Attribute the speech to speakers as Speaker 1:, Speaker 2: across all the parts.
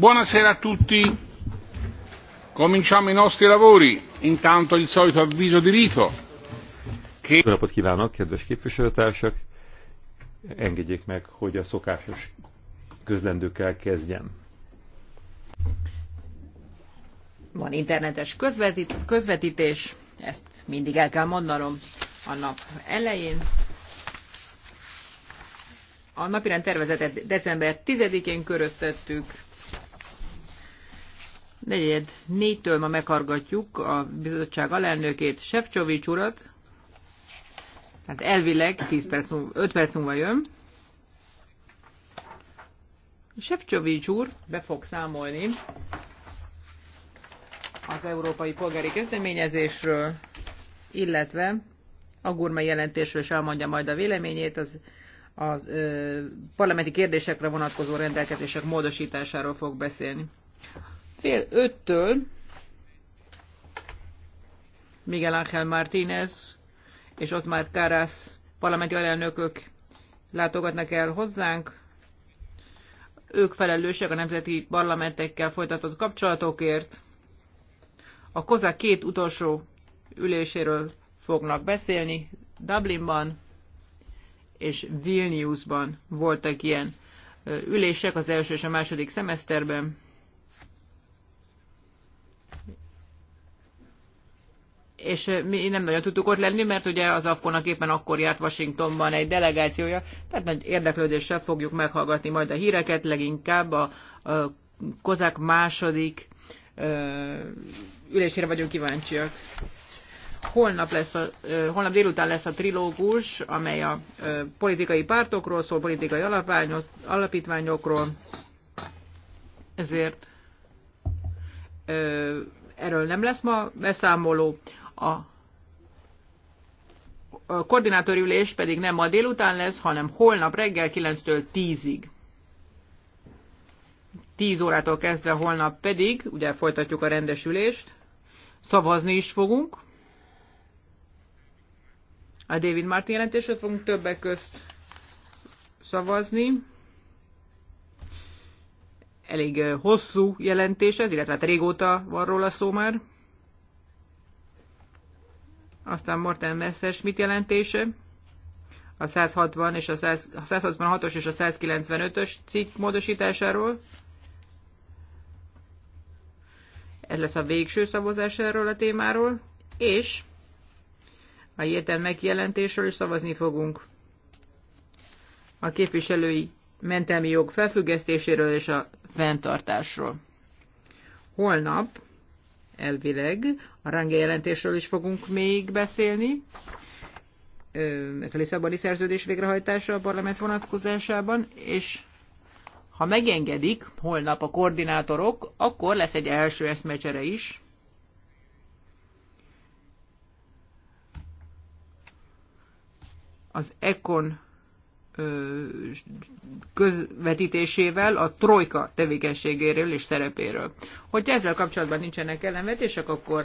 Speaker 1: Buonasera a tutti. Cominciamo i nostri lavori. Intanto il solito avviso
Speaker 2: di rito. Che... Jó napot kívánok, kedves képviselőtársak! Engedjék meg, hogy a szokásos közlendőkkel kezdjem.
Speaker 3: Van internetes közvetít, közvetítés, ezt mindig el kell mondanom a nap elején. A napirend tervezetet december 10-én köröztettük, negyed négytől ma meghargatjuk a bizottság alelnökét, Sefcsovics urat. Tehát elvileg 10 perc, 5 perc múlva jön. Sefcsovics úr be fog számolni az európai polgári kezdeményezésről, illetve a gurma jelentésről is elmondja majd a véleményét, az, az ö, parlamenti kérdésekre vonatkozó rendelkezések módosításáról fog beszélni. Fél öttől Miguel Ángel Martínez és ott már Karász parlamenti alelnökök látogatnak el hozzánk. Ők felelősek a nemzeti parlamentekkel folytatott kapcsolatokért. A COSAC két utolsó üléséről fognak beszélni. Dublinban és Vilniusban voltak ilyen ülések az első és a második szemeszterben. és mi nem nagyon tudtuk ott lenni, mert ugye az afkonak éppen akkor járt Washingtonban egy delegációja, tehát nagy érdeklődéssel fogjuk meghallgatni majd a híreket, leginkább a, a kozák második ö, ülésére vagyunk kíváncsiak. Holnap, lesz a, ö, holnap délután lesz a trilógus, amely a ö, politikai pártokról szól, politikai alapítványokról, ezért ö, erről nem lesz ma beszámoló a koordinátori ülés pedig nem ma délután lesz, hanem holnap reggel 9-től 10-ig. 10 órától kezdve holnap pedig, ugye folytatjuk a rendesülést, szavazni is fogunk. A David Martin jelentésre fogunk többek közt szavazni. Elég hosszú jelentés ez, illetve hát régóta van róla szó már. Aztán Morten Messerschmitt jelentése, a 160 és a, 100, a 166-os és a 195-ös cikk módosításáról. Ez lesz a végső szavazás erről a témáról, és a jéten megjelentésről is szavazni fogunk. A képviselői mentelmi jog felfüggesztéséről és a fenntartásról. Holnap elvileg. A rangé jelentésről is fogunk még beszélni. Ez a Lisszaboni szerződés végrehajtása a parlament vonatkozásában, és ha megengedik holnap a koordinátorok, akkor lesz egy első eszmecsere is. Az ECON közvetítésével a trojka tevékenységéről és szerepéről. Hogyha ezzel kapcsolatban nincsenek ellenvetések, akkor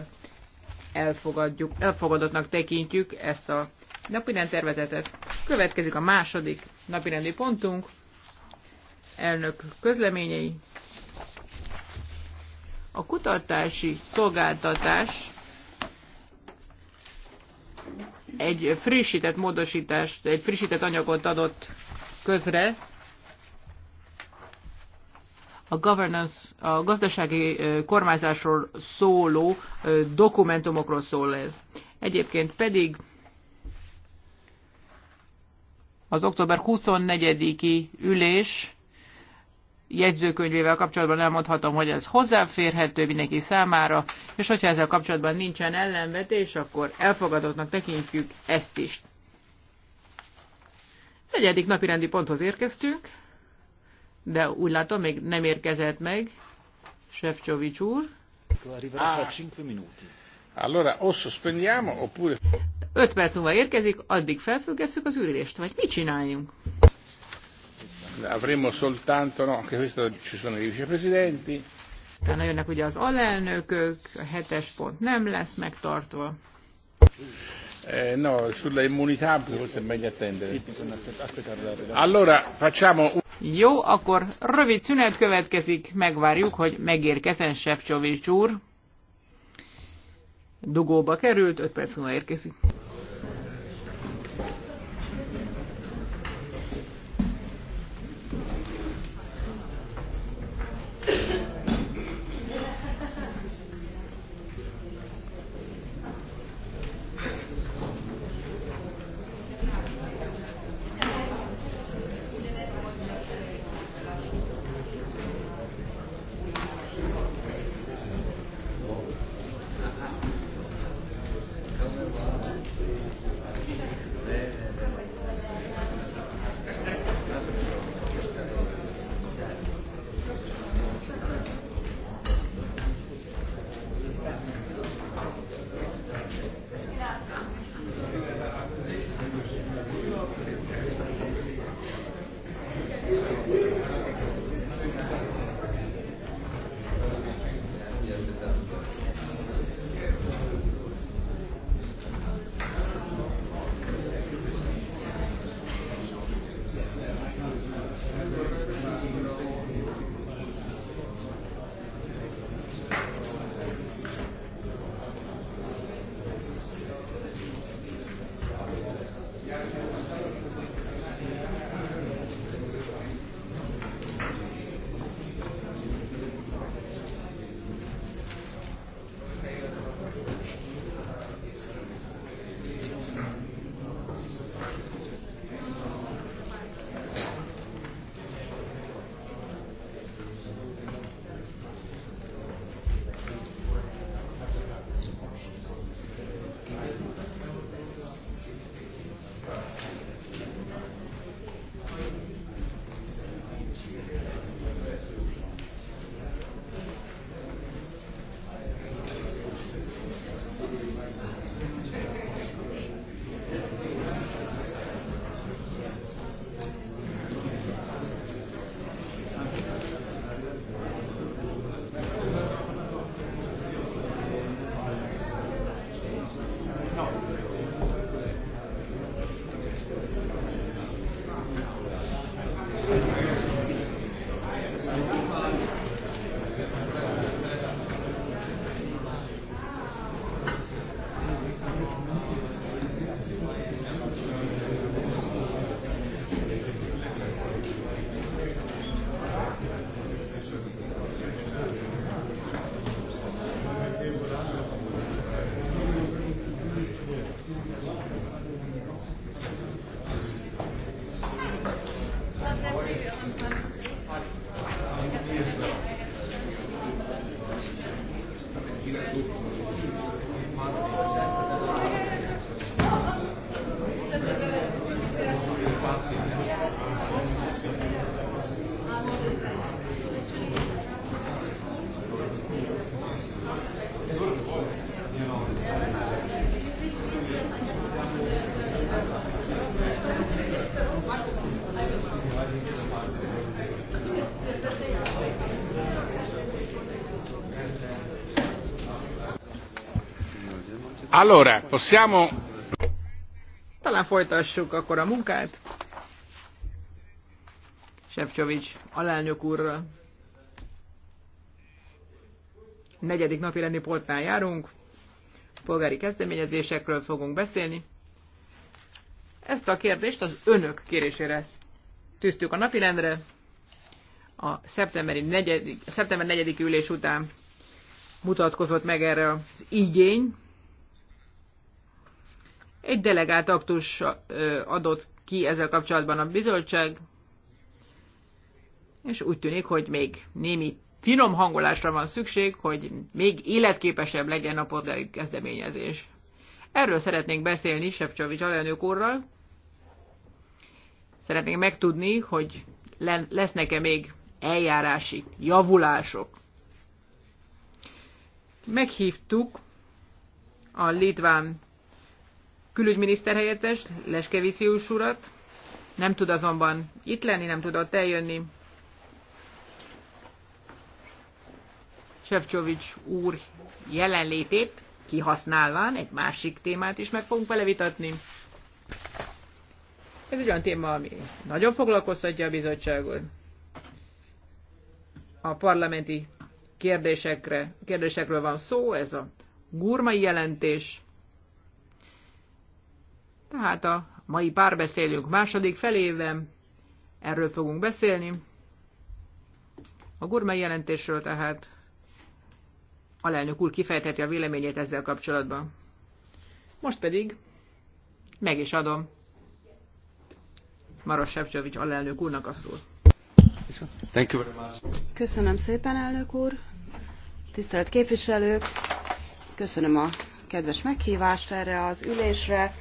Speaker 3: elfogadjuk, elfogadottnak tekintjük ezt a napirend tervezetet. Következik a második napirendi pontunk, elnök közleményei. A kutatási szolgáltatás egy frissített módosítást, egy frissített anyagot adott közre, a governance, a gazdasági kormányzásról szóló dokumentumokról szól ez. Egyébként pedig az október 24-i ülés jegyzőkönyvével kapcsolatban nem mondhatom, hogy ez hozzáférhető mindenki számára, és hogyha ezzel kapcsolatban nincsen ellenvetés, akkor elfogadottnak tekintjük ezt is. Egyedik napi rendi ponthoz érkeztünk, de úgy látom, még nem érkezett meg Sefcsovics úr. Ah. Allora, o sospendiamo, oppure... 5 perc múlva érkezik, addig felfüggesszük az ürülést, vagy mit csináljunk?
Speaker 1: avremo soltanto, no, anche questo ci sono i vicepresidenti.
Speaker 3: jönnek ugye az alelnökök, a hetes pont nem lesz megtartva. Eh, no, sulla immunità forse è meglio attendere. Allora facciamo un... Jó, akkor rövid szünet következik, megvárjuk, hogy megérkezzen Sefcsovics úr. Dugóba került, 5 perc múlva érkezik.
Speaker 1: Allora, possiamo...
Speaker 3: Talán folytassuk akkor a munkát. Sefcsovics alelnök úrral. Negyedik napi rendi poltnál járunk. Polgári kezdeményezésekről fogunk beszélni. Ezt a kérdést az önök kérésére tűztük a napirendre. A szeptemberi negyedik, szeptember negyedik ülés után mutatkozott meg erre az igény, egy delegált aktus adott ki ezzel kapcsolatban a bizottság, és úgy tűnik, hogy még némi finom hangolásra van szükség, hogy még életképesebb legyen a polgári kezdeményezés. Erről szeretnénk beszélni Sefcsovics alelnök úrral. Szeretnénk megtudni, hogy lesznek-e még eljárási javulások. Meghívtuk a litván külügyminiszter helyettes Leskevicius urat. Nem tud azonban itt lenni, nem tudott eljönni. Sevcsovics úr jelenlétét kihasználván egy másik témát is meg fogunk vele vitatni. Ez egy olyan téma, ami nagyon foglalkoztatja a bizottságot. A parlamenti kérdésekre, kérdésekről van szó, ez a gurmai jelentés. Tehát a mai párbeszélünk második felében erről fogunk beszélni. A gurmai jelentésről tehát alelnök úr kifejtheti a véleményét ezzel kapcsolatban. Most pedig meg is adom Maros Sefcsovics alelnök úrnak a szót. Thank you very much.
Speaker 4: Köszönöm szépen, elnök úr. Tisztelt képviselők, köszönöm a kedves meghívást erre az ülésre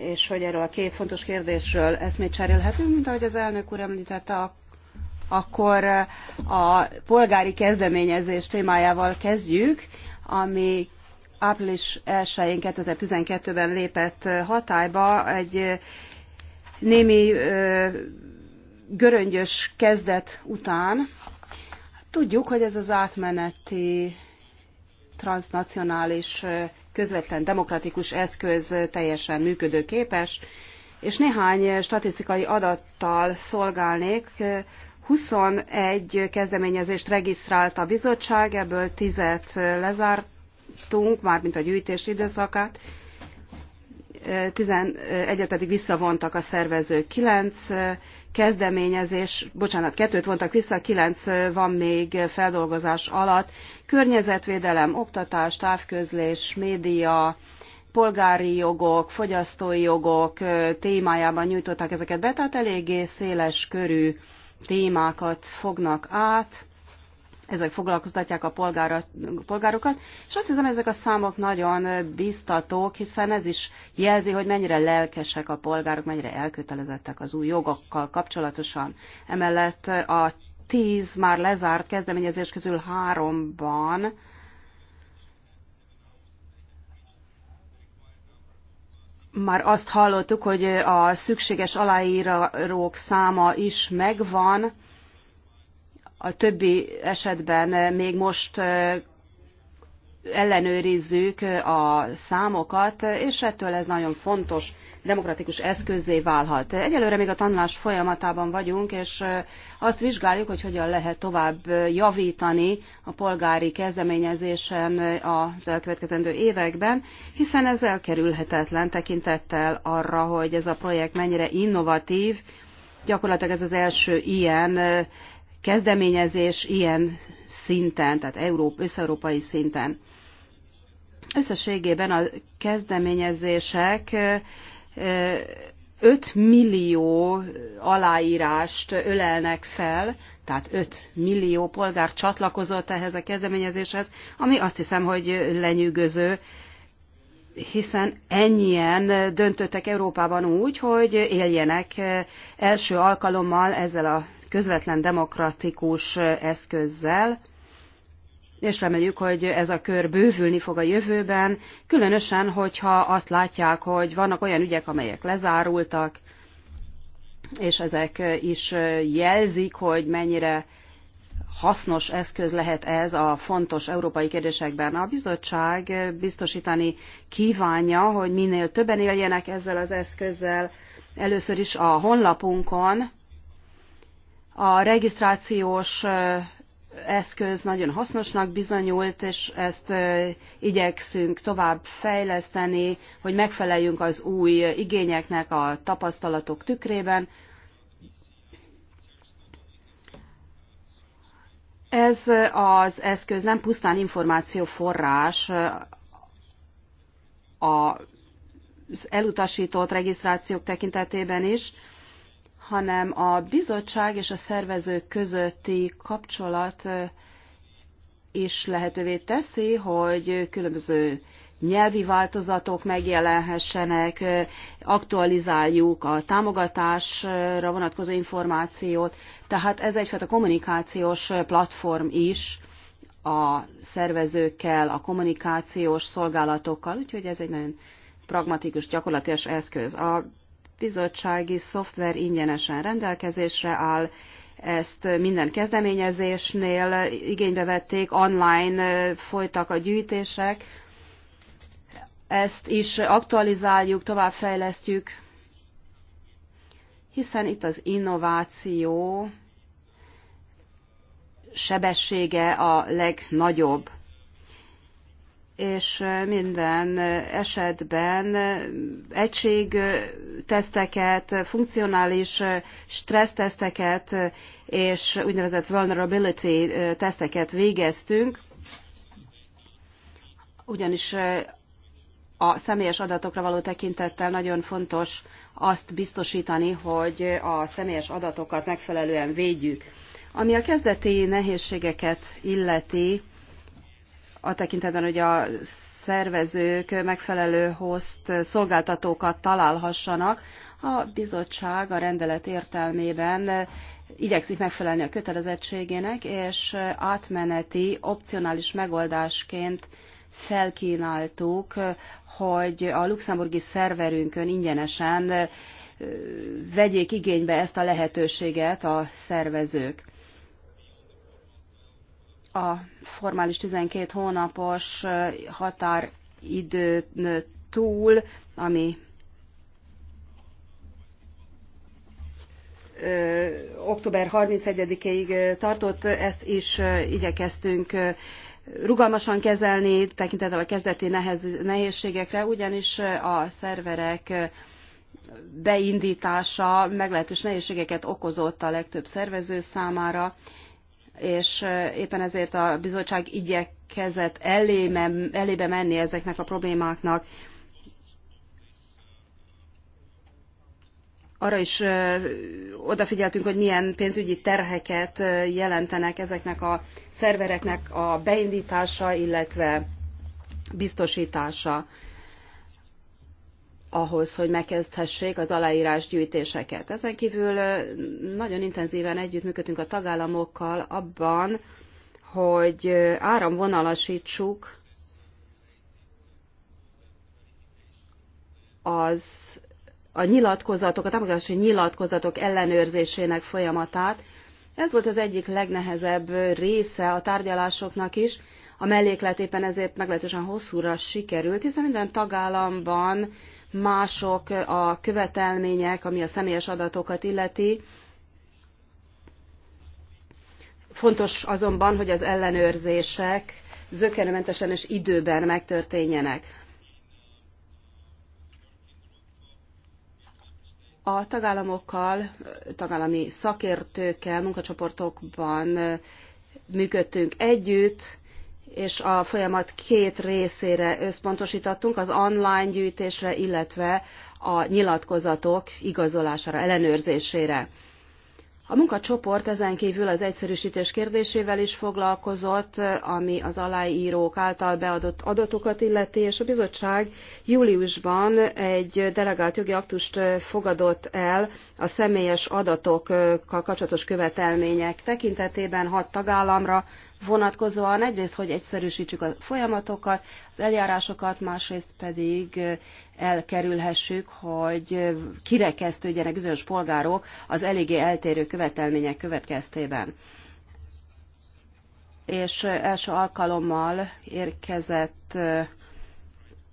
Speaker 4: és hogy erről a két fontos kérdésről eszmét cserélhetünk, mint ahogy az elnök úr említette, akkor a polgári kezdeményezés témájával kezdjük, ami április 1-én 2012-ben lépett hatályba egy némi göröngyös kezdet után. Tudjuk, hogy ez az átmeneti transnacionális közvetlen demokratikus eszköz teljesen működőképes, és néhány statisztikai adattal szolgálnék. 21 kezdeményezést regisztrált a bizottság, ebből 10-et lezártunk, mármint a gyűjtés időszakát, 11-et pedig visszavontak a szervezők. 9 kezdeményezés, bocsánat, kettőt vontak vissza, 9 van még feldolgozás alatt. Környezetvédelem, oktatás, távközlés, média, polgári jogok, fogyasztói jogok témájában nyújtották ezeket be, tehát eléggé széles körű témákat fognak át ezek foglalkoztatják a polgára, polgárokat, és azt hiszem, ezek a számok nagyon biztatók, hiszen ez is jelzi, hogy mennyire lelkesek a polgárok, mennyire elkötelezettek az új jogokkal kapcsolatosan. Emellett a tíz már lezárt kezdeményezés közül háromban már azt hallottuk, hogy a szükséges aláírók száma is megvan, a többi esetben még most ellenőrizzük a számokat, és ettől ez nagyon fontos demokratikus eszközé válhat. Egyelőre még a tanulás folyamatában vagyunk, és azt vizsgáljuk, hogy hogyan lehet tovább javítani a polgári kezdeményezésen az elkövetkezendő években, hiszen ez elkerülhetetlen tekintettel arra, hogy ez a projekt mennyire innovatív, gyakorlatilag ez az első ilyen kezdeményezés ilyen szinten, tehát Európ, összeurópai szinten. Összességében a kezdeményezések 5 millió aláírást ölelnek fel, tehát 5 millió polgár csatlakozott ehhez a kezdeményezéshez, ami azt hiszem, hogy lenyűgöző, hiszen ennyien döntöttek Európában úgy, hogy éljenek első alkalommal ezzel a közvetlen demokratikus eszközzel, és reméljük, hogy ez a kör bővülni fog a jövőben, különösen, hogyha azt látják, hogy vannak olyan ügyek, amelyek lezárultak, és ezek is jelzik, hogy mennyire hasznos eszköz lehet ez a fontos európai kérdésekben. A bizottság biztosítani kívánja, hogy minél többen éljenek ezzel az eszközzel. Először is a honlapunkon a regisztrációs eszköz nagyon hasznosnak bizonyult, és ezt igyekszünk tovább fejleszteni, hogy megfeleljünk az új igényeknek a tapasztalatok tükrében. Ez az eszköz nem pusztán információforrás, az elutasított regisztrációk tekintetében is, hanem a bizottság és a szervezők közötti kapcsolat is lehetővé teszi, hogy különböző nyelvi változatok megjelenhessenek, aktualizáljuk a támogatásra vonatkozó információt, tehát ez egyfajta kommunikációs platform is a szervezőkkel, a kommunikációs szolgálatokkal, úgyhogy ez egy nagyon pragmatikus, gyakorlatilag eszköz. A bizottsági szoftver ingyenesen rendelkezésre áll, ezt minden kezdeményezésnél igénybe vették, online folytak a gyűjtések, ezt is aktualizáljuk, továbbfejlesztjük, hiszen itt az innováció sebessége a legnagyobb és minden esetben egységteszteket, funkcionális stresszteszteket és úgynevezett vulnerability teszteket végeztünk, ugyanis a személyes adatokra való tekintettel nagyon fontos azt biztosítani, hogy a személyes adatokat megfelelően védjük. Ami a kezdeti nehézségeket illeti, a tekintetben, hogy a szervezők megfelelő host szolgáltatókat találhassanak, a bizottság a rendelet értelmében igyekszik megfelelni a kötelezettségének, és átmeneti, opcionális megoldásként felkínáltuk, hogy a luxemburgi szerverünkön ingyenesen vegyék igénybe ezt a lehetőséget a szervezők a formális 12 hónapos határidőn túl, ami október 31-ig tartott, ezt is igyekeztünk rugalmasan kezelni, tekintettel a kezdeti nehez, nehézségekre, ugyanis a szerverek beindítása meglehetős nehézségeket okozott a legtöbb szervező számára, és éppen ezért a bizottság igyekezett elébe, elébe menni ezeknek a problémáknak. Arra is odafigyeltünk, hogy milyen pénzügyi terheket jelentenek ezeknek a szervereknek a beindítása, illetve biztosítása ahhoz, hogy megkezdhessék az aláírás gyűjtéseket. Ezen kívül nagyon intenzíven együttműködünk a tagállamokkal abban, hogy áramvonalasítsuk az a nyilatkozatok, a támogatási nyilatkozatok ellenőrzésének folyamatát. Ez volt az egyik legnehezebb része a tárgyalásoknak is. A melléklet éppen ezért meglehetősen hosszúra sikerült, hiszen minden tagállamban mások a követelmények, ami a személyes adatokat illeti. Fontos azonban, hogy az ellenőrzések zökkenőmentesen és időben megtörténjenek. A tagállamokkal, tagállami szakértőkkel, munkacsoportokban működtünk együtt, és a folyamat két részére összpontosítottunk, az online gyűjtésre, illetve a nyilatkozatok igazolására, ellenőrzésére. A munkacsoport ezen kívül az egyszerűsítés kérdésével is foglalkozott, ami az aláírók által beadott adatokat illeti, és a bizottság júliusban egy delegált jogi aktust fogadott el a személyes adatokkal kapcsolatos követelmények tekintetében hat tagállamra, vonatkozóan egyrészt, hogy egyszerűsítsük a folyamatokat, az eljárásokat, másrészt pedig elkerülhessük, hogy kirekesztődjenek bizonyos polgárok az eléggé eltérő követelmények következtében. És első alkalommal érkezett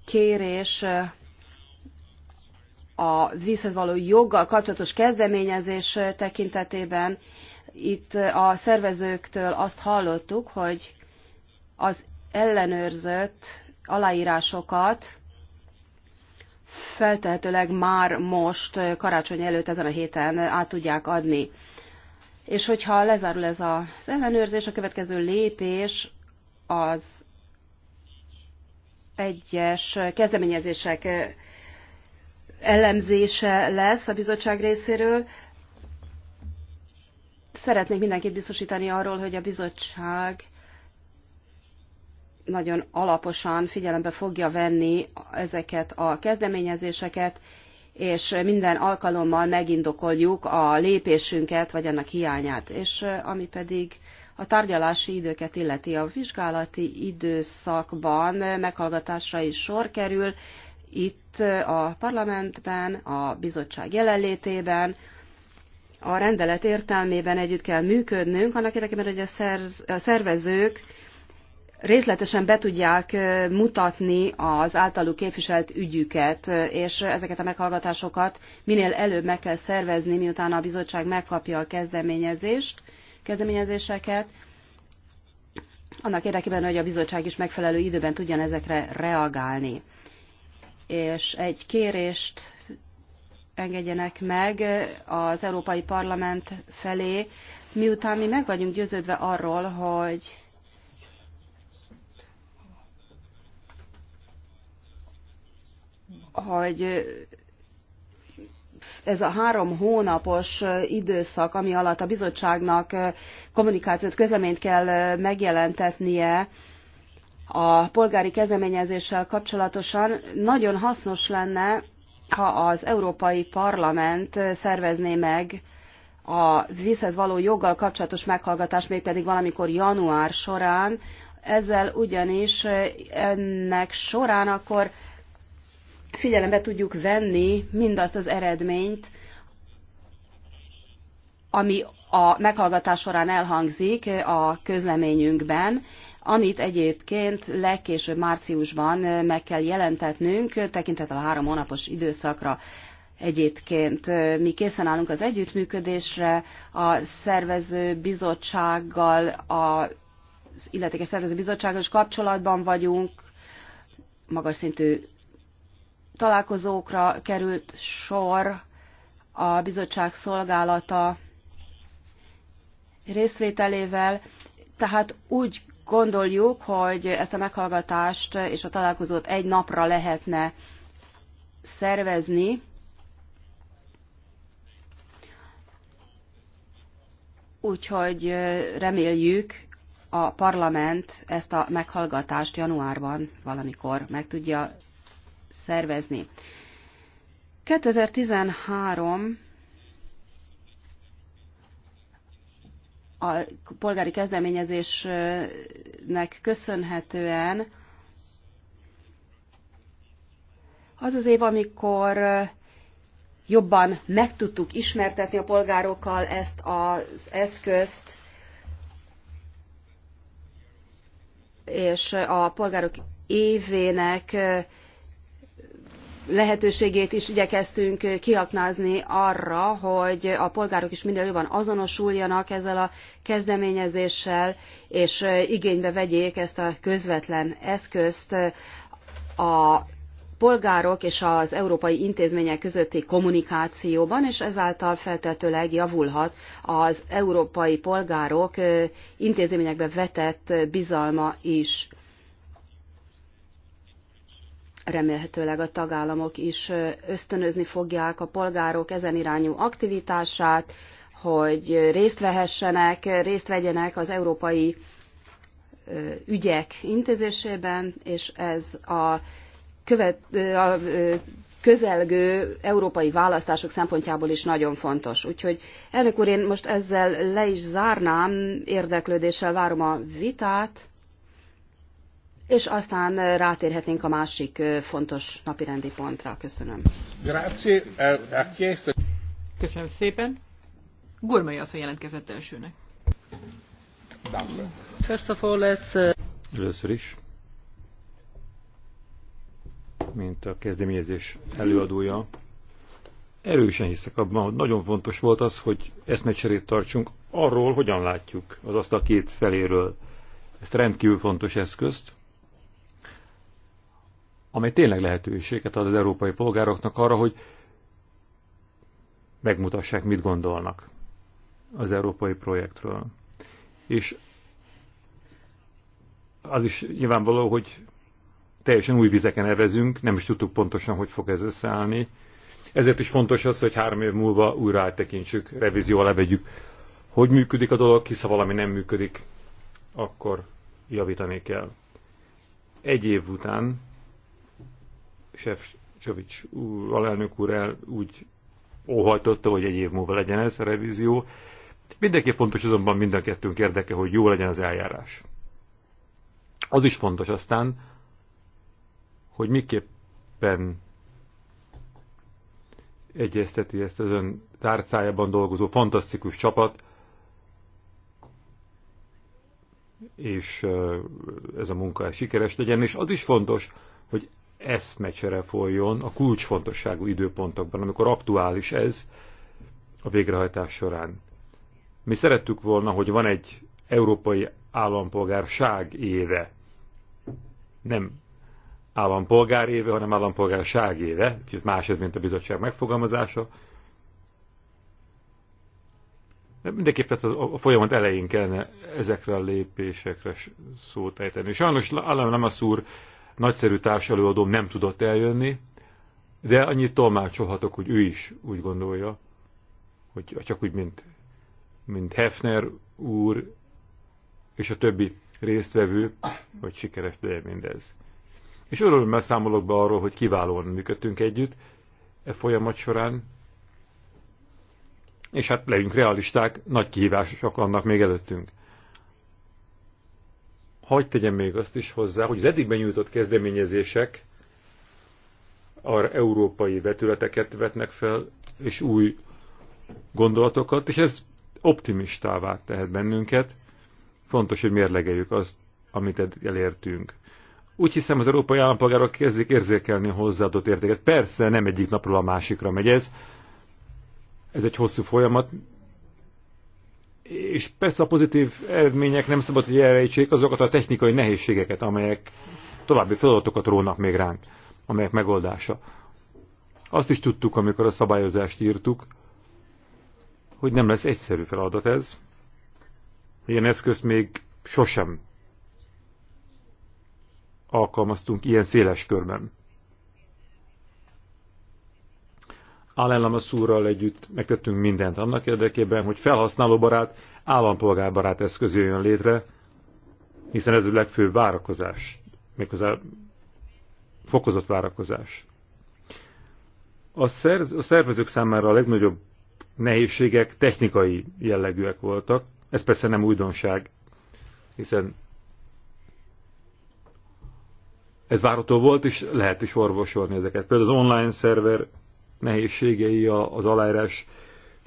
Speaker 4: kérés a vízhez való joggal kapcsolatos kezdeményezés tekintetében, itt a szervezőktől azt hallottuk, hogy az ellenőrzött aláírásokat feltehetőleg már most karácsony előtt ezen a héten át tudják adni. És hogyha lezárul ez az ellenőrzés, a következő lépés az egyes kezdeményezések elemzése lesz a bizottság részéről, Szeretnék mindenkit biztosítani arról, hogy a bizottság nagyon alaposan figyelembe fogja venni ezeket a kezdeményezéseket, és minden alkalommal megindokoljuk a lépésünket, vagy annak hiányát. És ami pedig a tárgyalási időket illeti a vizsgálati időszakban meghallgatásra is sor kerül, itt a parlamentben, a bizottság jelenlétében, a rendelet értelmében együtt kell működnünk, annak érdekében, hogy a, szerz, a szervezők részletesen be tudják mutatni az általuk képviselt ügyüket, és ezeket a meghallgatásokat minél előbb meg kell szervezni, miután a bizottság megkapja a kezdeményezést, kezdeményezéseket, annak érdekében, hogy a bizottság is megfelelő időben tudjon ezekre reagálni. És egy kérést engedjenek meg az Európai Parlament felé, miután mi meg vagyunk győződve arról, hogy hogy ez a három hónapos időszak, ami alatt a bizottságnak kommunikációt, közleményt kell megjelentetnie a polgári kezdeményezéssel kapcsolatosan, nagyon hasznos lenne, ha az Európai Parlament szervezné meg a vízhez való joggal kapcsolatos meghallgatást, mégpedig valamikor január során, ezzel ugyanis ennek során akkor figyelembe tudjuk venni mindazt az eredményt, ami a meghallgatás során elhangzik a közleményünkben, amit egyébként legkésőbb márciusban meg kell jelentetnünk, tekintettel a három hónapos időszakra. Egyébként mi készen állunk az együttműködésre, a szervező bizottsággal, a a szervező bizottsággal is kapcsolatban vagyunk, magas szintű találkozókra került sor a bizottság szolgálata részvételével, tehát úgy gondoljuk, hogy ezt a meghallgatást és a találkozót egy napra lehetne szervezni. Úgyhogy reméljük a parlament ezt a meghallgatást januárban valamikor meg tudja szervezni. 2013 a polgári kezdeményezésnek köszönhetően az az év, amikor jobban meg tudtuk ismertetni a polgárokkal ezt az eszközt, és a polgárok évének lehetőségét is igyekeztünk kiaknázni arra, hogy a polgárok is minél jobban azonosuljanak ezzel a kezdeményezéssel, és igénybe vegyék ezt a közvetlen eszközt a polgárok és az európai intézmények közötti kommunikációban, és ezáltal feltetőleg javulhat az európai polgárok intézményekbe vetett bizalma is remélhetőleg a tagállamok is ösztönözni fogják a polgárok ezen irányú aktivitását, hogy részt vehessenek, részt vegyenek az európai ügyek intézésében, és ez a, követ, a közelgő európai választások szempontjából is nagyon fontos. Úgyhogy elnök úr, én most ezzel le is zárnám, érdeklődéssel várom a vitát és aztán rátérhetnénk a másik fontos napirendi pontra. Köszönöm.
Speaker 3: Köszönöm szépen. Gurmai a jelentkezett elsőnek. First of all, let's...
Speaker 2: Először is, mint a kezdeményezés előadója, erősen hiszek abban, hogy nagyon fontos volt az, hogy eszmecserét tartsunk arról, hogyan látjuk az azt a két feléről ezt rendkívül fontos eszközt, amely tényleg lehetőséget ad az európai polgároknak arra, hogy megmutassák, mit gondolnak az európai projektről. És az is nyilvánvaló, hogy teljesen új vizeken evezünk, nem is tudtuk pontosan, hogy fog ez összeállni. Ezért is fontos az, hogy három év múlva újra áttekintsük, revízió alá vegyük, hogy működik a dolog, hisz ha valami nem működik, akkor javítani kell. Egy év után Sefcsovics alelnök úr el úgy óhajtotta, hogy egy év múlva legyen ez a revízió. Mindenki fontos, azonban mind a kettőnk érdeke, hogy jó legyen az eljárás. Az is fontos aztán, hogy miképpen egyezteti ezt az ön tárcájában dolgozó fantasztikus csapat, és ez a munka sikeres legyen, és az is fontos, eszmecsere folyjon a kulcsfontosságú időpontokban, amikor aktuális ez a végrehajtás során. Mi szerettük volna, hogy van egy európai állampolgárság éve. Nem állampolgár éve, hanem állampolgárság éve, kicsit más ez, mint a bizottság megfogalmazása. De mindenképp tehát a folyamat elején kellene ezekre a lépésekre szót ejteni. Sajnos nem Lamasz úr nagyszerű társelőadóm nem tudott eljönni, de annyit tolmácsolhatok, hogy ő is úgy gondolja, hogy csak úgy, mint, mint Hefner úr és a többi résztvevő, hogy sikeres legyen mindez. És örömmel számolok be arról, hogy kiválóan működtünk együtt e folyamat során, és hát legyünk realisták, nagy kihívások annak még előttünk. Hagy tegyem még azt is hozzá, hogy az eddig benyújtott kezdeményezések arra európai vetületeket vetnek fel, és új gondolatokat, és ez optimistává tehet bennünket. Fontos, hogy mérlegeljük azt, amit elértünk. Úgy hiszem, az európai állampolgárok kezdik érzékelni a hozzáadott értéket. Persze nem egyik napról a másikra megy ez. Ez egy hosszú folyamat, és persze a pozitív eredmények nem szabad, hogy elrejtsék azokat a technikai nehézségeket, amelyek további feladatokat rónak még ránk, amelyek megoldása. Azt is tudtuk, amikor a szabályozást írtuk, hogy nem lesz egyszerű feladat ez. Ilyen eszközt még sosem alkalmaztunk ilyen széles körben. a szúrral együtt megtettünk mindent annak érdekében, hogy felhasználóbarát állampolgárbarát eszköz jön létre, hiszen ez a legfőbb várakozás, méghozzá fokozott várakozás. A, szerz, a szervezők számára a legnagyobb nehézségek technikai jellegűek voltak, ez persze nem újdonság, hiszen ez várható volt, és lehet is orvosolni ezeket. Például az online szerver nehézségei, az aláírás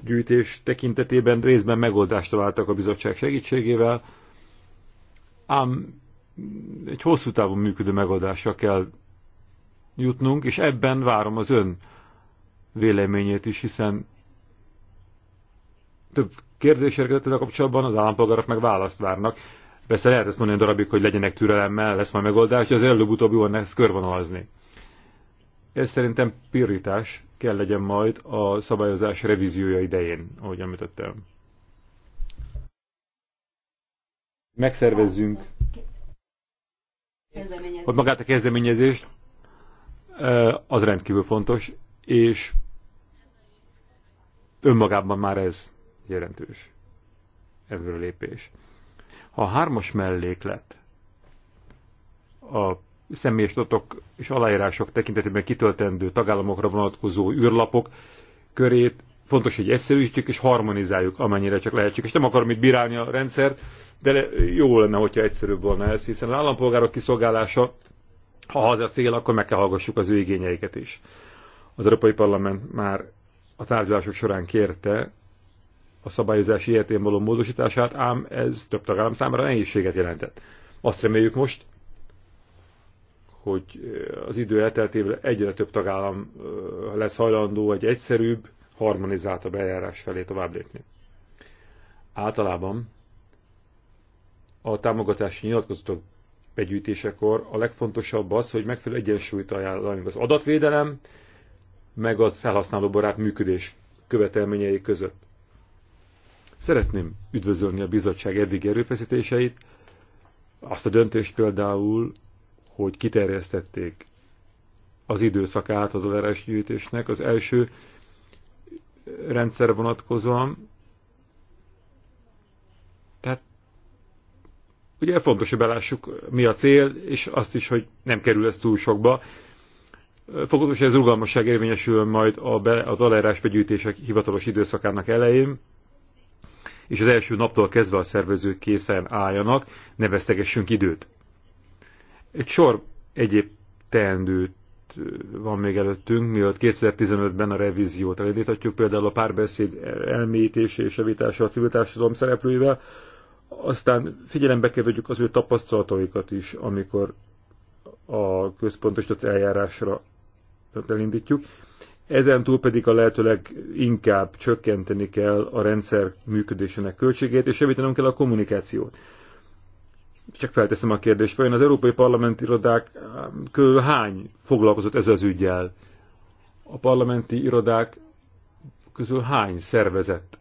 Speaker 2: gyűjtés tekintetében részben megoldást találtak a bizottság segítségével, ám egy hosszú távon működő megoldásra kell jutnunk, és ebben várom az ön véleményét is, hiszen több kérdés érkezett a kapcsolatban, az állampolgárok meg választ várnak. Persze lehet ezt mondani darabig, hogy legyenek türelemmel, lesz majd megoldás, de az előbb-utóbb jól ezt körvonalazni. Ez szerintem pirítás kell legyen majd a szabályozás revíziója idején, ahogy említettem. Megszervezzünk ott magát a kezdeményezést, eh, az rendkívül fontos, és önmagában már ez jelentős lépés. Ha a hármas melléklet a személyes adatok és aláírások tekintetében kitöltendő tagállamokra vonatkozó űrlapok körét fontos, hogy egyszerűsítjük és harmonizáljuk, amennyire csak lehetséges. Nem akarom itt bírálni a rendszert, de jó lenne, hogyha egyszerűbb volna ez, hiszen az állampolgárok kiszolgálása, ha az a cél, akkor meg kell hallgassuk az ő igényeiket is. Az Európai Parlament már a tárgyalások során kérte a szabályozási értén való módosítását, ám ez több tagállam számára nehézséget jelentett. Azt reméljük most, hogy az idő elteltével egyre több tagállam lesz hajlandó egy egyszerűbb, harmonizáltabb eljárás felé tovább lépni. Általában a támogatási nyilatkozatok begyűjtésekor a legfontosabb az, hogy megfelelő egyensúlyt ajánlani az adatvédelem, meg az felhasználóbarát működés követelményei között. Szeretném üdvözölni a bizottság eddig erőfeszítéseit, azt a döntést például, hogy kiterjesztették az időszakát az aláírás gyűjtésnek. Az első rendszer vonatkozóan, tehát ugye fontos, hogy belássuk, mi a cél, és azt is, hogy nem kerül ez túl sokba. Fokozatosan ez rugalmasság érvényesül majd az aláírás begyűjtések hivatalos időszakának elején, és az első naptól kezdve a szervezők készen álljanak, ne vesztegessünk időt. Egy sor egyéb teendőt van még előttünk, mielőtt 2015-ben a revíziót elindíthatjuk, például a párbeszéd elmélyítése és javítása a civil társadalom szereplőivel, aztán figyelembe kell vegyük az ő tapasztalataikat is, amikor a központosított eljárásra elindítjuk. Ezen túl pedig a lehetőleg inkább csökkenteni kell a rendszer működésének költségét, és javítanunk kell a kommunikációt csak felteszem a kérdést, vajon az Európai parlamenti irodák körül hány foglalkozott ez az ügyjel? A parlamenti irodák közül hány szervezett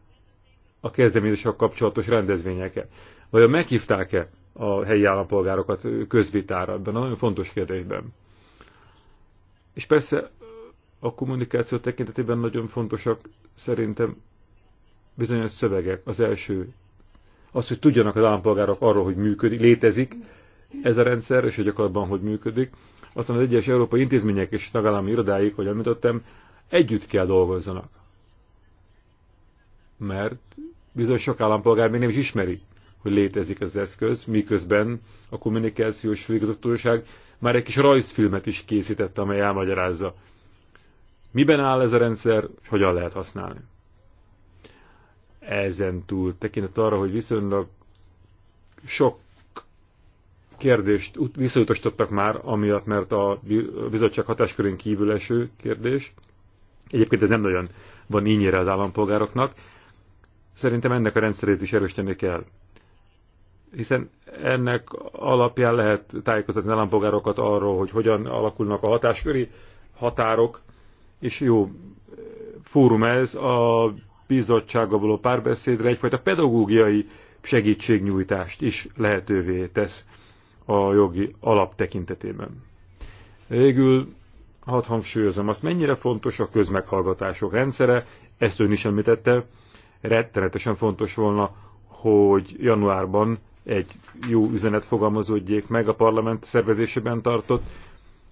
Speaker 2: a kezdeményezéssel kapcsolatos rendezvényeket? Vajon meghívták-e a helyi állampolgárokat közvitára ebben a nagyon fontos kérdésben? És persze a kommunikáció tekintetében nagyon fontosak szerintem bizonyos szövegek. Az első az, hogy tudjanak az állampolgárok arról, hogy működik, létezik ez a rendszer, és hogy gyakorlatban hogy működik. Aztán az egyes európai intézmények és tagállami irodáik, hogy említettem, együtt kell dolgozzanak. Mert bizony sok állampolgár még nem is ismeri, hogy létezik az eszköz, miközben a kommunikációs főigazgatóság már egy kis rajzfilmet is készített, amely elmagyarázza, miben áll ez a rendszer, és hogyan lehet használni ezen túl, tekintet arra, hogy viszonylag sok kérdést visszautasítottak már, amiatt, mert a bizottság hatáskörén kívül eső kérdés. Egyébként ez nem nagyon van ínyire az állampolgároknak. Szerintem ennek a rendszerét is erősíteni kell. Hiszen ennek alapján lehet tájékoztatni az állampolgárokat arról, hogy hogyan alakulnak a hatásköri határok, és jó fórum ez a bizottsága való párbeszédre egyfajta pedagógiai segítségnyújtást is lehetővé tesz a jogi alap tekintetében. Végül hadd hangsúlyozom azt, mennyire fontos a közmeghallgatások rendszere, ezt ön is említette, rettenetesen fontos volna, hogy januárban egy jó üzenet fogalmazódjék meg a parlament szervezésében tartott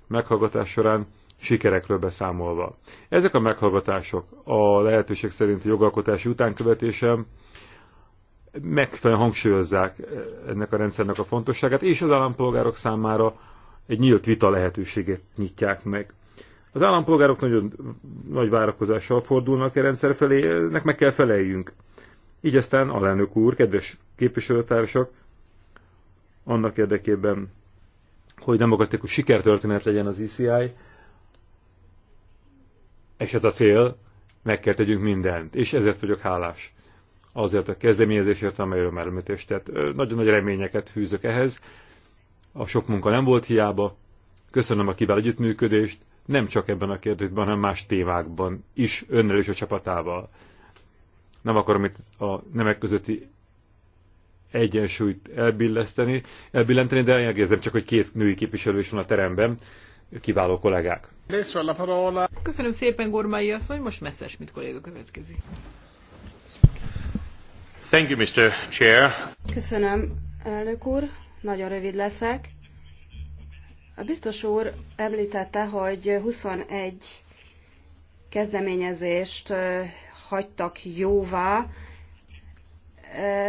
Speaker 2: meghallgatás során sikerekről beszámolva. Ezek a meghallgatások a lehetőség szerinti jogalkotási utánkövetésem megfelelően hangsúlyozzák ennek a rendszernek a fontosságát, és az állampolgárok számára egy nyílt vita lehetőségét nyitják meg. Az állampolgárok nagyon nagy várakozással fordulnak a e rendszer felé, ennek meg kell feleljünk. Így aztán alelnök úr, kedves képviselőtársak, annak érdekében, hogy demokratikus sikertörténet legyen az ICI, e és ez a cél, meg kell tegyünk mindent, és ezért vagyok hálás azért a kezdeményezésért, amelyről már említést tett. Nagyon nagy reményeket fűzök ehhez. A sok munka nem volt hiába. Köszönöm a kiváló együttműködést, nem csak ebben a kérdésben, hanem más témákban is, önnel és a csapatával. Nem akarom itt a nemek közötti egyensúlyt elbilleszteni, elbillenteni, de elgézem csak, hogy két női képviselő is van a teremben, kiváló kollégák.
Speaker 3: Köszönöm szépen, Gormai asszony, most messzes, mit kolléga következik.
Speaker 2: Thank
Speaker 1: you, Mr. Chair.
Speaker 4: Köszönöm, elnök úr, nagyon rövid leszek. A biztos úr említette, hogy 21 kezdeményezést hagytak jóvá,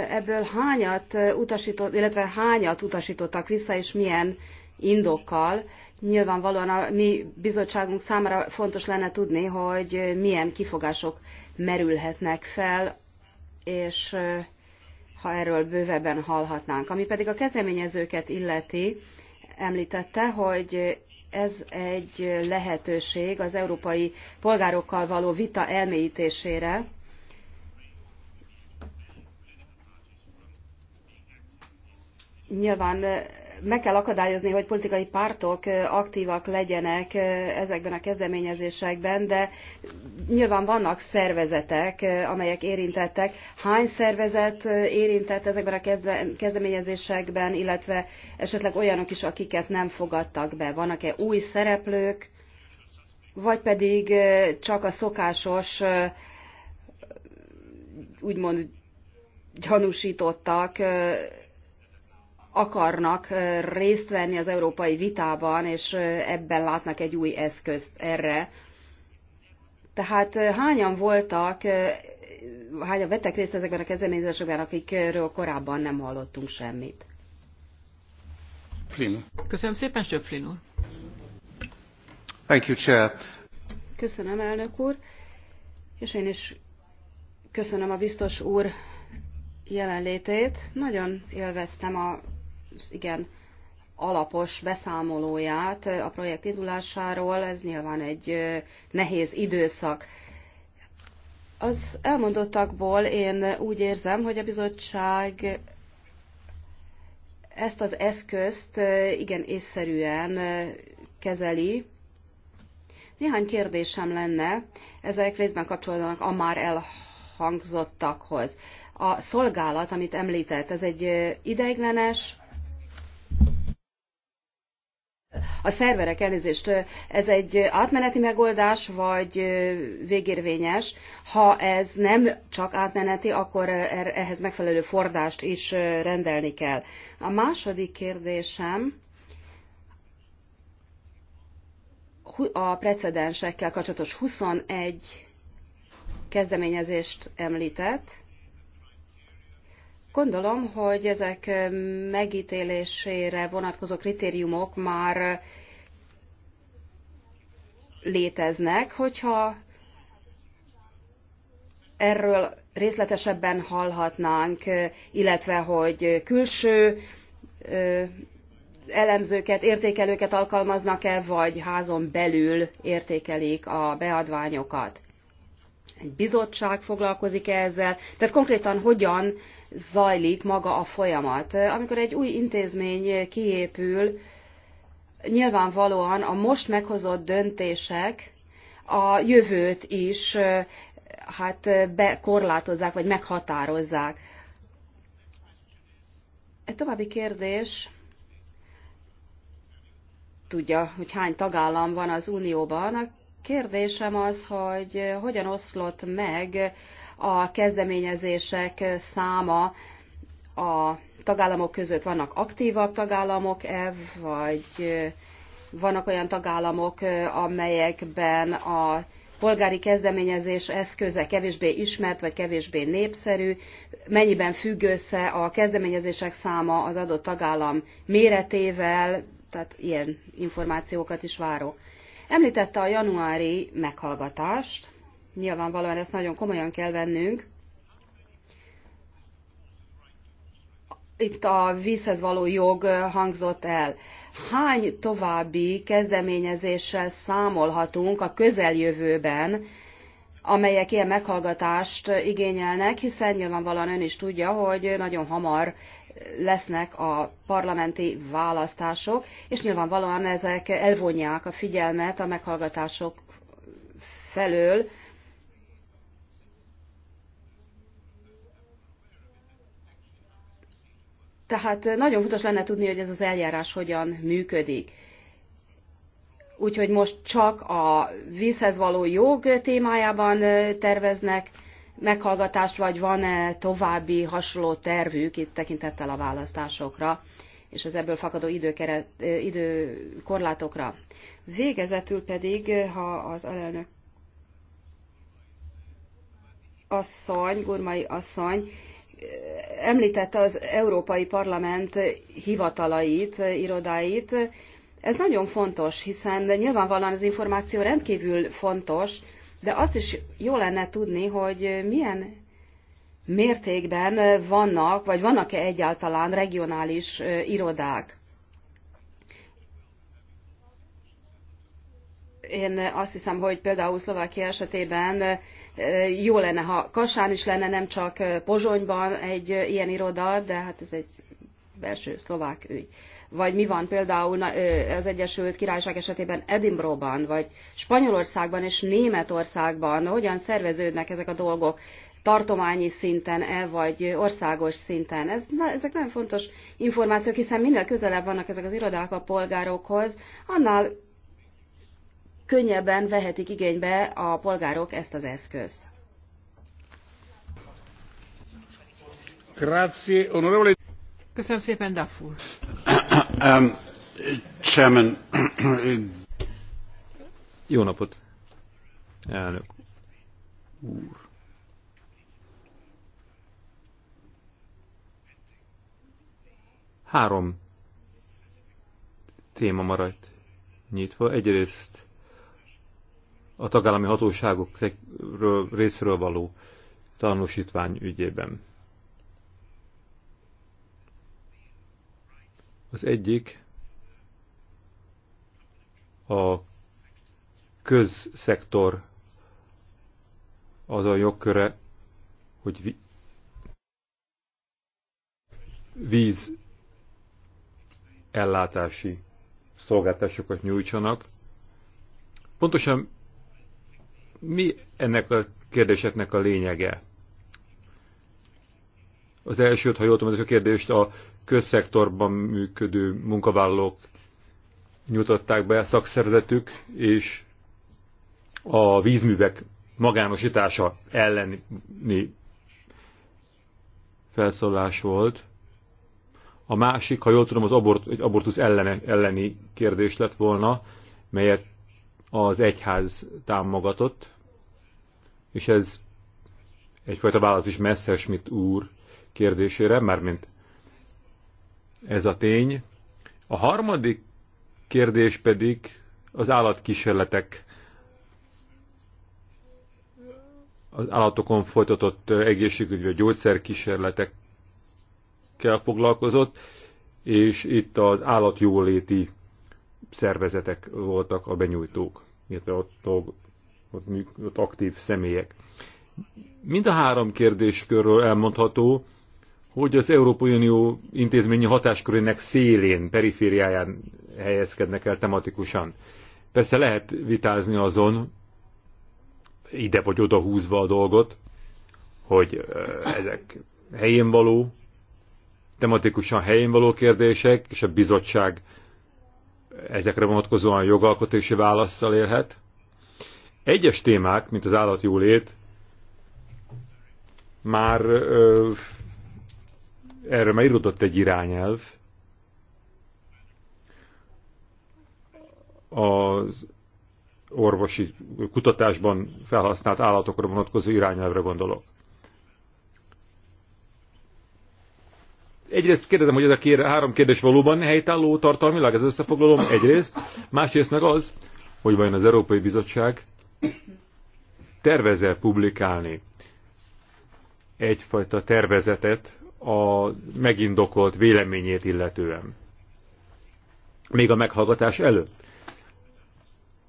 Speaker 4: ebből hányat utasított, illetve hányat utasítottak vissza, és milyen indokkal. Nyilvánvalóan a mi bizottságunk számára fontos lenne tudni, hogy milyen kifogások merülhetnek fel, és ha erről bővebben hallhatnánk. Ami pedig a kezdeményezőket illeti, említette, hogy ez egy lehetőség az európai polgárokkal való vita elmélyítésére, nyilván meg kell akadályozni, hogy politikai pártok aktívak legyenek ezekben a kezdeményezésekben, de nyilván vannak szervezetek, amelyek érintettek. Hány szervezet érintett ezekben a kezdeményezésekben, illetve esetleg olyanok is, akiket nem fogadtak be? Vannak-e új szereplők, vagy pedig csak a szokásos, úgymond gyanúsítottak, akarnak részt venni az európai vitában, és ebben látnak egy új eszközt erre. Tehát hányan voltak, hányan vettek részt ezekben a kezdeményezésekben, akikről korábban nem hallottunk semmit?
Speaker 5: Flynn.
Speaker 3: Köszönöm szépen, Sőbb Flynn úr.
Speaker 5: Thank you, Chair.
Speaker 4: Köszönöm, elnök úr. És én is köszönöm a biztos úr jelenlétét. Nagyon élveztem a igen alapos beszámolóját a projekt indulásáról. Ez nyilván egy nehéz időszak. Az elmondottakból én úgy érzem, hogy a bizottság ezt az eszközt igen észszerűen kezeli. Néhány kérdésem lenne, ezek részben kapcsolódnak a már elhangzottakhoz. A szolgálat, amit említett, ez egy ideiglenes a szerverek elnézést, ez egy átmeneti megoldás, vagy végérvényes. Ha ez nem csak átmeneti, akkor er, ehhez megfelelő fordást is rendelni kell. A második kérdésem a precedensekkel kapcsolatos 21 kezdeményezést említett. Gondolom, hogy ezek megítélésére vonatkozó kritériumok már léteznek, hogyha erről részletesebben hallhatnánk, illetve hogy külső elemzőket, értékelőket alkalmaznak-e, vagy házon belül értékelik a beadványokat. Egy bizottság foglalkozik -e ezzel, tehát konkrétan hogyan zajlik maga a folyamat. Amikor egy új intézmény kiépül, nyilvánvalóan a most meghozott döntések a jövőt is hát bekorlátozzák, vagy meghatározzák. Egy további kérdés. Tudja, hogy hány tagállam van az Unióban. A kérdésem az, hogy hogyan oszlott meg a kezdeményezések száma a tagállamok között vannak aktívabb tagállamok, -e, vagy vannak olyan tagállamok, amelyekben a polgári kezdeményezés eszköze kevésbé ismert vagy kevésbé népszerű, mennyiben függ össze a kezdeményezések száma az adott tagállam méretével, tehát ilyen információkat is várok. Említette a januári meghallgatást, nyilvánvalóan ezt nagyon komolyan kell vennünk. Itt a vízhez való jog hangzott el. Hány további kezdeményezéssel számolhatunk a közeljövőben, amelyek ilyen meghallgatást igényelnek, hiszen nyilvánvalóan ön is tudja, hogy nagyon hamar lesznek a parlamenti választások, és nyilvánvalóan ezek elvonják a figyelmet a meghallgatások felől, Tehát nagyon fontos lenne tudni, hogy ez az eljárás hogyan működik. Úgyhogy most csak a vízhez való jog témájában terveznek meghallgatást, vagy van-e további hasonló tervük itt tekintettel a választásokra, és az ebből fakadó időkeret, időkorlátokra. Végezetül pedig, ha az alelnök asszony, gurmai asszony említette az Európai Parlament hivatalait, irodáit. Ez nagyon fontos, hiszen nyilvánvalóan az információ rendkívül fontos, de azt is jó lenne tudni, hogy milyen mértékben vannak, vagy vannak-e egyáltalán regionális irodák. Én azt hiszem, hogy például Szlovákia esetében jó lenne, ha Kassán is lenne, nem csak Pozsonyban egy ilyen iroda, de hát ez egy belső szlovák ügy. Vagy mi van például az Egyesült Királyság esetében Edinburghban, vagy Spanyolországban és Németországban, hogyan szerveződnek ezek a dolgok tartományi szinten -e, vagy országos szinten. Ez, na, ezek nagyon fontos információk, hiszen minél közelebb vannak ezek az irodák a polgárokhoz, annál könnyebben vehetik igénybe a polgárok ezt az eszközt.
Speaker 1: Grazie, onorevole.
Speaker 4: Köszönöm szépen, Daffur.
Speaker 2: um, chairman. Jó napot, elnök úr. Három téma maradt nyitva. Egyrészt a tagállami hatóságok részről való tanúsítvány ügyében. Az egyik a közszektor az a jogköre, hogy víz ellátási szolgáltásokat nyújtsanak. Pontosan mi ennek a kérdéseknek a lényege? Az elsőt, ha jól tudom, ezek a kérdést a közszektorban működő munkavállalók nyújtották be szakszervezetük, és a vízművek magánosítása elleni felszólás volt. A másik, ha jól tudom, az abort, egy abortusz ellene, elleni kérdés lett volna, melyet az egyház támogatott, és ez egyfajta válasz is Messerschmitt úr kérdésére, mármint ez a tény. A harmadik kérdés pedig az állatkísérletek, az állatokon folytatott egészségügyi vagy gyógyszerkísérletekkel foglalkozott, és itt az állatjóléti szervezetek voltak a benyújtók, illetve ott, ott, ott aktív személyek. Mind a három kérdéskörről elmondható, hogy az Európai Unió intézményi hatáskörének szélén, perifériáján helyezkednek el tematikusan. Persze lehet vitázni azon, ide vagy oda húzva a dolgot, hogy ezek helyén való, tematikusan helyén való kérdések, és a bizottság ezekre vonatkozóan jogalkotási válaszsal élhet. Egyes témák, mint az állatjólét, már ö, erről már irodott egy irányelv. Az orvosi kutatásban felhasznált állatokra vonatkozó irányelvre gondolok. egyrészt kérdezem, hogy ez a kér, három kérdés valóban helytálló tartalmilag, ez összefoglalom egyrészt, másrészt meg az, hogy vajon az Európai Bizottság tervezel publikálni egyfajta tervezetet a megindokolt véleményét illetően. Még a meghallgatás előtt.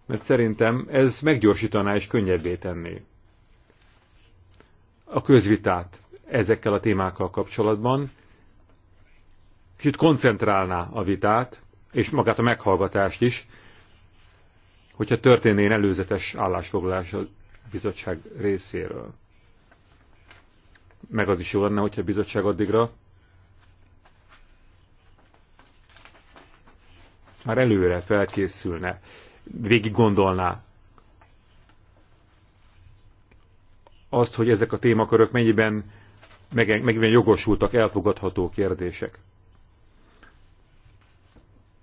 Speaker 2: Mert szerintem ez meggyorsítaná és könnyebbé tenné a közvitát ezekkel a témákkal kapcsolatban, kicsit koncentrálná a vitát, és magát a meghallgatást is, hogyha történnén előzetes állásfoglalás a bizottság részéről. Meg az is jó lenne, hogyha a bizottság addigra már előre felkészülne, végig gondolná azt, hogy ezek a témakörök mennyiben, mennyiben jogosultak, elfogadható kérdések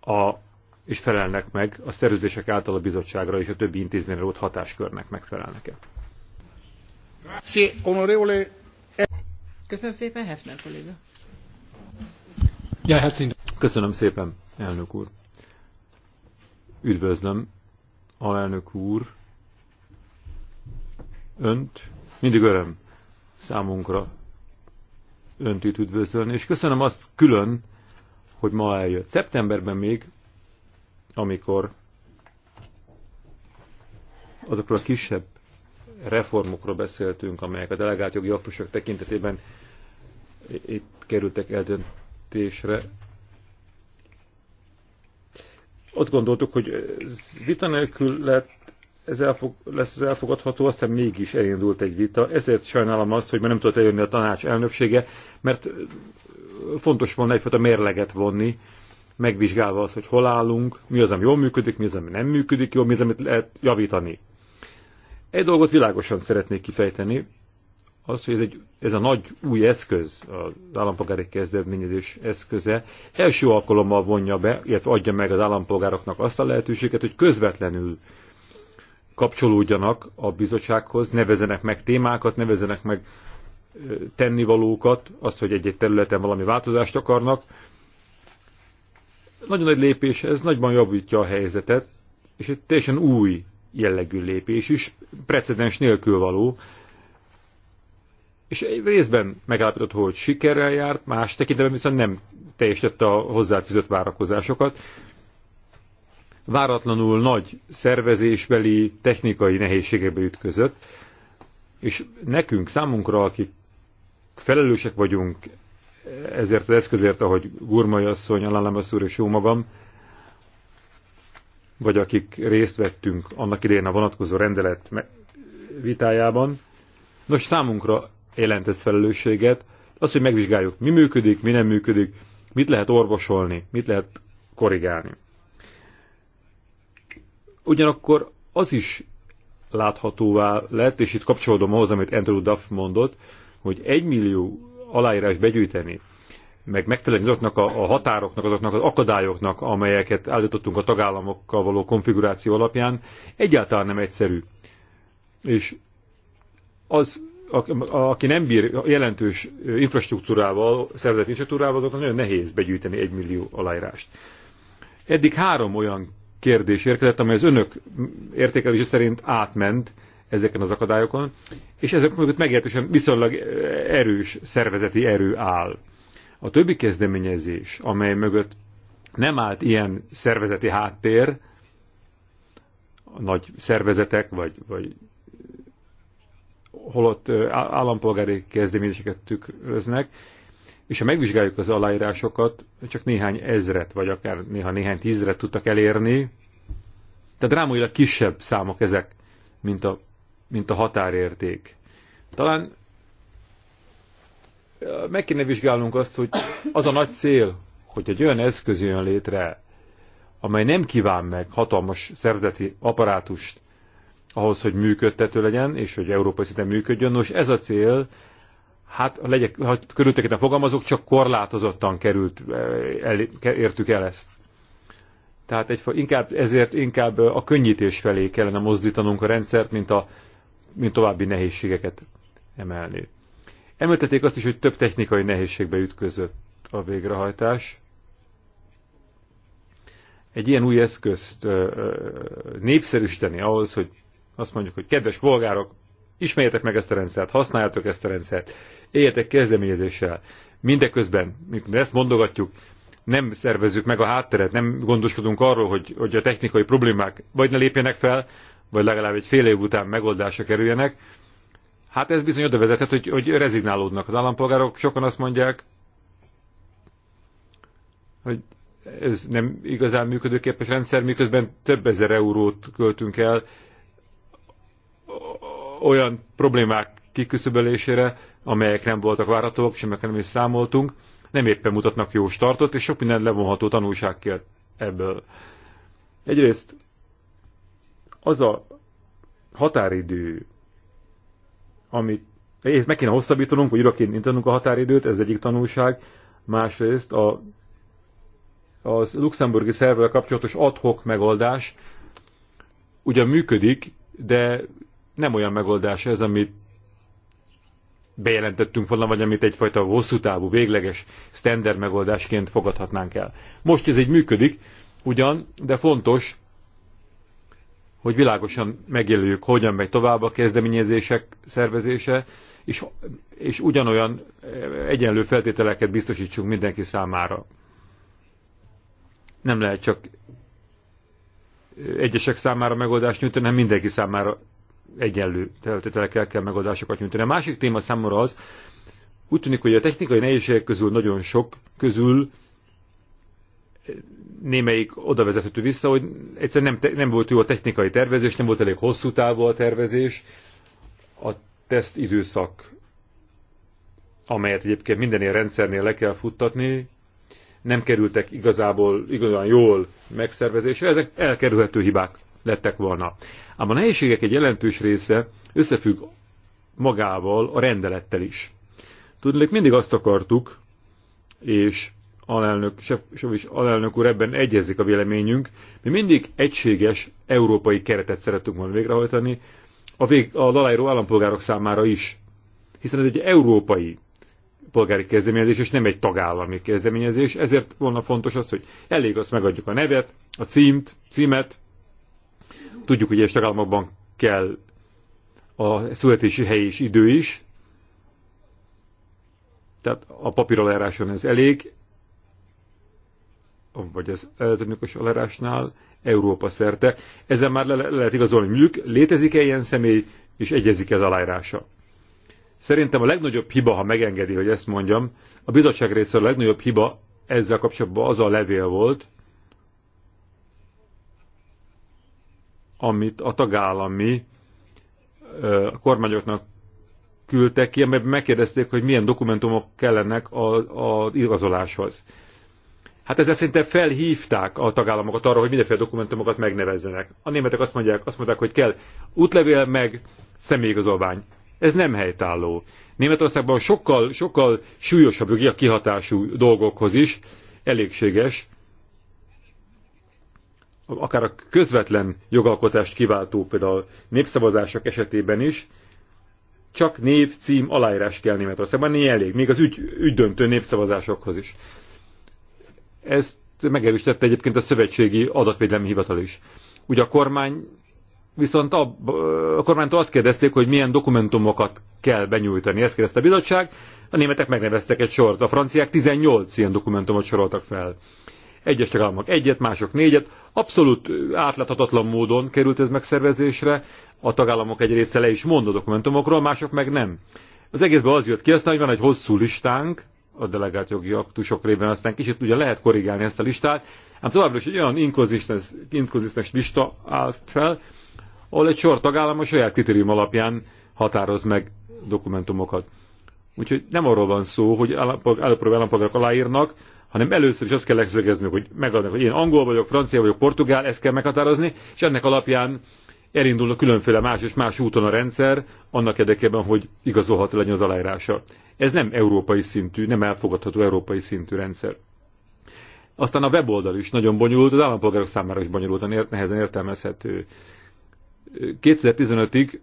Speaker 2: a, és felelnek meg a szerződések által a bizottságra és a többi intézményre ott hatáskörnek megfelelnek-e.
Speaker 1: Köszönöm szépen, Hefner kolléga.
Speaker 2: Ja, hát Köszönöm szépen, elnök úr. Üdvözlöm, alelnök úr, önt. Mindig öröm számunkra önt itt üdvözölni, és köszönöm azt külön, hogy ma eljött. Szeptemberben még, amikor azokról a kisebb reformokról beszéltünk, amelyek a delegált jogi aktusok tekintetében itt kerültek eldöntésre. Azt gondoltuk, hogy vita nélkül lehet ez elfog, lesz ez elfogadható, aztán mégis elindult egy vita. Ezért sajnálom azt, hogy már nem tudott eljönni a tanács elnöksége, mert fontos volna egyfajta mérleget vonni, megvizsgálva azt, hogy hol állunk, mi az, ami jól működik, mi az, ami nem működik jól, mi az, amit lehet javítani. Egy dolgot világosan szeretnék kifejteni, az, hogy ez, egy, ez a nagy új eszköz, az állampolgári kezdeményezés eszköze, első alkalommal vonja be, illetve adja meg az állampolgároknak azt a lehetőséget, hogy közvetlenül kapcsolódjanak a bizottsághoz, nevezenek meg témákat, nevezenek meg tennivalókat, azt, hogy egy-egy területen valami változást akarnak. Nagyon nagy lépés, ez nagyban javítja a helyzetet, és egy teljesen új jellegű lépés is, precedens nélkül való, és egy részben megállapított, hogy sikerrel járt, más tekintetben viszont nem teljesítette a hozzáfűzött várakozásokat, váratlanul nagy szervezésbeli, technikai nehézségekbe ütközött, és nekünk, számunkra, akik felelősek vagyunk ezért az eszközért, ahogy Gurmai asszony, Alan Lamassur és jó magam, vagy akik részt vettünk annak idején a vonatkozó rendelet vitájában. Nos, számunkra jelent ez felelősséget, az, hogy megvizsgáljuk, mi működik, mi nem működik, mit lehet orvosolni, mit lehet korrigálni. Ugyanakkor az is láthatóvá lett, és itt kapcsolódom ahhoz, amit Andrew Duff mondott, hogy egy millió aláírás begyűjteni, meg megfelelni azoknak a, a határoknak, azoknak az akadályoknak, amelyeket állítottunk a tagállamokkal való konfiguráció alapján, egyáltalán nem egyszerű. És az, aki nem bír jelentős infrastruktúrával, szervezett infrastruktúrával, azoknak nagyon nehéz begyűjteni egy millió aláírást. Eddig három olyan kérdés érkezett, amely az önök értékelése szerint átment ezeken az akadályokon, és ezek mögött megértősen viszonylag eh, erős szervezeti erő áll. A többi kezdeményezés, amely mögött nem állt ilyen szervezeti háttér, nagy szervezetek, vagy, vagy holott eh, állampolgári kezdeményezéseket tükröznek, és ha megvizsgáljuk az aláírásokat, csak néhány ezret, vagy akár néha néhány tízret tudtak elérni, tehát drámailag kisebb számok ezek, mint a, mint a határérték. Talán meg kéne vizsgálnunk azt, hogy az a nagy cél, hogy egy olyan eszköz jön létre, amely nem kíván meg hatalmas szerzeti apparátust ahhoz, hogy működtető legyen, és hogy európai szinten működjön. Nos, ez a cél, hát legyek, ha körülteketen fogalmazok, csak korlátozottan került, eh, el, értük el ezt. Tehát egy, inkább, ezért inkább eh, a könnyítés felé kellene mozdítanunk a rendszert, mint, a, mint további nehézségeket emelni. Említették azt is, hogy több technikai nehézségbe ütközött a végrehajtás. Egy ilyen új eszközt eh, népszerűsíteni ahhoz, hogy azt mondjuk, hogy kedves polgárok, ismerjetek meg ezt a rendszert, használjátok ezt a rendszert, éljetek kezdeményezéssel. Mindeközben, mikor ezt mondogatjuk, nem szervezzük meg a hátteret, nem gondoskodunk arról, hogy, hogy a technikai problémák vagy ne lépjenek fel, vagy legalább egy fél év után megoldásra kerüljenek, hát ez bizony oda vezethet, hogy, hogy rezignálódnak az állampolgárok. Sokan azt mondják, hogy ez nem igazán működőképes rendszer, miközben több ezer eurót költünk el olyan problémák kiküszöbölésére, amelyek nem voltak várhatóak, és amelyek nem is számoltunk, nem éppen mutatnak jó startot, és sok minden levonható tanulság kell ebből. Egyrészt az a határidő, amit és meg kéne hosszabbítanunk, vagy urakinítanunk a határidőt, ez egyik tanulság, másrészt a, a luxemburgi szervvel kapcsolatos adhok megoldás ugyan működik, de nem olyan megoldás ez, amit bejelentettünk volna, vagy amit egyfajta hosszú távú, végleges standard megoldásként fogadhatnánk el. Most ez így működik, ugyan, de fontos, hogy világosan megjelöljük, hogyan megy tovább a kezdeményezések szervezése, és, és ugyanolyan eh, egyenlő feltételeket biztosítsunk mindenki számára. Nem lehet csak eh, egyesek számára megoldást nyújtani, hanem mindenki számára egyenlő feltételekkel kell megoldásokat nyújtani. A másik téma számomra az, úgy tűnik, hogy a technikai nehézségek közül nagyon sok közül némelyik oda vezethető vissza, hogy egyszerűen nem, nem volt jó a technikai tervezés, nem volt elég hosszú távú a tervezés, a teszt időszak, amelyet egyébként minden ilyen rendszernél le kell futtatni, nem kerültek igazából igazán jól megszervezésre, ezek elkerülhető hibák lettek volna. Ám a nehézségek egy jelentős része összefügg magával a rendelettel is. Tudnék, mindig azt akartuk, és alelnök, Sevics alelnök úr ebben egyezik a véleményünk, mi mindig egységes európai keretet szeretünk volna végrehajtani, a, vég, a dalájró állampolgárok számára is. Hiszen ez egy európai polgári kezdeményezés, és nem egy tagállami kezdeményezés, ezért volna fontos az, hogy elég azt megadjuk a nevet, a címt, címet, Tudjuk, hogy egyes tagállamokban kell a születési hely és idő is, tehát a papír aláráson ez elég, vagy az elektronikus alárásnál Európa szerte. Ezzel már le lehet igazolni, hogy létezik-e ilyen személy, és egyezik ez aláírása. Szerintem a legnagyobb hiba, ha megengedi, hogy ezt mondjam, a bizottság részéről a legnagyobb hiba ezzel kapcsolatban az a levél volt, amit a tagállami a kormányoknak küldtek ki, amelyben megkérdezték, hogy milyen dokumentumok kellenek az igazoláshoz. Hát ezzel szinte felhívták a tagállamokat arra, hogy mindenféle dokumentumokat megnevezzenek. A németek azt mondják, azt mondják hogy kell útlevél meg személyigazolvány. Ez nem helytálló. Németországban sokkal, sokkal súlyosabb a kihatású dolgokhoz is elégséges akár a közvetlen jogalkotást kiváltó például népszavazások esetében is, csak név, cím, aláírás kell Németországban, néha elég, még az ügy, ügydöntő népszavazásokhoz is. Ezt megerősítette egyébként a Szövetségi Adatvédelmi Hivatal is. Ugye a kormány viszont a, a kormánytól azt kérdezték, hogy milyen dokumentumokat kell benyújtani. Ezt kérdezte a bizottság, a németek megneveztek egy sort, a franciák 18 ilyen dokumentumot soroltak fel egyes tagállamok egyet, mások négyet. Abszolút átláthatatlan módon került ez megszervezésre, a tagállamok egy része le is mond a dokumentumokról, mások meg nem. Az egészben az jött ki aztán, hogy van egy hosszú listánk, a delegált jogi aktusok révén aztán kicsit ugye lehet korrigálni ezt a listát, ám továbbra is egy olyan inkonzisztens lista állt fel, ahol egy sor tagállam a saját kritérium alapján határoz meg dokumentumokat. Úgyhogy nem arról van szó, hogy állampolgárok aláírnak, hanem először is azt kell legszögezni, hogy megadnak, hogy én angol vagyok, francia vagyok, portugál, ezt kell meghatározni, és ennek alapján elindul a különféle más és más úton a rendszer, annak érdekében, hogy igazolható legyen az aláírása. Ez nem európai szintű, nem elfogadható európai szintű rendszer. Aztán a weboldal is nagyon bonyolult, az állampolgárok számára is bonyolultan nehezen értelmezhető. 2015-ig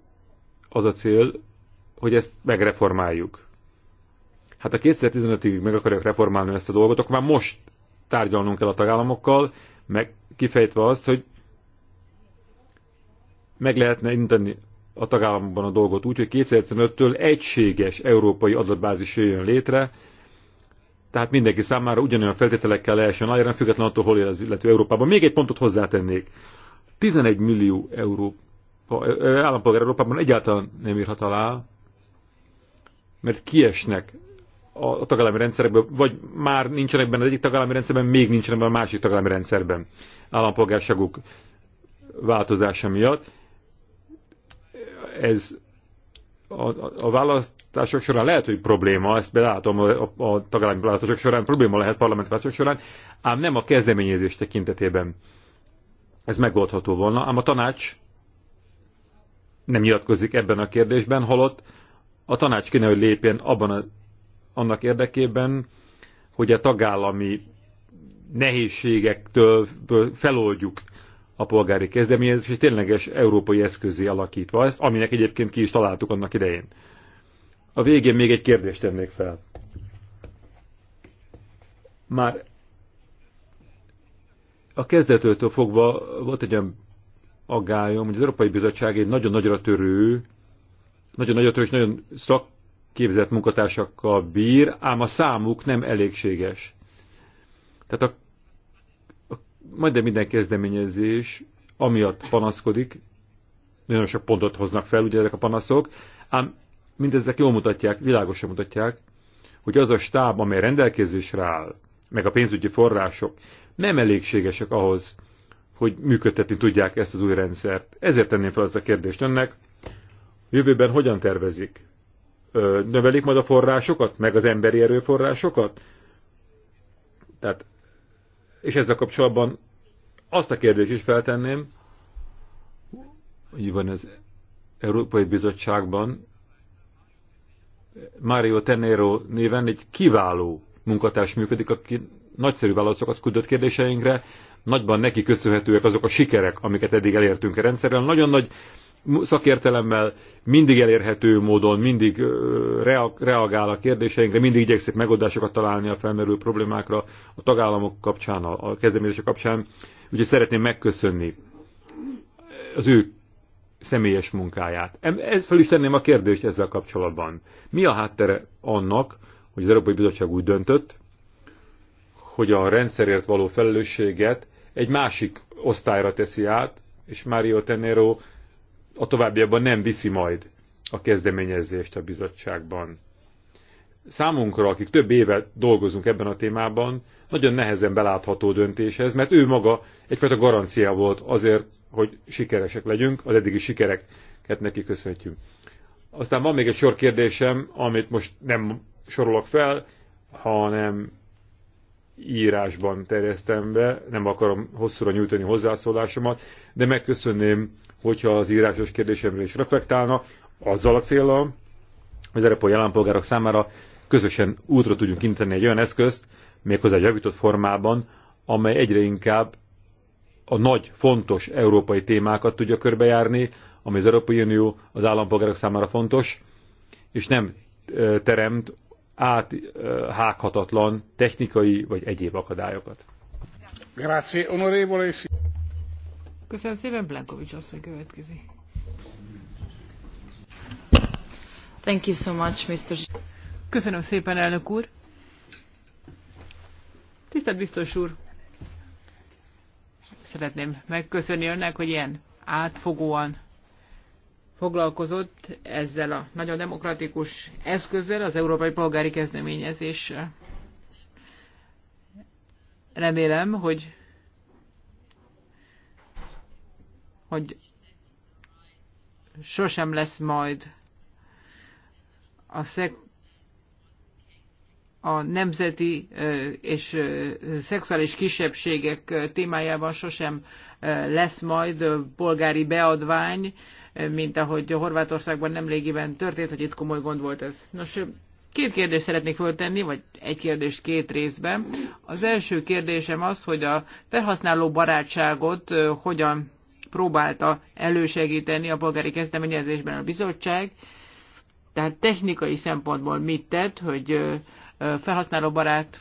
Speaker 2: az a cél, hogy ezt megreformáljuk hát a 2015-ig meg akarják reformálni ezt a dolgot, akkor már most tárgyalnunk kell a tagállamokkal, meg kifejtve azt, hogy meg lehetne indítani a tagállamokban a dolgot úgy, hogy 2015-től egységes európai adatbázis jöjjön létre, tehát mindenki számára ugyanolyan feltételekkel lehessen aláírni, függetlenül attól, hol él az illető Európában. Még egy pontot hozzátennék. 11 millió Európa, állampolgár Európában egyáltalán nem írhat alá, mert kiesnek a tagállami rendszerekben, vagy már nincsenek benne az egyik tagállami rendszerben, még nincsenek benne a másik tagállami rendszerben állampolgárságuk változása miatt. Ez a, a, a választások során lehet, hogy probléma, ezt belátom a, a, a tagállami választások során, probléma lehet parlament választások során, ám nem a kezdeményezés tekintetében ez megoldható volna, ám a tanács nem nyilatkozik ebben a kérdésben, holott a tanács kéne, hogy lépjen abban a annak érdekében, hogy a tagállami nehézségektől feloldjuk a polgári kezdeményezés egy tényleges európai eszközé alakítva ezt, aminek egyébként ki is találtuk annak idején. A végén még egy kérdést tennék fel. Már a kezdetőtől fogva volt egy olyan aggályom, hogy az Európai Bizottság egy nagyon nagyra törő, nagyon nagyra törő és nagyon szak, képzett munkatársakkal bír, ám a számuk nem elégséges. Tehát a, a, majdnem minden kezdeményezés amiatt panaszkodik, nagyon sok pontot hoznak fel, ugye ezek a panaszok, ám mindezek jól mutatják, világosan mutatják, hogy az a stáb, amely rendelkezésre áll, meg a pénzügyi források nem elégségesek ahhoz, hogy működtetni tudják ezt az új rendszert. Ezért tenném fel azt a kérdést önnek, jövőben hogyan tervezik növelik majd a forrásokat, meg az emberi erőforrásokat? Tehát, és ezzel kapcsolatban azt a kérdést is feltenném, hogy van az Európai Bizottságban Mario Tenero néven egy kiváló munkatárs működik, aki nagyszerű válaszokat küldött kérdéseinkre, nagyban neki köszönhetőek azok a sikerek, amiket eddig elértünk a rendszerrel. Nagyon nagy szakértelemmel mindig elérhető módon, mindig reagál a kérdéseinkre, mindig igyekszik megoldásokat találni a felmerülő problémákra a tagállamok kapcsán, a kezdeményezések kapcsán. Úgyhogy szeretném megköszönni az ő személyes munkáját. Ez fel is tenném a kérdést ezzel kapcsolatban. Mi a háttere annak, hogy az Európai Bizottság úgy döntött, hogy a rendszerért való felelősséget egy másik osztályra teszi át, és Mario Tenero a továbbiakban nem viszi majd a kezdeményezést a bizottságban. Számunkra, akik több éve dolgozunk ebben a témában, nagyon nehezen belátható döntés ez, mert ő maga egyfajta garancia volt azért, hogy sikeresek legyünk, az eddigi sikereket neki köszönhetjük. Aztán van még egy sor kérdésem, amit most nem sorolok fel, hanem írásban terjesztem be, nem akarom hosszúra nyújtani hozzászólásomat, de megköszönném hogyha az írásos kérdésemre is reflektálna, azzal a célral, hogy az európai állampolgárok számára közösen útra tudjunk inteni egy olyan eszközt, méghozzá egy javított formában, amely egyre inkább a nagy, fontos európai témákat tudja körbejárni, ami az Európai Unió az állampolgárok számára fontos, és nem teremt áthághatatlan technikai vagy egyéb akadályokat.
Speaker 1: Grazie, onorevole.
Speaker 3: Köszönöm szépen, Blankovics asszony következik. Thank you so much, Mr. Köszönöm szépen, elnök úr. Tisztelt biztos úr, szeretném megköszönni önnek, hogy ilyen átfogóan foglalkozott ezzel a nagyon demokratikus eszközzel, az Európai Polgári Kezdeményezéssel. Remélem, hogy hogy sosem lesz majd a, szek, a nemzeti és szexuális kisebbségek témájában sosem lesz majd polgári beadvány, mint ahogy Horvátországban nemrégiben történt, hogy itt komoly gond volt ez. Nos, két kérdést szeretnék föltenni, vagy egy kérdést két részben. Az első kérdésem az, hogy a felhasználó barátságot hogyan próbálta elősegíteni a polgári kezdeményezésben a bizottság. Tehát technikai szempontból mit tett, hogy felhasználóbarát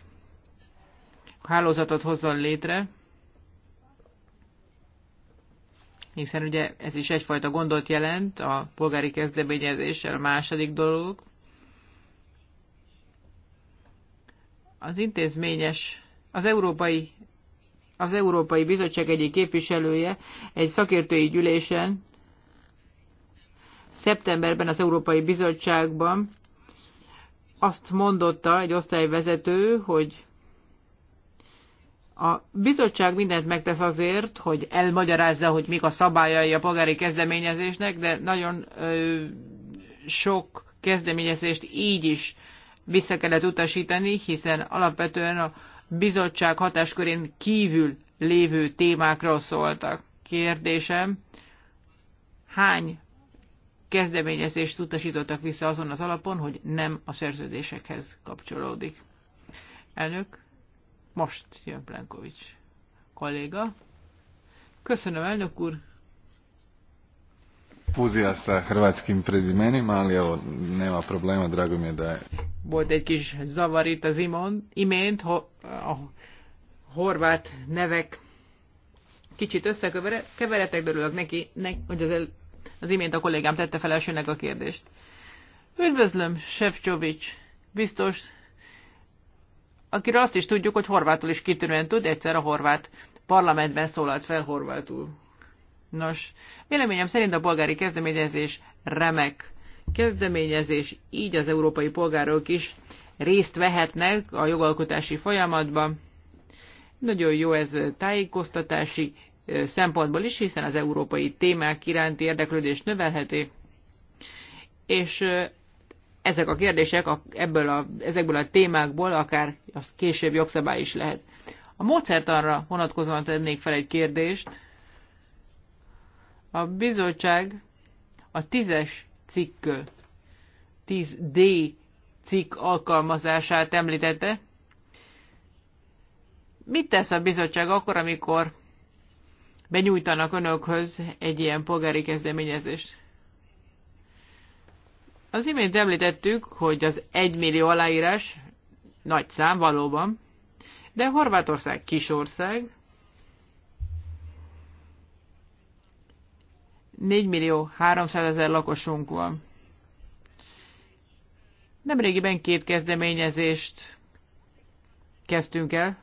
Speaker 3: hálózatot hozzon létre, hiszen ugye ez is egyfajta gondot jelent a polgári kezdeményezéssel, a második dolog. Az intézményes, az európai az Európai Bizottság egyik képviselője egy szakértői gyűlésen szeptemberben az Európai Bizottságban azt mondotta egy osztályvezető, hogy a bizottság mindent megtesz azért, hogy elmagyarázza, hogy mik a szabályai a polgári kezdeményezésnek, de nagyon ö, sok kezdeményezést így is vissza kellett utasítani, hiszen alapvetően a bizottság hatáskörén kívül lévő témákról szóltak. Kérdésem, hány kezdeményezést utasítottak vissza azon az alapon, hogy nem a szerződésekhez kapcsolódik. Elnök, most jön Plenkovics kolléga. Köszönöm, elnök úr!
Speaker 2: fúzia sa hrvatskim prezimenima, ali evo, nema problema, drago mi je da je.
Speaker 3: Volt egy kis zavar az imon, imént, ho, oh, horvát nevek kicsit összekeveretek, de örülök neki, ne, hogy az, el, az imént a kollégám tette fel elsőnek a kérdést. Üdvözlöm, Sefcsovics, biztos, akiről azt is tudjuk, hogy horvátul is kitűnően tud, egyszer a horvát parlamentben szólalt fel horvátul. Nos, véleményem szerint a polgári kezdeményezés remek kezdeményezés, így az európai polgárok is részt vehetnek a jogalkotási folyamatban. Nagyon jó ez tájékoztatási szempontból is, hiszen az európai témák iránti érdeklődést növelheti, és ezek a kérdések a, ebből a, ezekből a témákból akár az később jogszabály is lehet. A arra vonatkozóan tennék fel egy kérdést. A bizottság a tízes cikk, 10D cikk alkalmazását említette. Mit tesz a bizottság akkor, amikor benyújtanak önökhöz egy ilyen polgári kezdeményezést? Az imént említettük, hogy az egymillió aláírás nagy szám valóban, de Horvátország kis ország, 4 millió 300 ezer lakosunk van. Nemrégiben két kezdeményezést kezdtünk el.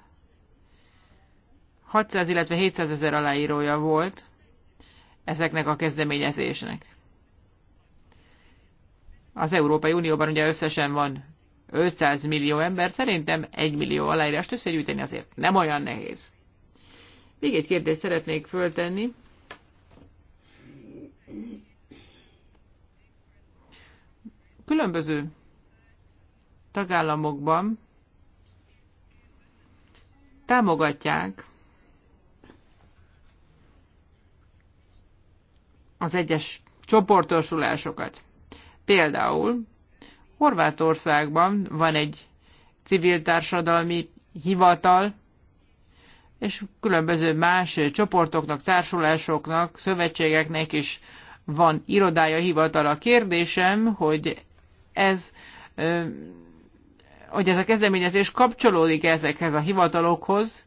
Speaker 3: 600, illetve 700 ezer aláírója volt ezeknek a kezdeményezésnek. Az Európai Unióban ugye összesen van 500 millió ember, szerintem 1 millió aláírást összegyűjteni azért nem olyan nehéz. Még egy kérdést szeretnék föltenni. Különböző tagállamokban támogatják az egyes csoportosulásokat. Például Horvátországban van egy civil társadalmi hivatal, és különböző más csoportoknak, társulásoknak, szövetségeknek is van irodája, hivatala. Kérdésem, hogy ez hogy ez a kezdeményezés kapcsolódik -e ezekhez a hivatalokhoz,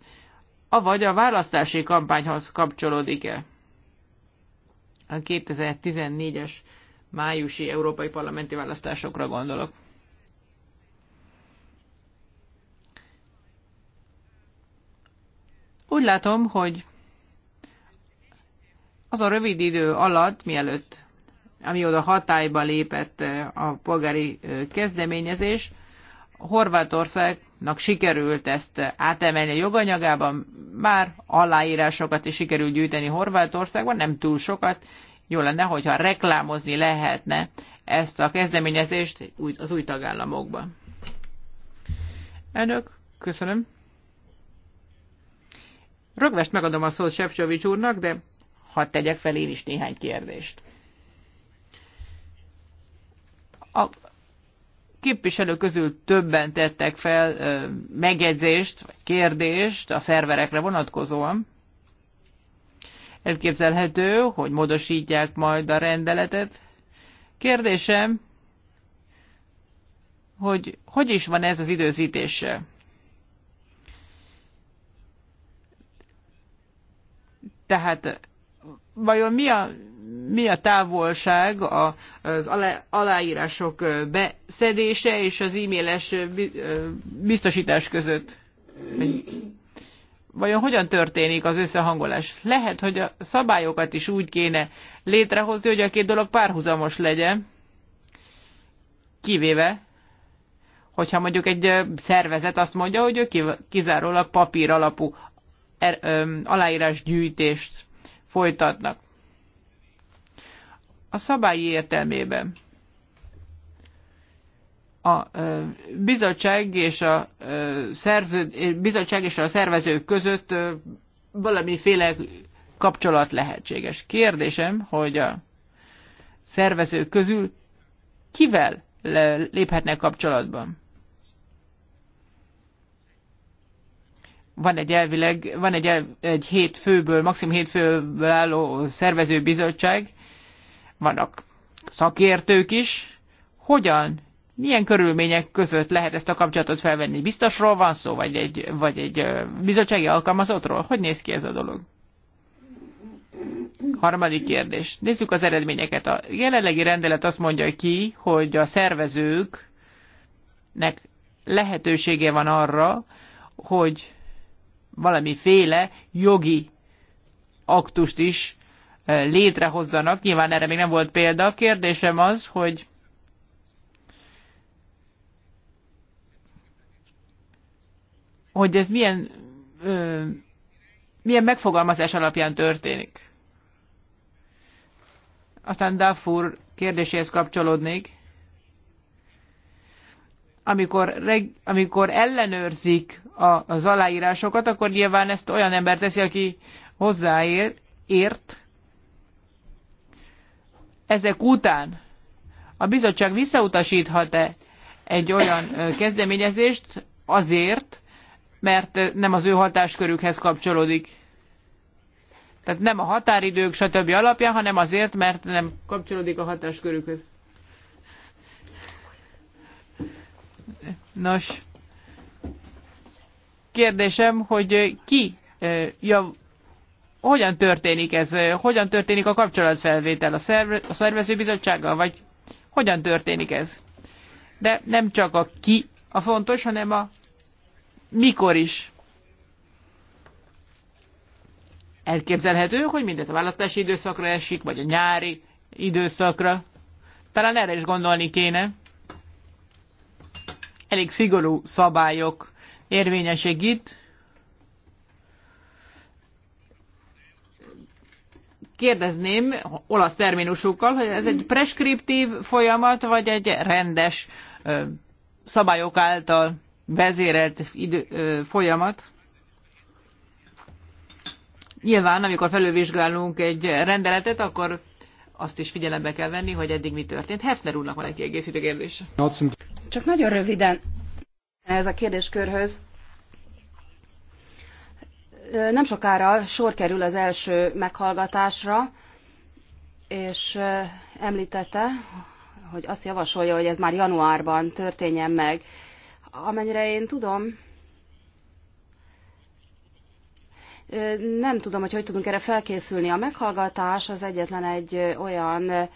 Speaker 3: avagy a választási kampányhoz kapcsolódik-e? A 2014-es májusi európai parlamenti választásokra gondolok. Úgy látom, hogy az a rövid idő alatt, mielőtt, ami oda hatályba lépett eh, a polgári eh, kezdeményezés, Horvátországnak sikerült ezt eh, átemelni a joganyagában, már aláírásokat is sikerült gyűjteni Horvátországban, nem túl sokat, jó lenne, hogyha reklámozni lehetne ezt a kezdeményezést az új tagállamokban. Elnök, köszönöm. Rögvest megadom a szót Sefcsovics úrnak, de hadd tegyek fel én is néhány kérdést. A képviselő közül többen tettek fel ö, megjegyzést, vagy kérdést a szerverekre vonatkozóan. Elképzelhető, hogy módosítják majd a rendeletet. Kérdésem, hogy hogy is van ez az időzítéssel? Tehát vajon mi a, mi a távolság az aláírások beszedése és az e-mailes biztosítás között? Vajon hogyan történik az összehangolás? Lehet, hogy a szabályokat is úgy kéne létrehozni, hogy a két dolog párhuzamos legyen, kivéve, hogyha mondjuk egy szervezet azt mondja, hogy ő kizárólag papír alapú er, ö, aláírásgyűjtést folytatnak. A szabályi értelmében a bizottság és a, szerző, bizottság és a szervezők között valamiféle kapcsolat lehetséges. Kérdésem, hogy a szervezők közül kivel léphetnek kapcsolatban? van egy elvileg, van egy, elv, egy hét főből, maximum hét főből álló szervezőbizottság, vannak szakértők is. Hogyan, milyen körülmények között lehet ezt a kapcsolatot felvenni? Biztosról van szó, vagy egy, vagy egy bizottsági alkalmazottról? Hogy néz ki ez a dolog? Harmadik kérdés. Nézzük az eredményeket. A jelenlegi rendelet azt mondja ki, hogy a szervezőknek lehetősége van arra, hogy valamiféle jogi aktust is eh, létrehozzanak. Nyilván erre még nem volt példa. A kérdésem az, hogy hogy ez milyen, ö, milyen megfogalmazás alapján történik. Aztán Duffur kérdéséhez kapcsolódnék amikor, reg, amikor ellenőrzik a, az aláírásokat, akkor nyilván ezt olyan ember teszi, aki hozzáér, ért. Ezek után a bizottság visszautasíthat-e egy olyan kezdeményezést azért, mert nem az ő hatáskörükhez kapcsolódik. Tehát nem a határidők, stb. alapján, hanem azért, mert nem kapcsolódik a hatáskörükhöz. Nos, kérdésem, hogy ki, ja, hogyan történik ez, hogyan történik a kapcsolatfelvétel a, szerve, a szervezőbizottsággal, vagy hogyan történik ez? De nem csak a ki a fontos, hanem a mikor is. Elképzelhető, hogy mindez a választási időszakra esik, vagy a nyári időszakra. Talán erre is gondolni kéne elég szigorú szabályok érvényesek itt. Kérdezném olasz terminusukkal, hogy ez egy preskriptív folyamat, vagy egy rendes szabályok által vezérelt idő, folyamat. Nyilván, amikor felülvizsgálunk egy rendeletet, akkor azt is figyelembe kell venni, hogy eddig mi történt. Hefner úrnak van egy kiegészítő
Speaker 4: kérdés. Csak nagyon röviden ez a kérdéskörhöz. Nem sokára sor kerül az első meghallgatásra, és említette, hogy azt javasolja, hogy ez már januárban történjen meg. Amennyire én tudom, nem tudom, hogy hogy tudunk erre felkészülni. A meghallgatás az egyetlen egy olyan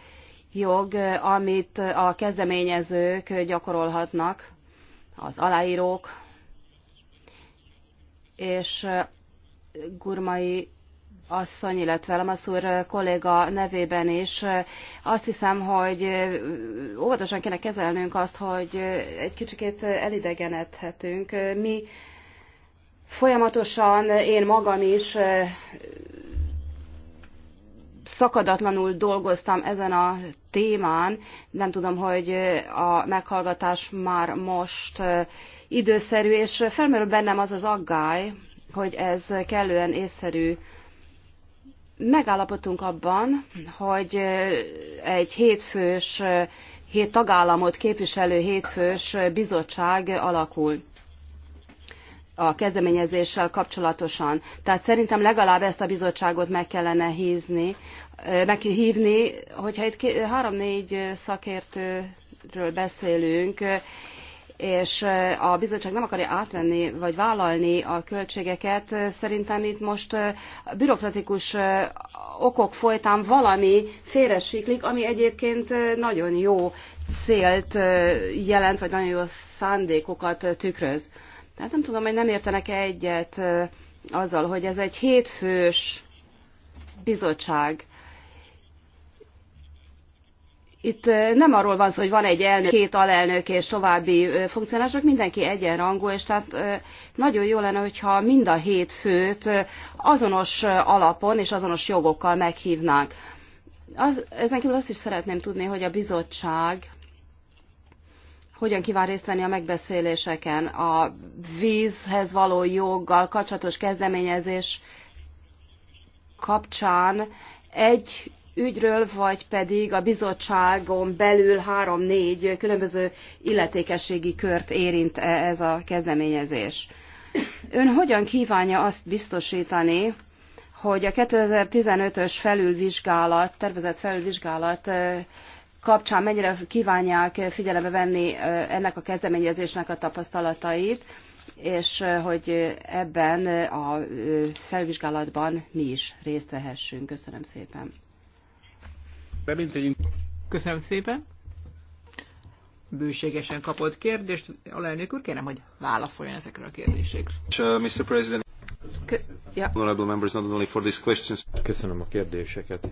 Speaker 4: jog, amit a kezdeményezők gyakorolhatnak, az aláírók, és Gurmai asszony, illetve Lamasz úr kolléga nevében is. Azt hiszem, hogy óvatosan kéne kezelnünk azt, hogy egy kicsikét elidegenedhetünk. Mi folyamatosan, én magam is szakadatlanul dolgoztam ezen a témán. Nem tudom, hogy a meghallgatás már most időszerű, és felmerül bennem az az aggály, hogy ez kellően észszerű. Megállapodtunk abban, hogy egy hétfős, hét tagállamot képviselő hétfős bizottság alakul a kezdeményezéssel kapcsolatosan. Tehát szerintem legalább ezt a bizottságot meg kellene hízni, meghívni, hogyha itt három-négy szakértőről beszélünk, és a bizottság nem akarja átvenni vagy vállalni a költségeket, szerintem itt most bürokratikus okok folytán valami félresiklik, ami egyébként nagyon jó célt jelent, vagy nagyon jó szándékokat tükröz. Tehát nem tudom, hogy nem értenek -e egyet azzal, hogy ez egy hétfős bizottság. Itt nem arról van szó, hogy van egy elnök, két alelnök és további funkcionások, mindenki egyenrangú, és tehát nagyon jó lenne, hogyha mind a hét főt azonos alapon és azonos jogokkal meghívnánk. Az, ezen kívül azt is szeretném tudni, hogy a bizottság hogyan kíván részt venni a megbeszéléseken. A vízhez való joggal kapcsolatos kezdeményezés kapcsán egy ügyről, vagy pedig a bizottságon belül három-négy különböző illetékességi kört érint -e ez a kezdeményezés. Ön hogyan kívánja azt biztosítani, hogy a 2015-ös felülvizsgálat, tervezett felülvizsgálat e- kapcsán mennyire kívánják figyelembe venni ennek a kezdeményezésnek a tapasztalatait, és hogy ebben a felvizsgálatban mi is részt vehessünk. Köszönöm szépen.
Speaker 3: Köszönöm szépen. Bőségesen kapott kérdést. Alelnök úr, kérem, hogy válaszoljon ezekre a kérdésekre.
Speaker 2: Uh, Köszönöm a kérdéseket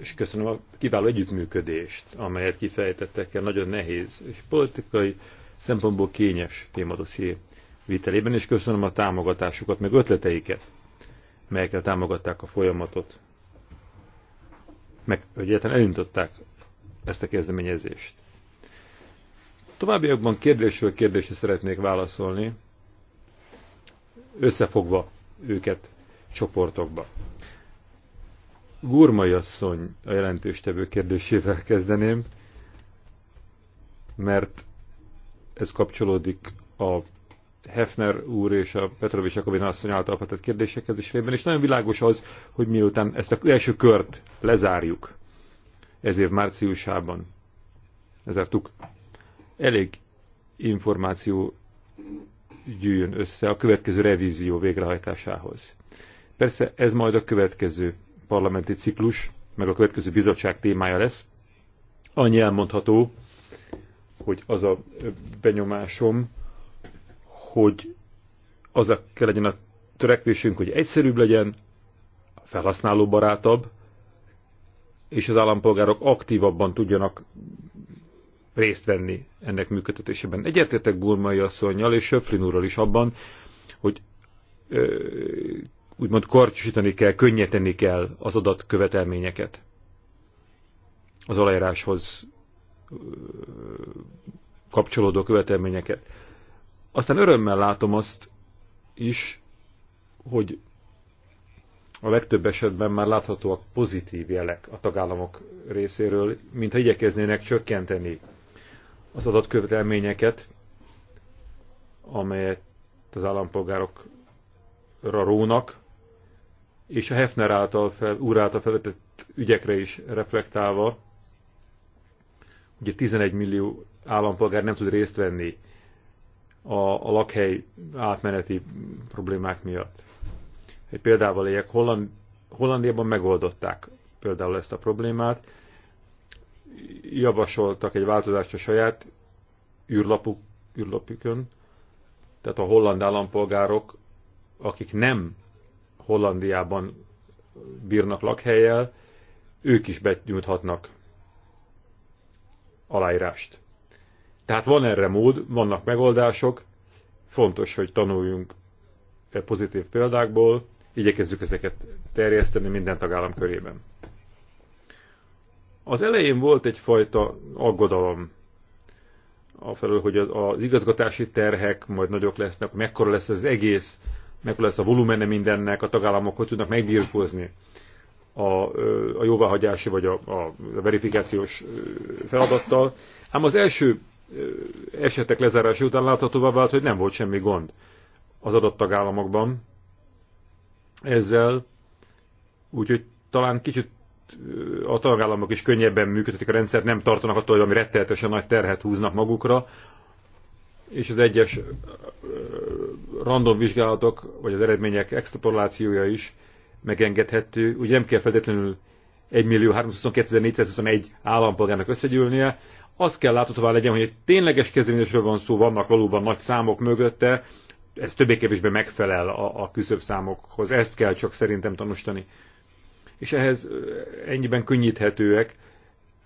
Speaker 2: és köszönöm a kiváló együttműködést, amelyet kifejtettek el nagyon nehéz és politikai szempontból kényes témadosszié vitelében, és köszönöm a támogatásukat, meg ötleteiket, melyekkel támogatták a folyamatot, meg hogy egyáltalán elindították ezt a kezdeményezést. Továbbiakban kérdésről kérdésre szeretnék válaszolni, összefogva őket csoportokba. Gurmai asszony a jelentőstevő kérdésével kezdeném, mert ez kapcsolódik a Hefner úr és a Petrovics Jakobin asszony által feltett kérdésekhez is félben, és nagyon világos az, hogy miután ezt az első kört lezárjuk ez év márciusában, ezártuk, elég információ gyűjön össze a következő revízió végrehajtásához. Persze ez majd a következő parlamenti ciklus, meg a következő bizottság témája lesz. Annyi elmondható, hogy az a benyomásom, hogy az a kell legyen a törekvésünk, hogy egyszerűbb legyen, felhasználóbarátabb, és az állampolgárok aktívabban tudjanak részt venni ennek működtetésében. Egyetértek Gurmai asszonynal és Söflin úrral is abban, hogy ö, úgymond karcsúsítani kell, könnyíteni kell az adatkövetelményeket az aláíráshoz kapcsolódó követelményeket. Aztán örömmel látom azt is, hogy a legtöbb esetben már láthatóak pozitív jelek a tagállamok részéről, mintha igyekeznének csökkenteni az adatkövetelményeket, amelyet az állampolgárokra rónak, és a Hefner által fel, úr által felvetett ügyekre is reflektálva, ugye 11 millió állampolgár nem tud részt venni a, a lakhely átmeneti problémák miatt. Egy példával éljek, Holland, Hollandiában megoldották például ezt a problémát, javasoltak egy változást a saját űrlapuk, űrlapükön, tehát a holland állampolgárok, akik nem Hollandiában bírnak lakhelyel, ők is benyújthatnak aláírást. Tehát van erre mód, vannak megoldások, fontos, hogy tanuljunk e pozitív példákból, igyekezzük ezeket terjeszteni minden tagállam körében. Az elején volt egyfajta aggodalom felül, hogy az igazgatási terhek majd nagyok lesznek, mekkora lesz az egész meg lesz a volumene mindennek, a tagállamok hogy tudnak megbírkozni a, a jóváhagyási vagy a, a verifikációs feladattal. Ám az első esetek lezárása után láthatóvá vált, hogy nem volt semmi gond az adott tagállamokban ezzel, úgyhogy talán kicsit a tagállamok is könnyebben működtetik a rendszert, nem tartanak attól, hogy ami retteltesen nagy terhet húznak magukra, és az egyes random vizsgálatok, vagy az eredmények extrapolációja is megengedhető. Ugye nem kell feltétlenül 1.322.421 állampolgárnak összegyűlnie, azt kell láthatóvá legyen, hogy egy tényleges kezdeményesről van szó, vannak valóban nagy számok mögötte, ez többé-kevésbé megfelel a, a küszöbb számokhoz, ezt kell csak szerintem tanúsítani. És ehhez ennyiben könnyíthetőek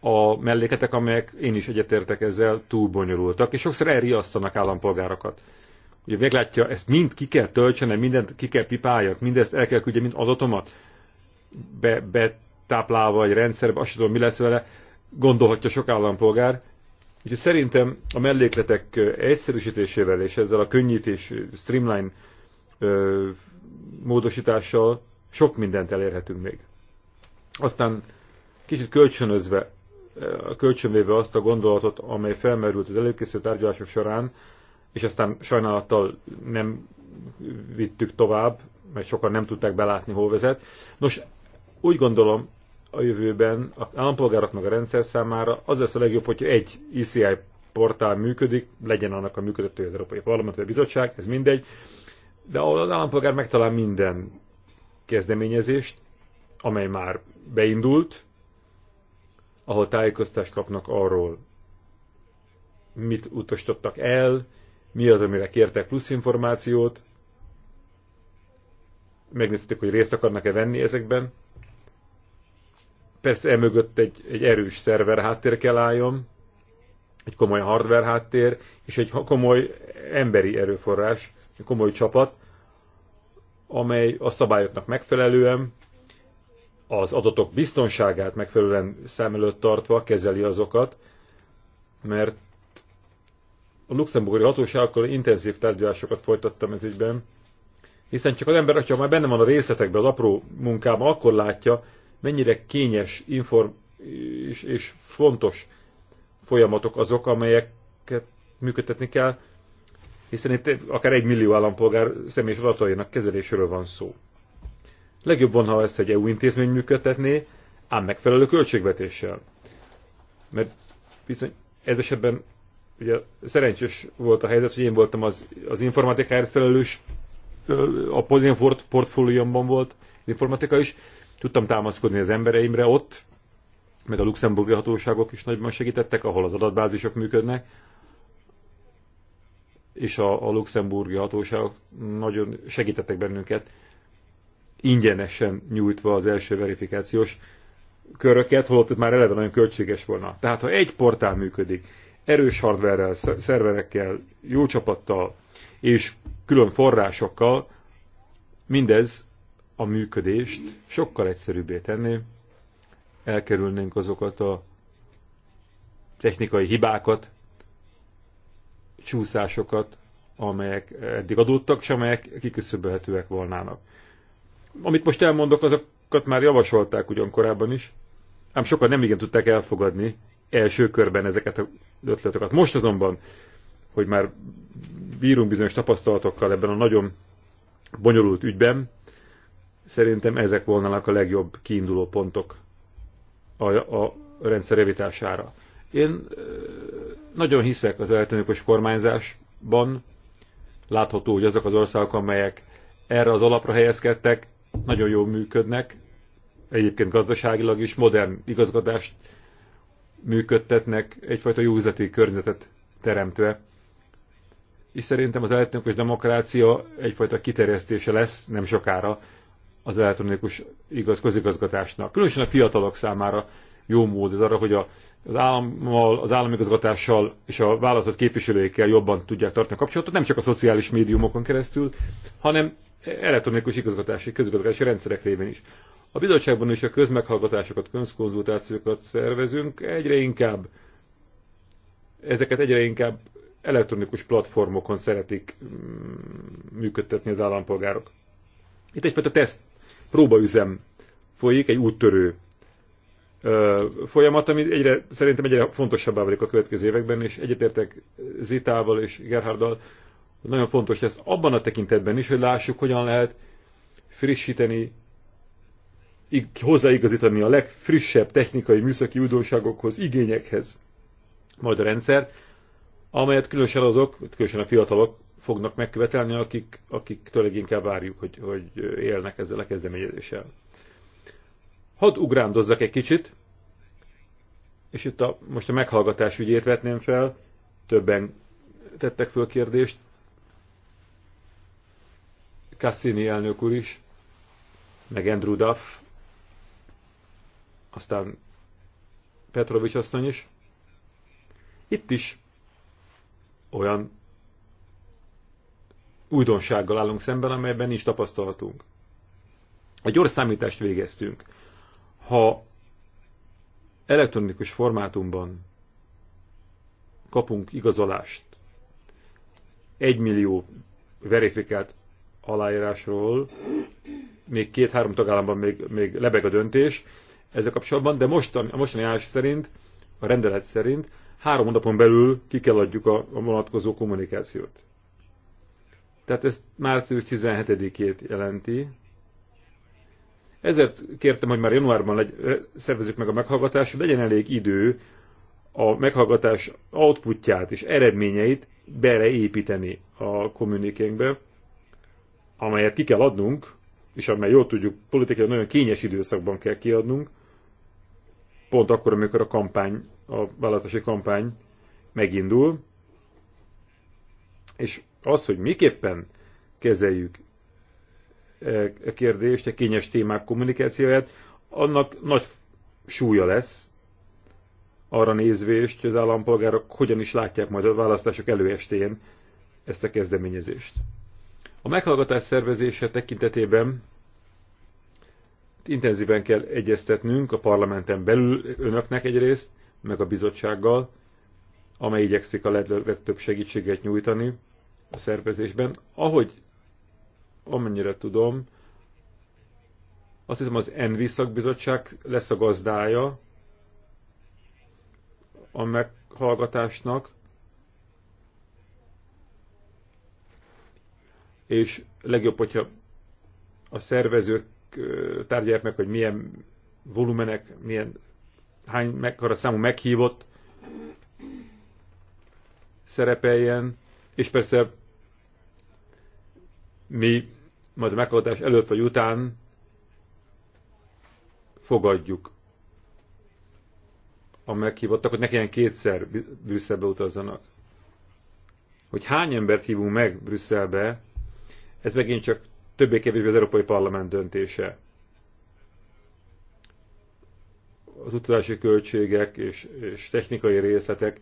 Speaker 2: a melléketek, amelyek én is egyetértek ezzel, túl bonyolultak, és sokszor elriasztanak állampolgárokat. Ugye meglátja, ezt mind ki kell töltsenem, mindent ki kell pipáljak, mindezt el kell küldje, mind adatomat be, betáplálva egy rendszerbe, azt tudom, mi lesz vele, gondolhatja sok állampolgár. Úgyhogy szerintem a mellékletek egyszerűsítésével és ezzel a könnyítés, streamline ö, módosítással sok mindent elérhetünk még. Aztán kicsit kölcsönözve a kölcsönvéve azt a gondolatot, amely felmerült az előkészítő tárgyalások során, és aztán sajnálattal nem vittük tovább, mert sokan nem tudták belátni, hol vezet. Nos, úgy gondolom, a jövőben a állampolgárok meg a rendszer számára az lesz a legjobb, hogyha egy ECI portál működik, legyen annak a működtetője az Európai Parlament vagy a Bizottság, ez mindegy, de ahol az állampolgár megtalál minden kezdeményezést, amely már beindult, ahol tájékoztást kapnak arról, mit utasítottak el, mi az, amire kértek plusz információt, megnézték, hogy részt akarnak-e venni ezekben. Persze emögött egy, egy erős szerver háttér kell álljon, egy komoly hardware háttér, és egy komoly emberi erőforrás, egy komoly csapat, amely a szabályoknak megfelelően az adatok biztonságát megfelelően szem előtt tartva kezeli azokat, mert a luxemburgi hatóságokkal intenzív tárgyalásokat folytattam ez ügyben, hiszen csak az ember, ha már benne van a részletekben, az apró munkában, akkor látja, mennyire kényes inform és, és fontos folyamatok azok, amelyeket működtetni kell, hiszen itt akár egy millió állampolgár személyes adatainak kezeléséről van szó. Legjobban, ha ezt egy EU intézmény működtetné, ám megfelelő költségvetéssel. Mert bizony ez esetben ugye szerencsés volt a helyzet, hogy én voltam az, az informatikáért felelős, a Polinfort portfóliómban volt az informatika is, tudtam támaszkodni az embereimre ott, meg a luxemburgi hatóságok is nagyban segítettek, ahol az adatbázisok működnek, és a, a luxemburgi hatóságok nagyon segítettek bennünket ingyenesen nyújtva az első verifikációs köröket, holott már eleve nagyon költséges volna. Tehát, ha egy portál működik, erős hardverrel, szerverekkel, jó csapattal és külön forrásokkal, mindez a működést sokkal egyszerűbbé tenni, elkerülnénk azokat a technikai hibákat, csúszásokat, amelyek eddig adódtak, és amelyek kiküszöbölhetőek volnának. Amit most elmondok, azokat már javasolták ugyan korábban is, ám sokan nem igen tudták elfogadni első körben ezeket a ötleteket. Most azonban, hogy már bírunk bizonyos tapasztalatokkal ebben a nagyon bonyolult ügyben, szerintem ezek volnának a legjobb kiinduló pontok a, a rendszer javítására. Én nagyon hiszek az elektronikus kormányzásban, látható, hogy azok az országok, amelyek erre az alapra helyezkedtek, nagyon jól működnek, egyébként gazdaságilag is modern igazgatást működtetnek, egyfajta jó üzleti környezetet teremtve. És szerintem az elektronikus demokrácia egyfajta kiterjesztése lesz nem sokára az elektronikus igaz, közigazgatásnak. Különösen a fiatalok számára jó mód ez arra, hogy a, az állammal, az államigazgatással és a választott képviselőikkel jobban tudják tartani a kapcsolatot, nem csak a szociális médiumokon keresztül, hanem elektronikus igazgatási, közigazgatási rendszerek révén is. A bizottságban is a közmeghallgatásokat, közkonzultációkat szervezünk, egyre inkább ezeket egyre inkább elektronikus platformokon szeretik mm, működtetni az állampolgárok. Itt egyfajta teszt, próbaüzem folyik, egy úttörő folyamat, ami egyre, szerintem egyre fontosabbá válik a következő években, és egyetértek Zitával és Gerharddal nagyon fontos lesz abban a tekintetben is, hogy lássuk, hogyan lehet frissíteni, hozzáigazítani a legfrissebb technikai műszaki újdonságokhoz, igényekhez majd a rendszer, amelyet különösen azok, különösen a fiatalok fognak megkövetelni, akik, akiktől leginkább várjuk, hogy, hogy élnek ezzel a kezdeményezéssel. Hadd ugrándozzak egy kicsit, és itt a, most a meghallgatás ügyét vetném fel, többen tettek föl kérdést Cassini elnök úr is, meg Andrew Duff, aztán Petrovics asszony is. Itt is olyan újdonsággal állunk szemben, amelyben nincs tapasztalatunk. Egy gyors számítást végeztünk. Ha elektronikus formátumban kapunk igazolást, egy millió verifikált aláírásról még két-három tagállamban még, még lebeg a döntés ezzel kapcsolatban, de most, a mostani állás szerint, a rendelet szerint három hónapon belül ki kell adjuk a, a vonatkozó kommunikációt. Tehát ezt március 17-ét jelenti. Ezért kértem, hogy már januárban legy, szervezzük meg a meghallgatást, hogy legyen elég idő a meghallgatás outputját és eredményeit beleépíteni a kommunikénkbe amelyet ki kell adnunk, és amely jól tudjuk, politikai nagyon kényes időszakban kell kiadnunk, pont akkor, amikor a kampány, a választási kampány megindul, és az, hogy miképpen kezeljük a e, e kérdést, a e kényes témák kommunikációját, annak nagy súlya lesz arra nézvést, hogy az állampolgárok hogyan is látják majd a választások előestén ezt a kezdeményezést. A meghallgatás szervezése tekintetében intenzíven kell egyeztetnünk a parlamenten belül önöknek egyrészt, meg a bizottsággal, amely igyekszik a legtöbb segítséget nyújtani a szervezésben. Ahogy amennyire tudom, azt hiszem az Envi szakbizottság lesz a gazdája a meghallgatásnak, és legjobb, hogyha a szervezők tárgyalják meg, hogy milyen volumenek, milyen hány mekkora számú meghívott szerepeljen, és persze mi majd a meghallgatás előtt vagy után fogadjuk a meghívottak, hogy ne kelljen kétszer Brüsszelbe utazzanak. Hogy hány embert hívunk meg Brüsszelbe, ez megint csak többé-kevésbé az Európai Parlament döntése. Az utazási költségek és, és technikai részletek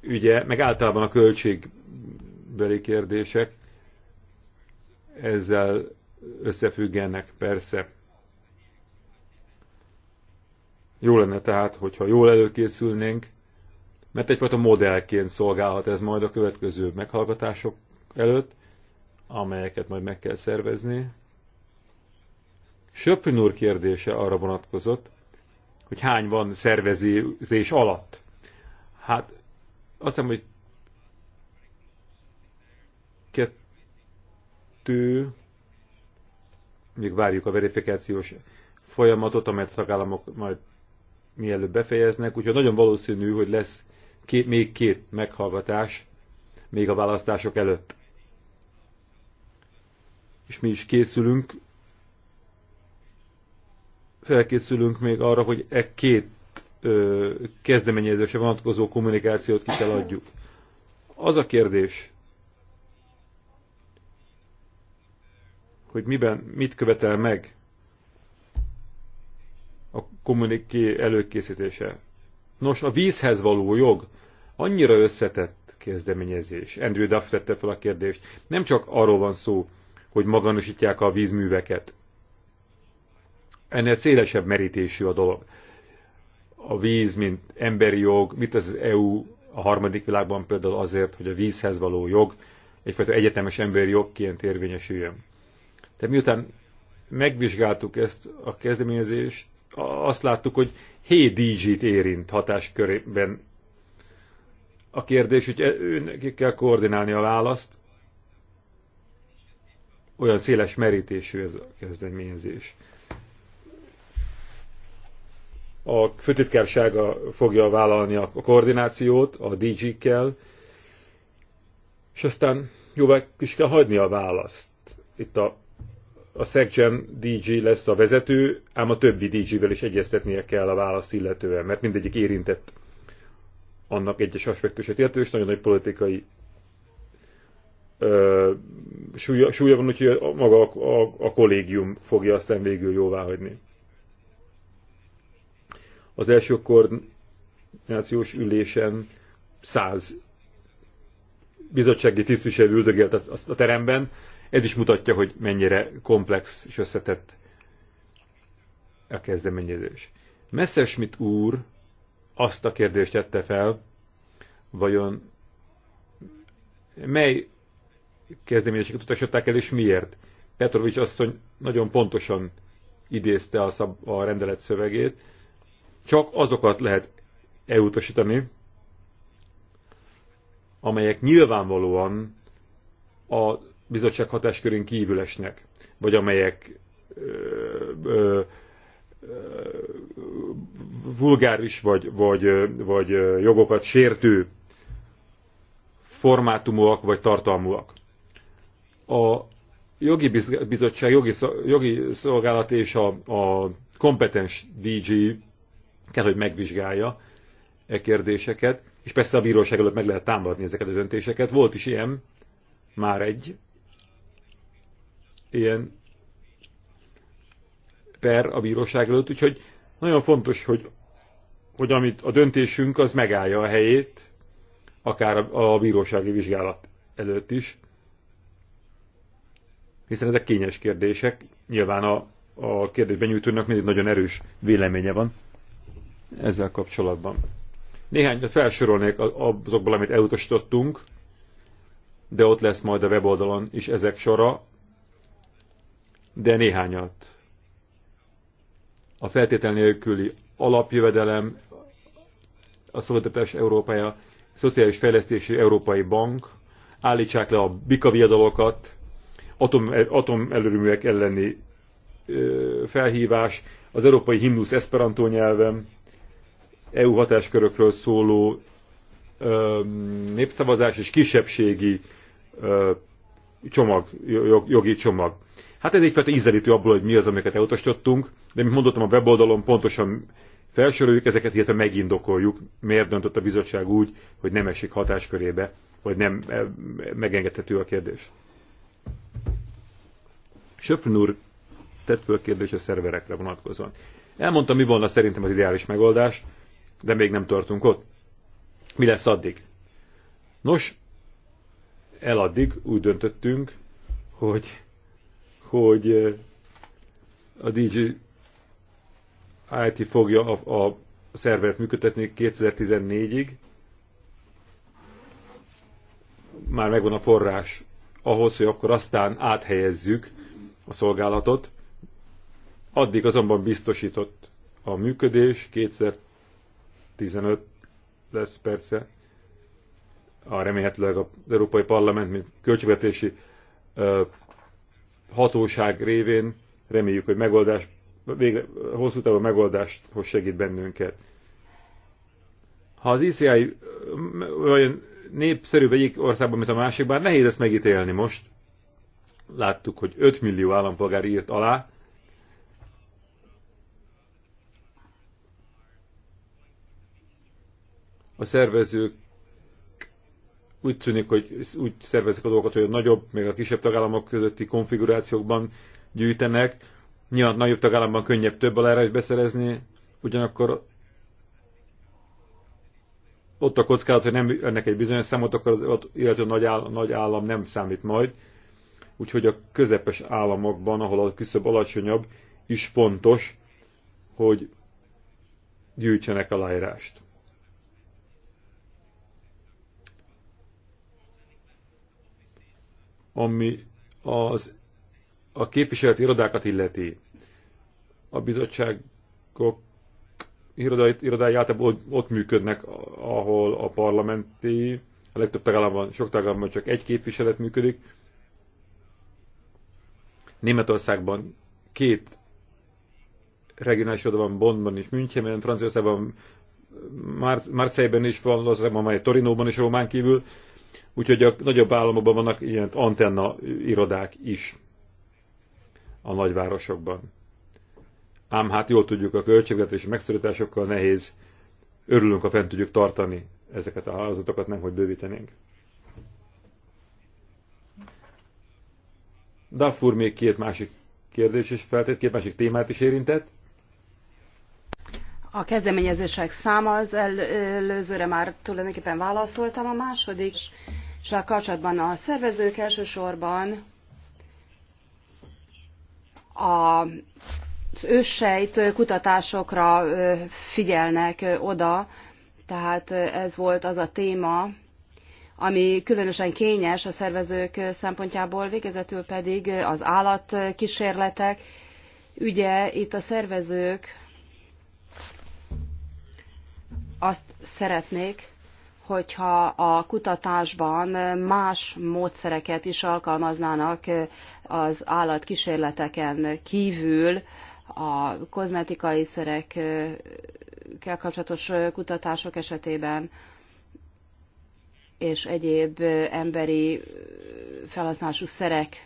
Speaker 2: ügye, meg általában a költségbeli kérdések ezzel összefüggenek persze. Jó lenne tehát, hogyha jól előkészülnénk, mert egyfajta modellként szolgálhat ez majd a következő meghallgatások előtt, amelyeket majd meg kell szervezni. Söpfün úr kérdése arra vonatkozott, hogy hány van szervezés alatt. Hát azt hiszem, hogy kettő, még várjuk a verifikációs folyamatot, amelyet a tagállamok majd mielőbb befejeznek, úgyhogy nagyon valószínű, hogy lesz két, még két meghallgatás, még a választások előtt és mi is készülünk, felkészülünk még arra, hogy e két ö, kezdeményezésre vonatkozó kommunikációt ki kell adjuk. Az a kérdés, hogy miben, mit követel meg a kommuniké előkészítése. Nos, a vízhez való jog annyira összetett kezdeményezés. Andrew Duff tette fel a kérdést. Nem csak arról van szó, hogy maganosítják a vízműveket. Ennél szélesebb merítésű a dolog. A víz, mint emberi jog, mit az EU a harmadik világban például azért, hogy a vízhez való jog egyfajta egyetemes emberi jogként érvényesüljön. Tehát miután megvizsgáltuk ezt a kezdeményezést, azt láttuk, hogy 7 DG-t érint hatáskörében a kérdés, hogy e- őnek kell koordinálni a választ, olyan széles merítésű ez a kezdeményezés. A főtitkársága fogja vállalni a koordinációt a DG-kkel, és aztán jóvá is kell hagyni a választ. Itt a, a SecGen DG lesz a vezető, ám a többi DG-vel is egyeztetnie kell a választ illetően, mert mindegyik érintett annak egyes aspektusát illetően, és nagyon nagy politikai súlya, súlya van, úgyhogy maga a, a, a kollégium fogja aztán végül jóvá hagyni. Az első koordinációs ülésen száz bizottsági tisztviselő üldögélt a teremben. Ez is mutatja, hogy mennyire komplex és összetett a kezdeményezés. Messerschmitt úr azt a kérdést tette fel, vajon mely kezdeményezéseket utasították el, és miért. Petrovics asszony nagyon pontosan idézte a, szab, a rendelet szövegét. Csak azokat lehet elutasítani, amelyek nyilvánvalóan a bizottság hatáskörén kívül esnek, vagy amelyek ö, ö, ö, vulgáris vagy, vagy, vagy jogokat sértő formátumúak vagy tartalmúak a jogi bizottság, jogi, jogi szolgálat és a, a kompetens DG kell, hogy megvizsgálja e kérdéseket, és persze a bíróság előtt meg lehet támadni ezeket a döntéseket. Volt is ilyen, már egy ilyen per a bíróság előtt, úgyhogy nagyon fontos, hogy, hogy amit a döntésünk, az megállja a helyét, akár a, a bírósági vizsgálat előtt is hiszen ezek kényes kérdések, nyilván a, a kérdésben nyújtónak mindig nagyon erős véleménye van ezzel kapcsolatban. Néhányat felsorolnék azokból, amit elutasítottunk, de ott lesz majd a weboldalon is ezek sora, de néhányat. A feltétel nélküli alapjövedelem, a szolgáltatás Európája, a Szociális Fejlesztési Európai Bank, állítsák le a bikaviadalokat, atom, atomerőművek elleni ö, felhívás, az európai himnusz esperanto nyelven, EU hatáskörökről szóló ö, népszavazás és kisebbségi ö, csomag, jog, jogi csomag. Hát ez egyfajta ízelítő abból, hogy mi az, amiket elutasítottunk, de mint mondottam, a weboldalon pontosan felsoroljuk ezeket, illetve megindokoljuk, miért döntött a bizottság úgy, hogy nem esik hatáskörébe, vagy nem e, megengedhető a kérdés. Söpfön úr tett föl kérdés a szerverekre vonatkozóan. Elmondtam, mi volna szerintem az ideális megoldás, de még nem tartunk ott. Mi lesz addig? Nos, eladdig úgy döntöttünk, hogy, hogy eh, a DJ IT fogja a, a szervert működtetni 2014-ig. Már megvan a forrás ahhoz, hogy akkor aztán áthelyezzük a szolgálatot, addig azonban biztosított a működés, kétszer 15 lesz persze, a remélhetőleg az Európai Parlament, mint költségvetési ö, hatóság révén reméljük, hogy megoldás, végre, hosszú megoldást hoz segít bennünket. Ha az ICI olyan népszerűbb egyik országban, mint a másik, bár nehéz ezt megítélni most, láttuk, hogy 5 millió állampolgár írt alá, a szervezők úgy tűnik, hogy úgy szervezik a dolgokat, hogy a nagyobb, még a kisebb tagállamok közötti konfigurációkban gyűjtenek. Nyilván nagyobb tagállamban könnyebb több alára is beszerezni, ugyanakkor ott a kockázat, hogy nem ennek egy bizonyos számot, akkor az a nagy, áll, nagy állam nem számít majd úgyhogy a közepes államokban, ahol a küszöb alacsonyabb, is fontos, hogy gyűjtsenek aláírást. Ami az, a képviseleti irodákat illeti, a bizottságok irodái általában ott működnek, ahol a parlamenti, a legtöbb tagállamban, sok tagállamban csak egy képviselet működik, Németországban két regionális oda van Bonnban és Münchenben, Franciaországban Mar- Marseille-ben is van, Lozában, amely Torinóban is Román kívül, úgyhogy a nagyobb államokban vannak ilyen antenna irodák is a nagyvárosokban. Ám hát jól tudjuk, a költségvetési megszorításokkal nehéz, örülünk, ha fent tudjuk tartani ezeket a hálózatokat, nem hogy bővítenénk. Duffur még két másik kérdés is feltett, két másik témát is érintett.
Speaker 4: A kezdeményezések száma az előzőre már tulajdonképpen válaszoltam. A második, és a kapcsolatban a szervezők elsősorban a az őssejt kutatásokra figyelnek oda, tehát ez volt az a téma, ami különösen kényes a szervezők szempontjából, végezetül pedig az állatkísérletek. Ügye itt a szervezők azt szeretnék, hogyha a kutatásban más módszereket is alkalmaznának az állatkísérleteken kívül, a kozmetikai szerekkel kapcsolatos kutatások esetében és egyéb emberi felhasználású szerek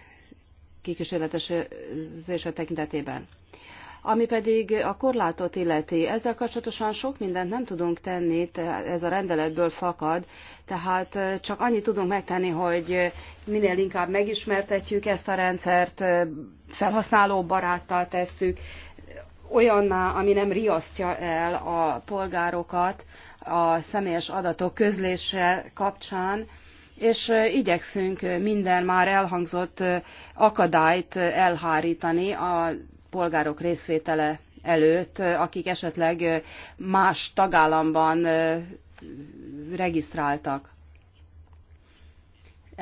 Speaker 4: kikísérletezése tekintetében. Ami pedig a korlátot illeti, ezzel kapcsolatosan sok mindent nem tudunk tenni, ez a rendeletből fakad, tehát csak annyit tudunk megtenni, hogy minél inkább megismertetjük ezt a rendszert, felhasználó baráttal tesszük, olyanná, ami nem riasztja el a polgárokat a személyes adatok közlése kapcsán, és igyekszünk minden már elhangzott akadályt elhárítani a polgárok részvétele előtt, akik esetleg más tagállamban regisztráltak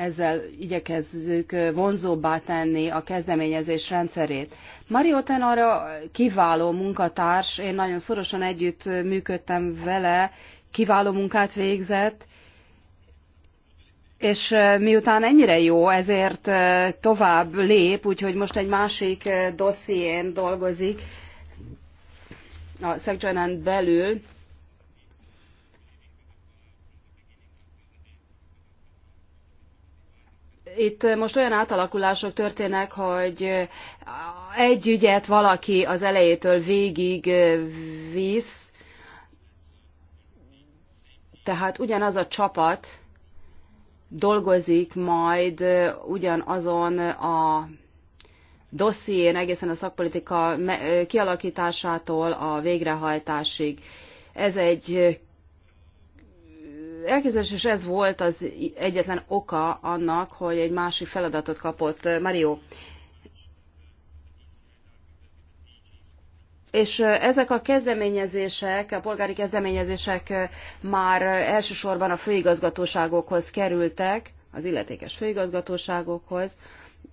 Speaker 4: ezzel igyekezzük vonzóbbá tenni a kezdeményezés rendszerét. Mario Tenara kiváló munkatárs, én nagyon szorosan együtt működtem vele, kiváló munkát végzett, és miután ennyire jó, ezért tovább lép, úgyhogy most egy másik dosszién dolgozik a szekcsajnán belül, itt most olyan átalakulások történnek, hogy egy ügyet valaki az elejétől végig visz, tehát ugyanaz a csapat dolgozik majd ugyanazon a dosszién egészen a szakpolitika kialakításától a végrehajtásig. Ez egy elképzelés, és ez volt az egyetlen oka annak, hogy egy másik feladatot kapott eh, Mario. És eh, ezek a kezdeményezések, a polgári kezdeményezések eh, már elsősorban a főigazgatóságokhoz kerültek, az illetékes főigazgatóságokhoz,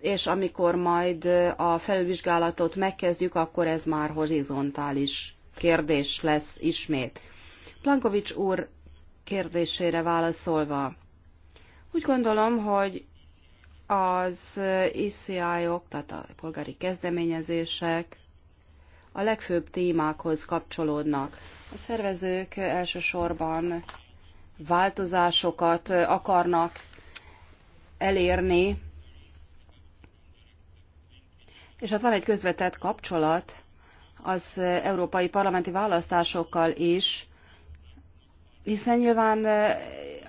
Speaker 4: és amikor majd a felülvizsgálatot megkezdjük, akkor ez már horizontális kérdés lesz ismét. Plankovics úr kérdésére válaszolva. Úgy gondolom, hogy az ICI-ok, -ok, tehát a polgári kezdeményezések a legfőbb témákhoz kapcsolódnak. A szervezők elsősorban változásokat akarnak elérni, és ott hát van egy közvetett kapcsolat az európai parlamenti választásokkal is, hiszen nyilván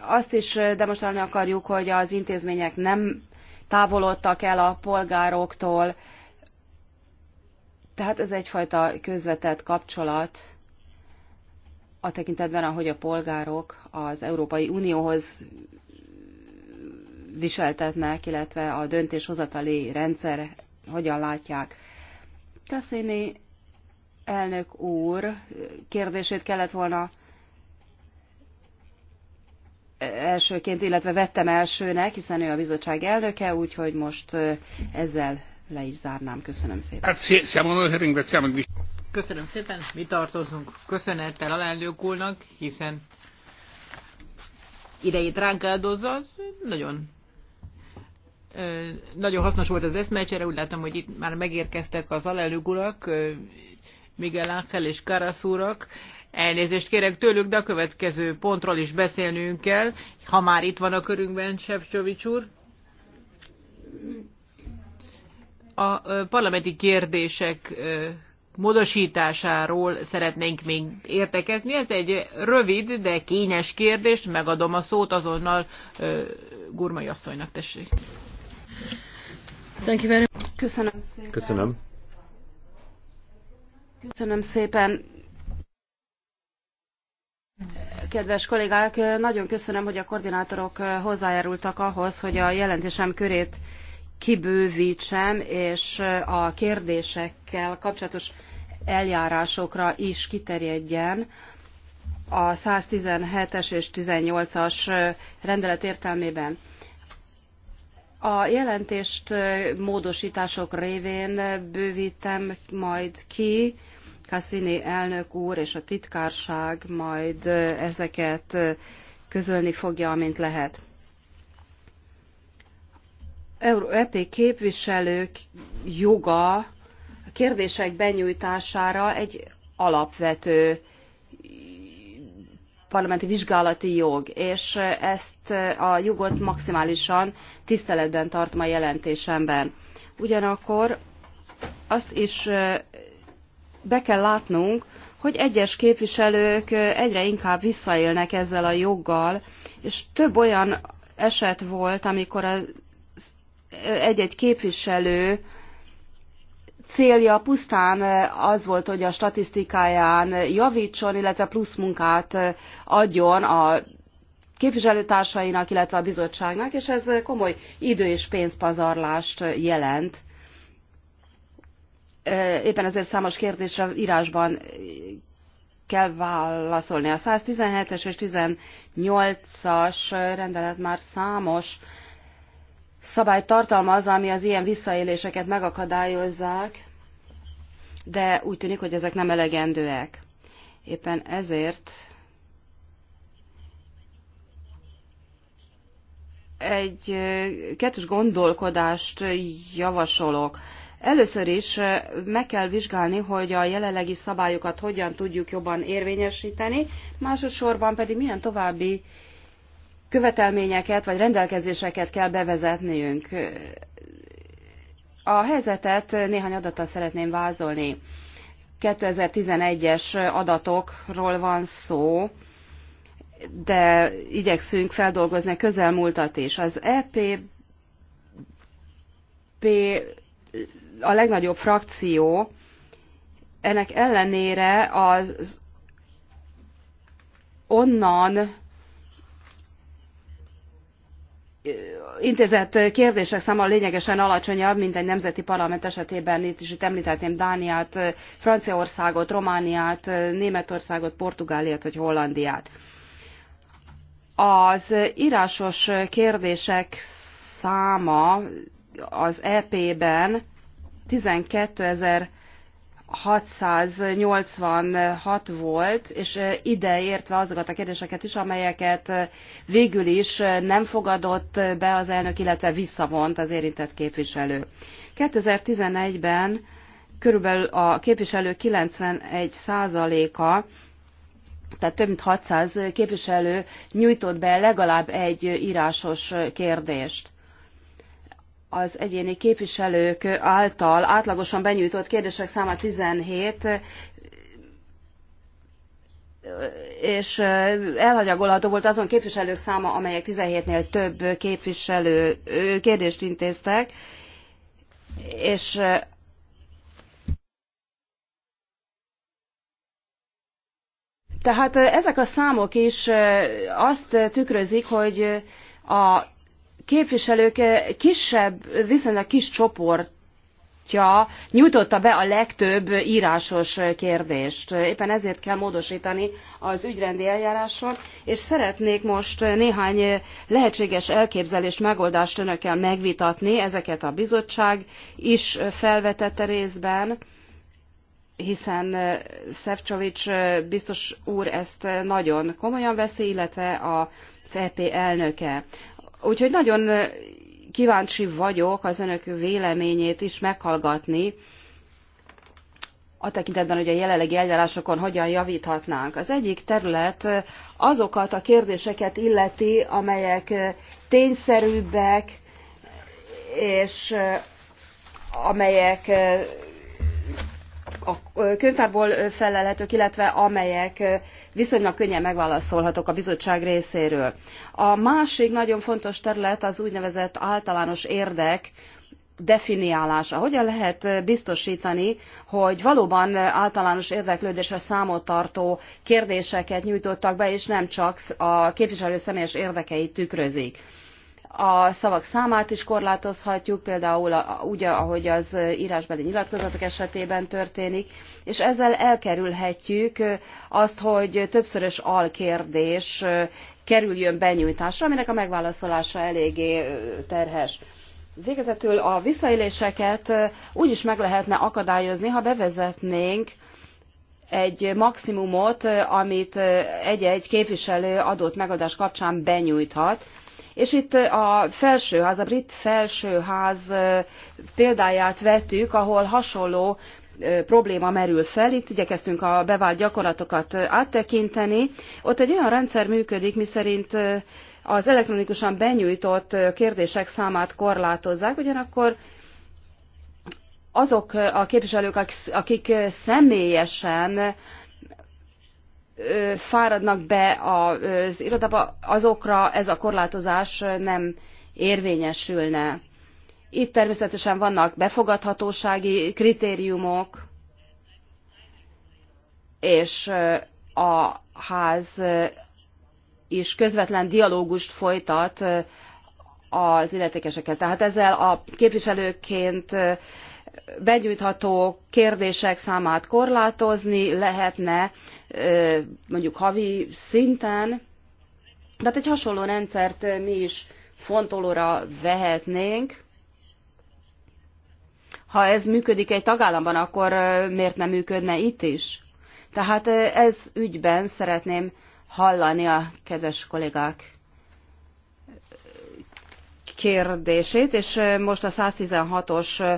Speaker 4: azt is demonstrálni akarjuk, hogy az intézmények nem távolodtak el a polgároktól, tehát ez egyfajta közvetett kapcsolat a tekintetben, ahogy a polgárok az Európai Unióhoz viseltetnek, illetve a döntéshozatali rendszer hogyan látják. Cassini elnök úr kérdését kellett volna elsőként, illetve vettem elsőnek, hiszen ő a bizottság elnöke, úgyhogy most ezzel le is zárnám. Köszönöm szépen.
Speaker 1: Hát
Speaker 3: Köszönöm szépen, mi tartozunk köszönettel alelnök úrnak, hiszen idejét ránk áldozza, nagyon nagyon hasznos volt az eszmecsere, úgy látom, hogy itt már megérkeztek az alelnök urak, Miguel Ángel és Karasz urak. Elnézést kérek tőlük, de a következő pontról is beszélnünk kell, ha már itt van a körünkben Sefcsovics úr. A parlamenti kérdések módosításáról szeretnénk még értekezni. Ez egy rövid, de kényes kérdés. Megadom a szót azonnal Gurmai asszonynak, tessék.
Speaker 4: Köszönöm szépen. Köszönöm. Köszönöm szépen Kedves kollégák, nagyon köszönöm, hogy a koordinátorok eh, hozzájárultak ahhoz, hogy a jelentésem körét kibővítsem, és eh, a kérdésekkel kapcsolatos eljárásokra is kiterjedjen. A 117-es és 18-as eh, rendelet értelmében. A jelentést módosítások révén bővítem majd ki, Cassini elnök úr és a titkárság majd ezeket közölni fogja, amint lehet. EP e képviselők joga a kérdések benyújtására egy alapvető parlamenti vizsgálati jog, és ezt a jogot maximálisan tiszteletben tartom a jelentésemben. Ugyanakkor azt is be kell látnunk, hogy egyes képviselők egyre inkább visszaélnek ezzel a joggal, és több olyan eset volt, amikor egy-egy képviselő célja pusztán az volt, hogy a statisztikáján javítson, illetve plusz munkát adjon a képviselőtársainak, illetve a bizottságnak, és ez komoly idő- és pénzpazarlást jelent éppen ezért számos kérdésre írásban kell válaszolni. A 117-es és 18-as rendelet már számos szabályt tartalmaz, ami az ilyen visszaéléseket megakadályozzák, de úgy tűnik, hogy ezek nem elegendőek. Éppen ezért egy kettős gondolkodást javasolok. Először is meg kell vizsgálni, hogy a jelenlegi szabályokat hogyan tudjuk jobban érvényesíteni, másodszorban pedig milyen további követelményeket vagy rendelkezéseket kell bevezetniünk. A helyzetet néhány adattal szeretném vázolni. 2011-es adatokról van szó, de igyekszünk feldolgozni a közelmúltat is. Az EPP a legnagyobb frakció, ennek ellenére az onnan intézett kérdések száma lényegesen alacsonyabb, mint egy nemzeti parlament esetében. Itt is itt említhetném Dániát, Franciaországot, Romániát, Németországot, Portugáliát vagy Hollandiát. Az írásos kérdések száma az EP-ben 12.686 volt, és értve azokat a kérdéseket is, amelyeket végül is nem fogadott be az elnök, illetve visszavont az érintett képviselő. 2011-ben körülbelül a képviselő 91%-a tehát több mint 600 képviselő nyújtott be legalább egy írásos kérdést az egyéni képviselők által átlagosan benyújtott kérdések száma 17, és elhagyagolható volt azon képviselők száma, amelyek 17-nél több képviselő kérdést intéztek, és tehát ezek a számok is azt tükrözik, hogy a képviselők eh, kisebb, viszonylag kis csoportja nyújtotta be a legtöbb írásos kérdést. Éppen ezért kell módosítani az ügyrendi eljáráson, és szeretnék most néhány lehetséges elképzelést, megoldást önökkel megvitatni, ezeket a bizottság is felvetette részben hiszen eh, Szefcsovics eh, biztos úr ezt nagyon komolyan veszi, illetve a EP elnöke. Úgyhogy nagyon kíváncsi vagyok az önök véleményét is meghallgatni, a tekintetben, hogy a jelenlegi eljárásokon hogyan javíthatnánk. Az egyik terület azokat a kérdéseket illeti, amelyek tényszerűbbek, és amelyek a könyvtárból fellelhetők illetve amelyek viszonylag könnyen megválaszolhatók a bizottság részéről. A másik nagyon fontos terület az úgynevezett általános érdek, definiálása. Hogyan lehet biztosítani, hogy valóban általános érdeklődésre számot tartó kérdéseket nyújtottak be, és nem csak a képviselő személyes érdekeit tükrözik a szavak számát is korlátozhatjuk, például úgy, ahogy az írásbeli nyilatkozatok esetében történik, és ezzel elkerülhetjük azt, hogy többszörös alkérdés kerüljön benyújtásra, aminek a megválaszolása eléggé terhes. Végezetül a visszaéléseket úgy is meg lehetne akadályozni, ha bevezetnénk egy maximumot, amit egy-egy képviselő adott megoldás kapcsán benyújthat, és itt a felsőház, a brit felsőház példáját vettük, ahol hasonló probléma merül fel, itt igyekeztünk a bevált gyakorlatokat áttekinteni. Ott egy olyan rendszer működik, miszerint az elektronikusan benyújtott kérdések számát korlátozzák, ugyanakkor azok a képviselők, akik személyesen fáradnak be az irodába, azokra ez a korlátozás nem érvényesülne. Itt természetesen vannak befogadhatósági kritériumok, és a ház is közvetlen dialógust folytat az illetékesekkel. Tehát ezzel a képviselőként benyújtható kérdések számát korlátozni lehetne, mondjuk havi szinten. Tehát egy hasonló rendszert mi is fontolóra vehetnénk. Ha ez működik egy tagállamban, akkor miért nem működne itt is? Tehát ez ügyben szeretném hallani a kedves kollégák kérdését, és most a 116-os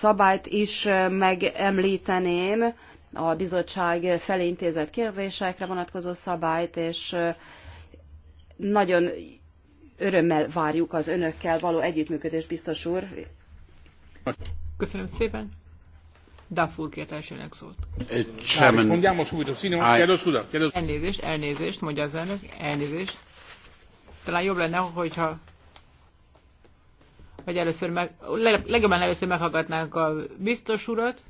Speaker 4: szabályt is megemlíteném, a bizottság felé intézett kérdésekre vonatkozó szabályt, és nagyon örömmel várjuk az önökkel való együttműködést, biztos úr.
Speaker 3: Köszönöm szépen. Dafur kért elsőnek szót. Elnézést, elnézést, mondja az elnök, elnézést. Talán jobb lenne, hogyha vagy először meg, legjobban először meghallgatnánk a biztos urat,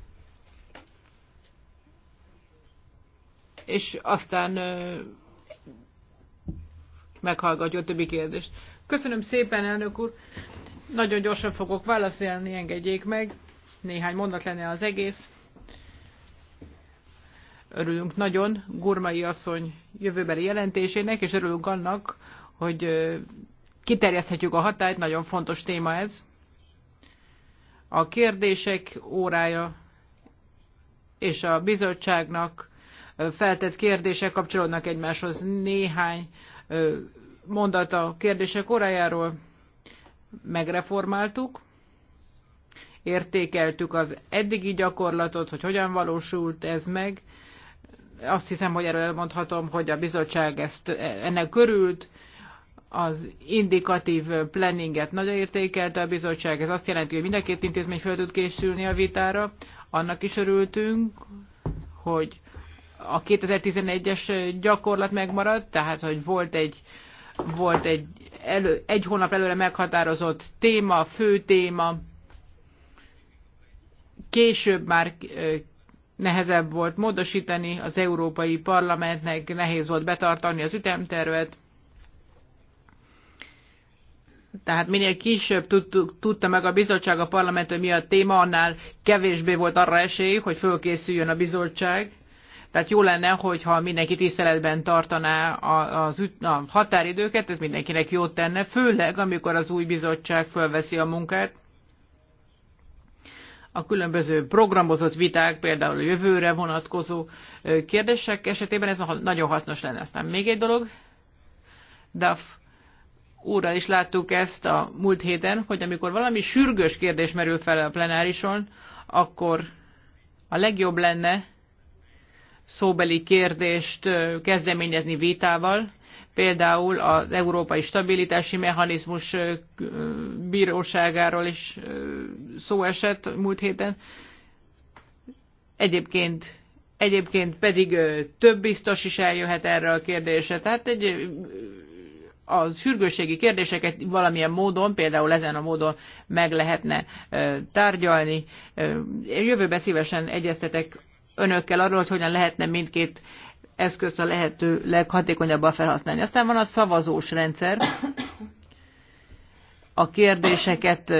Speaker 3: és aztán meghallgatja a többi kérdést. Köszönöm szépen, elnök úr! Nagyon gyorsan fogok válaszolni, engedjék meg. Néhány mondat lenne az egész. Örülünk nagyon Gurmai asszony jövőbeli jelentésének, és örülünk annak, hogy kiterjeszthetjük a hatályt, nagyon fontos téma ez. A kérdések órája és a bizottságnak feltett kérdések kapcsolódnak egymáshoz. Néhány mondat a kérdések órájáról megreformáltuk, értékeltük az eddigi gyakorlatot, hogy hogyan valósult ez meg. Azt hiszem, hogy erről elmondhatom, hogy a bizottság ezt e, ennek körült, az indikatív planninget nagyon értékelte a bizottság, ez azt jelenti, hogy mind a két intézmény fel tud készülni a vitára. Annak is örültünk, hogy a 2011-es gyakorlat megmaradt, tehát hogy volt egy, volt egy, elő, egy hónap előre meghatározott téma, fő téma, később már nehezebb volt módosítani, az Európai Parlamentnek nehéz volt betartani az ütemtervet, tehát minél később tudta meg a bizottság a parlament, hogy mi a téma, annál kevésbé volt arra esély, hogy fölkészüljön a bizottság. Tehát jó lenne, hogyha mindenki tiszteletben tartaná az, a határidőket, ez mindenkinek jót tenne, főleg amikor az új bizottság fölveszi a munkát. A különböző programozott viták, például a jövőre vonatkozó kérdések esetében ez nagyon hasznos lenne. Aztán még egy dolog, De úrral is láttuk ezt a múlt héten, hogy amikor valami sürgős kérdés merül fel a plenárison, akkor a legjobb lenne szóbeli kérdést kezdeményezni vitával, például az Európai Stabilitási Mechanizmus bíróságáról is szó esett múlt héten. Egyébként Egyébként pedig több biztos is eljöhet erre a kérdésre. Tehát egy a sürgősségi kérdéseket valamilyen módon, például ezen a módon meg lehetne tárgyalni. Jövőben szívesen egyeztetek önökkel arról, hogy hogyan lehetne mindkét eszközt a lehető leghatékonyabban felhasználni. Aztán van a szavazós rendszer. A kérdéseket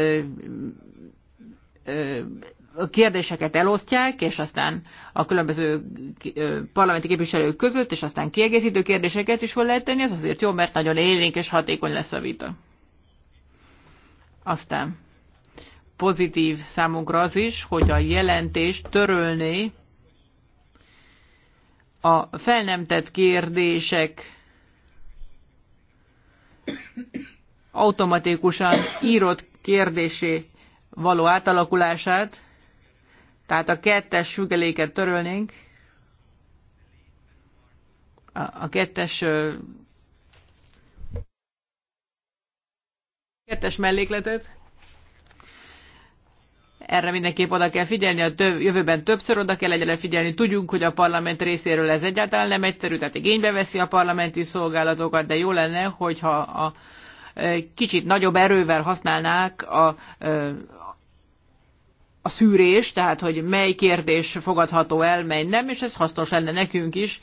Speaker 3: kérdéseket elosztják, és aztán a különböző parlamenti képviselők között, és aztán kiegészítő kérdéseket is fel lehet tenni, ez azért jó, mert nagyon élénk és hatékony lesz a vita. Aztán pozitív számunkra az is, hogy a jelentés törölné a fel nem tett kérdések automatikusan írott kérdésé való átalakulását, tehát a kettes függeléket törölnénk, a kettes kettes mellékletet. Erre mindenképp oda kell figyelni, a töv, jövőben többször oda kell egyre figyelni. Tudjunk, hogy a parlament részéről ez egyáltalán nem egyszerű, tehát igénybe veszi a parlamenti szolgálatokat, de jó lenne, hogyha a, kicsit nagyobb erővel használnák a, a szűrés, tehát hogy mely kérdés fogadható el, mely nem, és ez hasznos lenne nekünk is.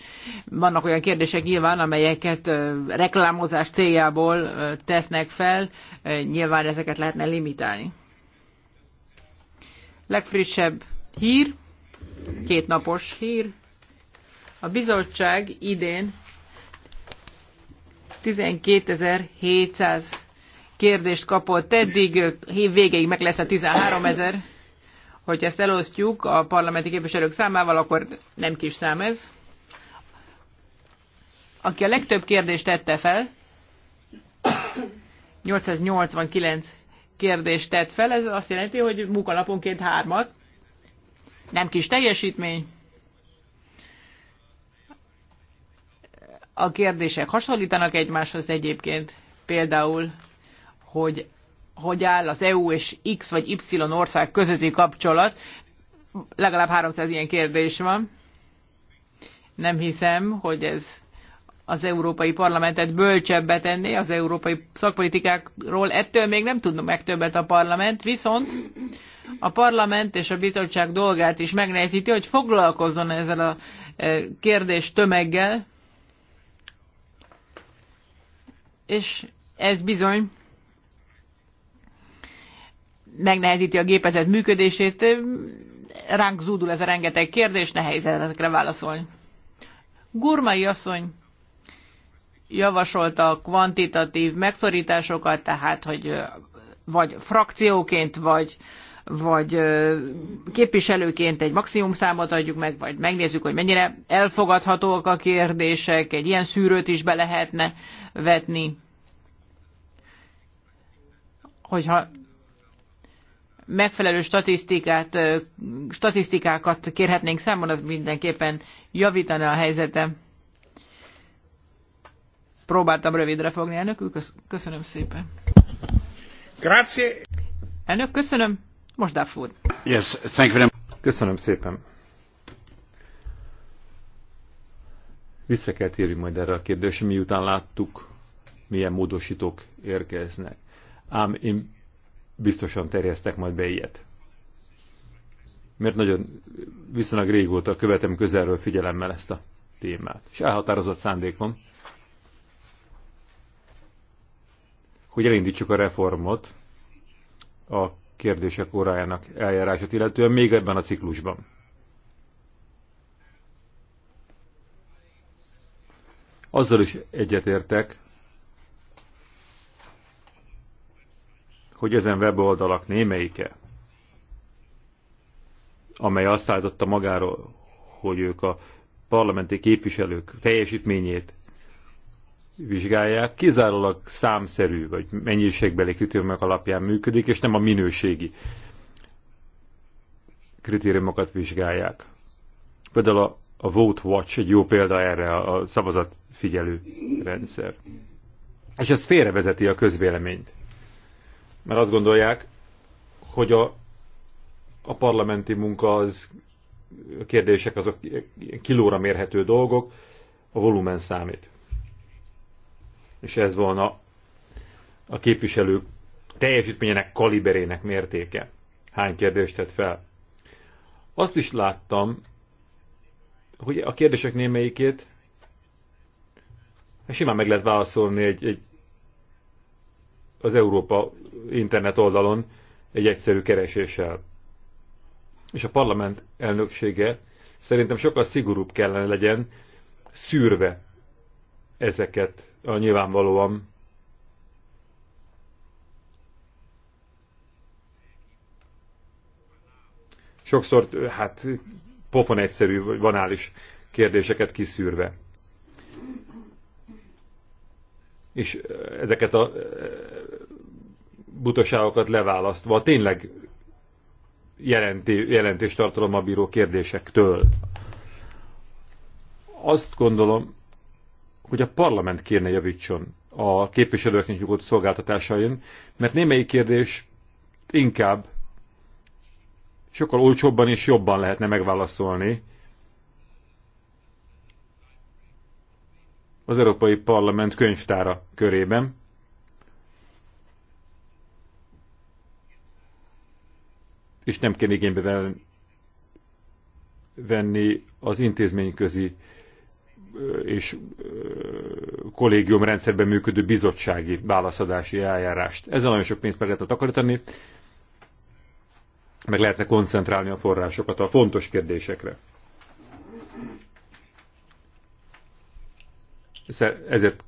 Speaker 3: Vannak olyan kérdések nyilván, amelyeket reklámozás céljából tesznek fel, nyilván ezeket lehetne limitálni. Legfrissebb hír, kétnapos hír. A bizottság idén 12.700 kérdést kapott, eddig év végéig meg lesz a 13 Hogyha ezt elosztjuk a parlamenti képviselők számával, akkor nem kis szám ez. Aki a legtöbb kérdést tette fel, 889 kérdést tett fel, ez azt jelenti, hogy munkanaponként hármat. Nem kis teljesítmény. A kérdések hasonlítanak egymáshoz egyébként. Például, hogy hogy áll az EU és X vagy Y ország közötti kapcsolat. Legalább 300 ilyen kérdés van. Nem hiszem, hogy ez az Európai Parlamentet bölcsebbet tenni, az európai szakpolitikákról ettől még nem tudnak meg többet a parlament, viszont a parlament és a bizottság dolgát is megnehezíti, hogy foglalkozzon ezzel a e, kérdés tömeggel, és ez bizony megnehezíti a gépezet működését, ránk zúdul ez a rengeteg kérdés, nehéz ezekre válaszolni. Gurmai asszony javasolta a kvantitatív megszorításokat, tehát hogy vagy frakcióként, vagy, vagy képviselőként egy maximumszámot adjuk meg, vagy megnézzük, hogy mennyire elfogadhatóak a kérdések, egy ilyen szűrőt is be lehetne vetni. Hogyha megfelelő statisztikát, statisztikákat kérhetnénk számon, az mindenképpen javítana a helyzetem. Próbáltam rövidre fogni, elnök úr, köszönöm szépen. Grazie. Elnök, köszönöm. Most Dufford.
Speaker 2: Yes, thank you very much. Köszönöm szépen. Vissza kell térni majd erre a kérdésre, miután láttuk, milyen módosítók érkeznek. Ám én biztosan terjesztek majd be ilyet. Mert nagyon viszonylag régóta követem közelről figyelemmel ezt a témát. És elhatározott szándék van, hogy elindítsuk a reformot a kérdések órájának eljárását, illetően még ebben a ciklusban. Azzal is egyetértek, hogy ezen weboldalak némelyike, amely azt állította magáról, hogy ők a parlamenti képviselők teljesítményét vizsgálják, kizárólag számszerű vagy mennyiségbeli kritériumok alapján működik, és nem a minőségi kritériumokat vizsgálják. Például a, a Vote Watch egy jó példa erre, a szavazatfigyelő rendszer. És ez félrevezeti a közvéleményt mert azt gondolják, hogy a, a parlamenti munka az a kérdések azok kilóra mérhető dolgok, a volumen számít. És ez volna a képviselők teljesítményének kaliberének mértéke. Hány kérdést tett fel? Azt is láttam, hogy a kérdések némelyikét hát simán meg lehet válaszolni egy, egy az Európa internet oldalon egy egyszerű kereséssel. És a parlament elnöksége szerintem sokkal szigorúbb kellene legyen szűrve ezeket a nyilvánvalóan sokszor hát pofon egyszerű, vagy banális kérdéseket kiszűrve és ezeket a butaságokat leválasztva tényleg jelenti, a bíró kérdésektől. Azt gondolom, hogy a parlament kérne javítson a képviselőknek nyugodt szolgáltatásain, mert némelyik kérdés inkább sokkal olcsóbban és jobban lehetne megválaszolni, az Európai Parlament könyvtára körében. És nem kell igénybe venni az intézményközi és kollégium rendszerben működő bizottsági válaszadási eljárást. Ezzel nagyon sok pénzt meg lehetne takarítani, meg lehetne koncentrálni a forrásokat a fontos kérdésekre. Ezért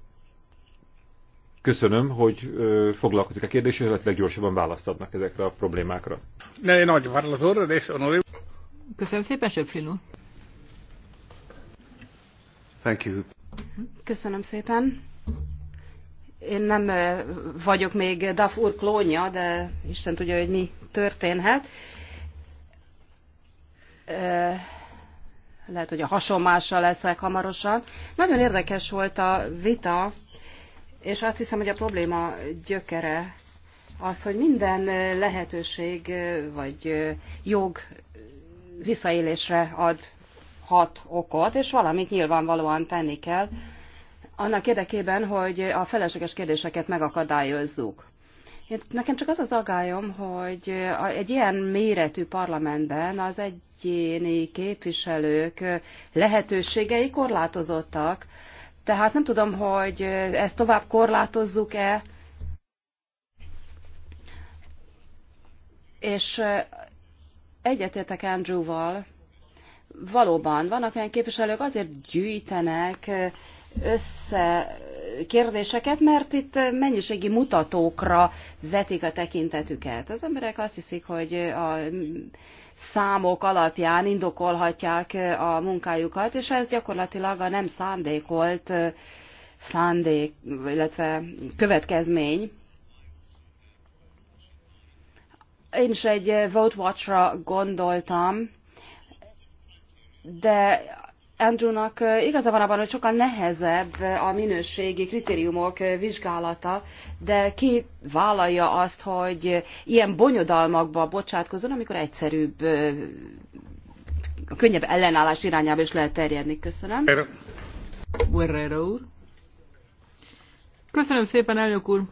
Speaker 2: köszönöm, hogy foglalkozik a kérdéssel, lehetőleg gyorsabban választ adnak ezekre a problémákra.
Speaker 3: Köszönöm szépen, Söpflin úr.
Speaker 4: Thank you. Köszönöm szépen. Én nem vagyok még Daf úr klónja, de Isten tudja, hogy mi történhet lehet, hogy a hasonmással leszek hamarosan. Nagyon érdekes volt a vita, és azt hiszem, hogy a probléma gyökere az, hogy minden lehetőség vagy jog visszaélésre ad hat okot, és valamit nyilvánvalóan tenni kell, annak érdekében, hogy a felesleges kérdéseket megakadályozzuk. Én, nekem csak az az agályom, hogy egy ilyen méretű parlamentben az egyéni képviselők lehetőségei korlátozottak, tehát nem tudom, hogy ezt tovább korlátozzuk-e, és egyetértek Andrew-val. valóban vannak olyan képviselők, azért gyűjtenek össze kérdéseket, mert itt mennyiségi mutatókra vetik a tekintetüket. Az emberek azt hiszik, hogy a számok alapján indokolhatják a munkájukat, és ez gyakorlatilag a nem szándékolt szándék, illetve következmény. Én is egy Vote Watch-ra gondoltam, de Andrewnak igaza van abban, hogy sokkal nehezebb a minőségi kritériumok vizsgálata, de ki vállalja azt, hogy ilyen bonyodalmakba bocsátkozzon, amikor egyszerűbb, könnyebb ellenállás irányába is lehet terjedni. Köszönöm. Guerrero úr.
Speaker 3: Köszönöm szépen, elnök úr.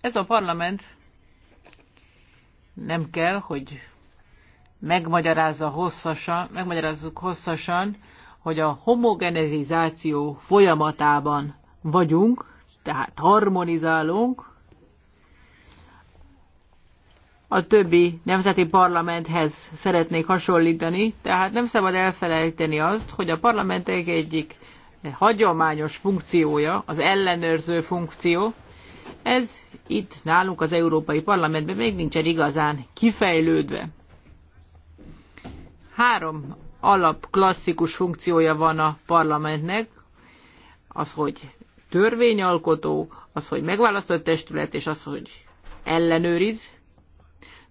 Speaker 3: Ez a parlament nem kell, hogy megmagyarázza hosszasan, megmagyarázzuk hosszasan, hogy a homogenizáció folyamatában vagyunk, tehát harmonizálunk a többi nemzeti parlamenthez szeretnék hasonlítani, tehát nem szabad elfelejteni azt, hogy a parlamentek egyik hagyományos funkciója, az ellenőrző funkció, ez itt nálunk az Európai Parlamentben még nincsen igazán kifejlődve. Három alap klasszikus funkciója van a parlamentnek, az, hogy törvényalkotó, az, hogy megválasztott testület, és az, hogy ellenőriz.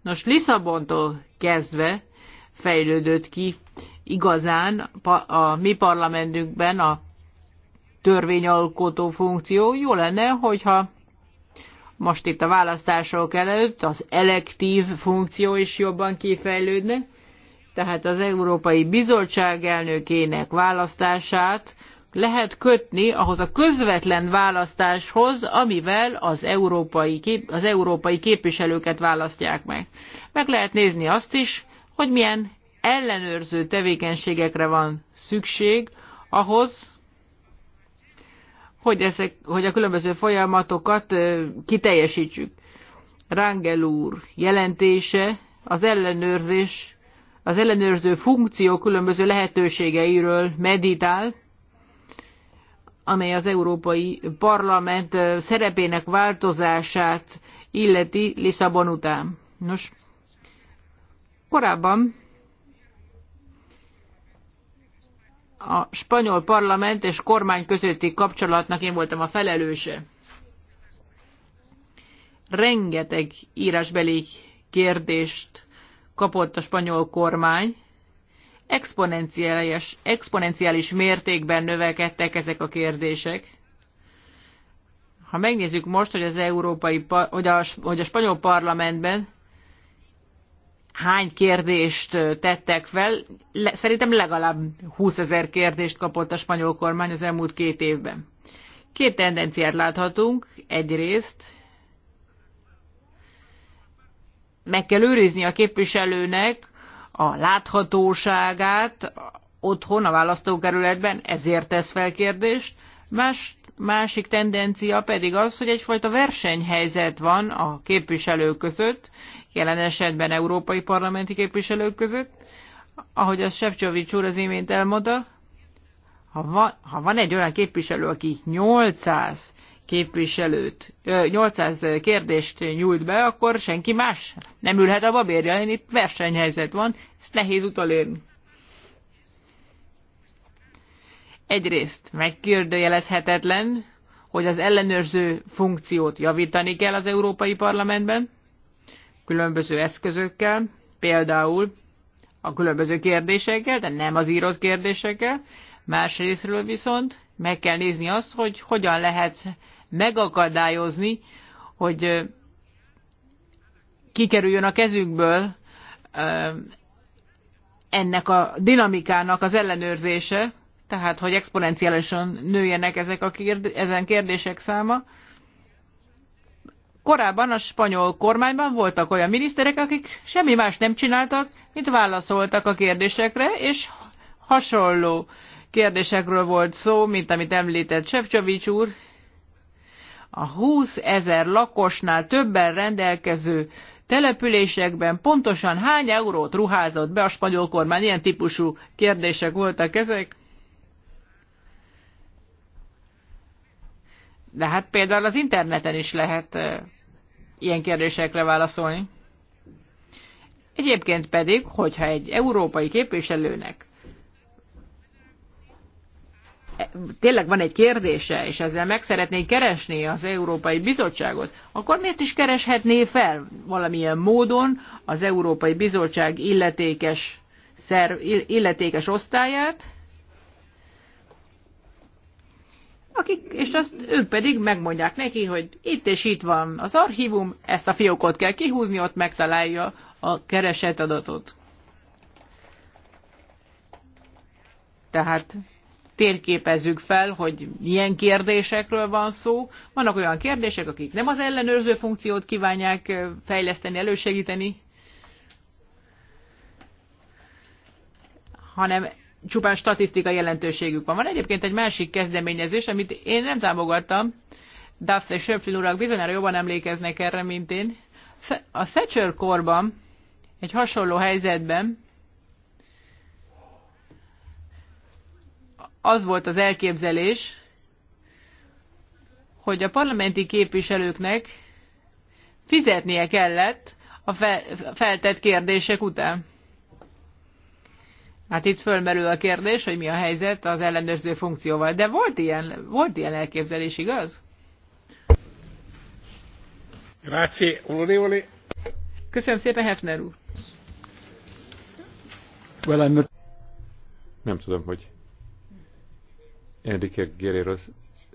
Speaker 3: Nos, Lisszabontól kezdve fejlődött ki igazán a mi parlamentünkben a törvényalkotó funkció. Jó lenne, hogyha most itt a választások előtt az elektív funkció is jobban kifejlődne tehát az Európai Bizottság elnökének választását lehet kötni ahhoz a közvetlen választáshoz, amivel az európai, kép, az európai képviselőket választják meg. Meg lehet nézni azt is, hogy milyen ellenőrző tevékenységekre van szükség ahhoz, hogy, ezek, hogy a különböző folyamatokat kiteljesítsük. Rangel úr jelentése az ellenőrzés az ellenőrző funkció különböző lehetőségeiről meditál, amely az Európai Parlament eh, szerepének változását illeti Lisszabon után. Nos, korábban a spanyol parlament és kormány közötti kapcsolatnak én voltam a felelőse. Rengeteg írásbeli kérdést kapott a spanyol kormány, exponenciális, exponenciális mértékben növekedtek ezek a kérdések. Ha megnézzük most, hogy az európai, hogy a, hogy a spanyol parlamentben hány kérdést tettek fel, le, szerintem legalább 20 ezer kérdést kapott a spanyol kormány az elmúlt két évben. Két tendenciát láthatunk. Egyrészt meg kell őrizni a képviselőnek a láthatóságát otthon, a választókerületben, ezért tesz fel kérdést. Más, másik tendencia pedig az, hogy egyfajta versenyhelyzet van a képviselők között, jelen esetben európai parlamenti képviselők között, ahogy a Sefcsovics úr az imént elmondta, ha van, ha van egy olyan képviselő, aki 800 képviselőt, 800 kérdést nyújt be, akkor senki más nem ülhet a babérja. Én itt versenyhelyzet van, ezt nehéz utolérni. Egyrészt megkérdőjelezhetetlen, hogy az ellenőrző funkciót javítani kell az Európai Parlamentben, különböző eszközökkel, például a különböző kérdésekkel, de nem az íróz kérdésekkel. Másrésztről viszont meg kell nézni azt, hogy hogyan lehet megakadályozni, hogy kikerüljön a kezükből ennek a dinamikának az ellenőrzése, tehát hogy exponenciálisan nőjenek ezek a kérd- ezen kérdések száma. Korábban a spanyol kormányban voltak olyan miniszterek, akik semmi más nem csináltak, mint válaszoltak a kérdésekre, és hasonló kérdésekről volt szó, mint amit említett Sefcsovics úr, a 20 ezer lakosnál többen rendelkező településekben pontosan hány eurót ruházott be a spanyol kormány? Ilyen típusú kérdések voltak ezek. De hát például az interneten is lehet ilyen kérdésekre válaszolni. Egyébként pedig, hogyha egy európai képviselőnek tényleg van egy kérdése, és ezzel meg szeretné keresni az Európai Bizottságot, akkor miért is kereshetné fel valamilyen módon az Európai Bizottság illetékes, szerv, illetékes osztályát, akik, és azt ők pedig megmondják neki, hogy itt és itt van az archívum, ezt a fiókot kell kihúzni, ott megtalálja a keresett adatot. Tehát térképezzük fel, hogy milyen kérdésekről van szó. Vannak olyan kérdések, akik nem az ellenőrző funkciót kívánják fejleszteni, elősegíteni, hanem csupán statisztika jelentőségük van. Van egyébként egy másik kezdeményezés, amit én nem támogattam, Duff és Schöpflin urak bizonyára jobban emlékeznek erre, mint én. A Thatcher korban, egy hasonló helyzetben az volt az elképzelés, hogy a parlamenti képviselőknek fizetnie kellett a feltett kérdések után. Hát itt fölmerül a kérdés, hogy mi a helyzet az ellenőrző funkcióval. De volt ilyen, volt ilyen elképzelés, igaz?
Speaker 1: Grazie, onorevole.
Speaker 3: Köszönöm szépen, Hefner úr.
Speaker 2: Nem tudom, hogy Enrique Guerrero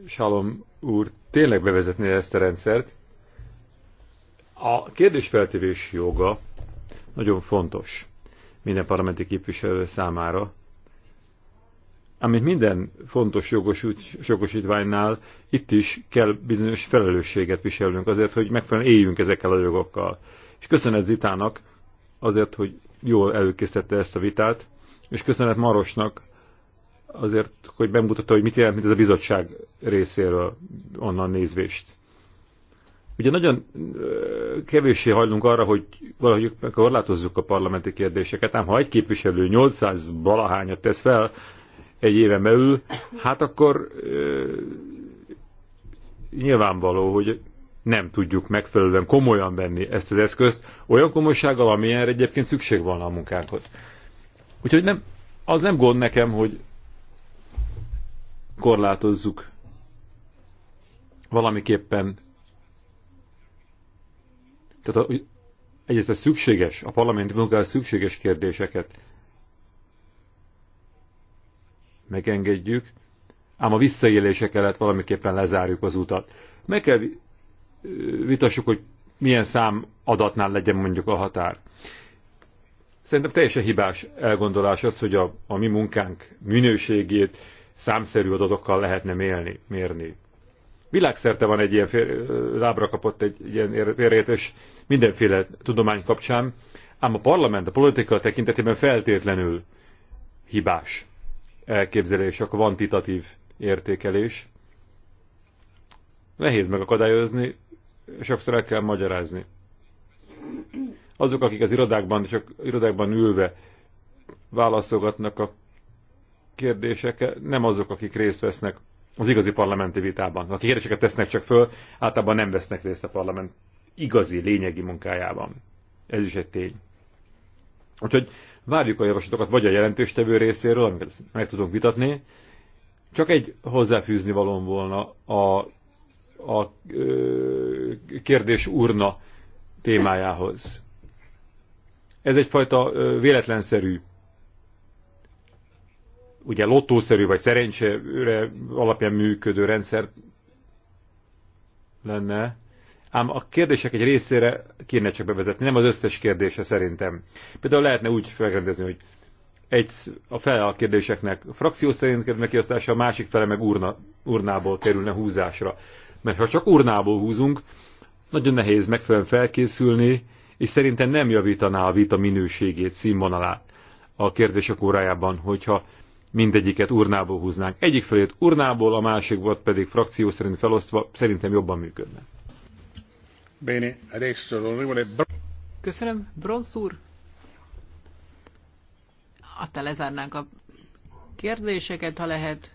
Speaker 2: Salom úr tényleg bevezetné ezt a rendszert. A kérdésfeltevés joga nagyon fontos minden parlamenti képviselő számára, amit minden fontos jogosítványnál itt is kell bizonyos felelősséget viselnünk azért, hogy megfelelően éljünk ezekkel a jogokkal. És köszönet Zitának azért, hogy jól előkészítette ezt a vitát, és köszönet Marosnak azért, hogy bemutatta, hogy mit jelent mint ez a bizottság részéről onnan nézvést. Ugye nagyon kevéssé hajlunk arra, hogy valahogy korlátozzuk a parlamenti kérdéseket, ám ha egy képviselő 800 balahányat tesz fel egy éven belül, hát akkor nyilvánvaló, hogy nem tudjuk megfelelően komolyan venni ezt az eszközt, olyan komolysággal, amilyenre egyébként szükség van a munkánkhoz. Úgyhogy nem, az nem gond nekem, hogy korlátozzuk. Valamiképpen. Tehát a, egyrészt a szükséges, a parlamenti munkára szükséges kérdéseket megengedjük, ám a visszaélések kellett valamiképpen lezárjuk az utat. Meg kell vitassuk, hogy milyen szám adatnál legyen mondjuk a határ. Szerintem teljesen hibás elgondolás az, hogy a, a mi munkánk minőségét számszerű adatokkal lehetne mérni. mérni. Világszerte van egy ilyen lábra kapott egy ilyen félreértés mindenféle tudomány kapcsán, ám a parlament a politika tekintetében feltétlenül hibás elképzelés, a kvantitatív értékelés. Nehéz megakadályozni, sokszor el kell magyarázni. Azok, akik az irodákban, csak irodákban ülve válaszolgatnak a kérdések nem azok, akik részt vesznek az igazi parlamenti vitában. Akik kérdéseket tesznek csak föl, általában nem vesznek részt a parlament igazi, lényegi munkájában. Ez is egy tény. Úgyhogy várjuk a javaslatokat vagy a jelentéstevő részéről, amiket meg tudunk vitatni. Csak egy hozzáfűzni valóm volna a, a ö, kérdés urna témájához. Ez egyfajta véletlenszerű ugye lottószerű vagy szerencsére alapján működő rendszer lenne, ám a kérdések egy részére kéne csak bevezetni, nem az összes kérdése szerintem. Például lehetne úgy felrendezni, hogy egy a fele a kérdéseknek a frakció szerint kerül megkiasztása, a másik fele meg urna, urnából kerülne húzásra. Mert ha csak urnából húzunk, nagyon nehéz megfelelően felkészülni, és szerintem nem javítaná a vita minőségét, színvonalát a kérdések órájában, hogyha mindegyiket urnából húznánk. Egyik felét urnából, a másik volt pedig frakció szerint felosztva, szerintem jobban működne.
Speaker 3: Köszönöm, Bronz úr. Aztán lezárnánk a kérdéseket, ha lehet,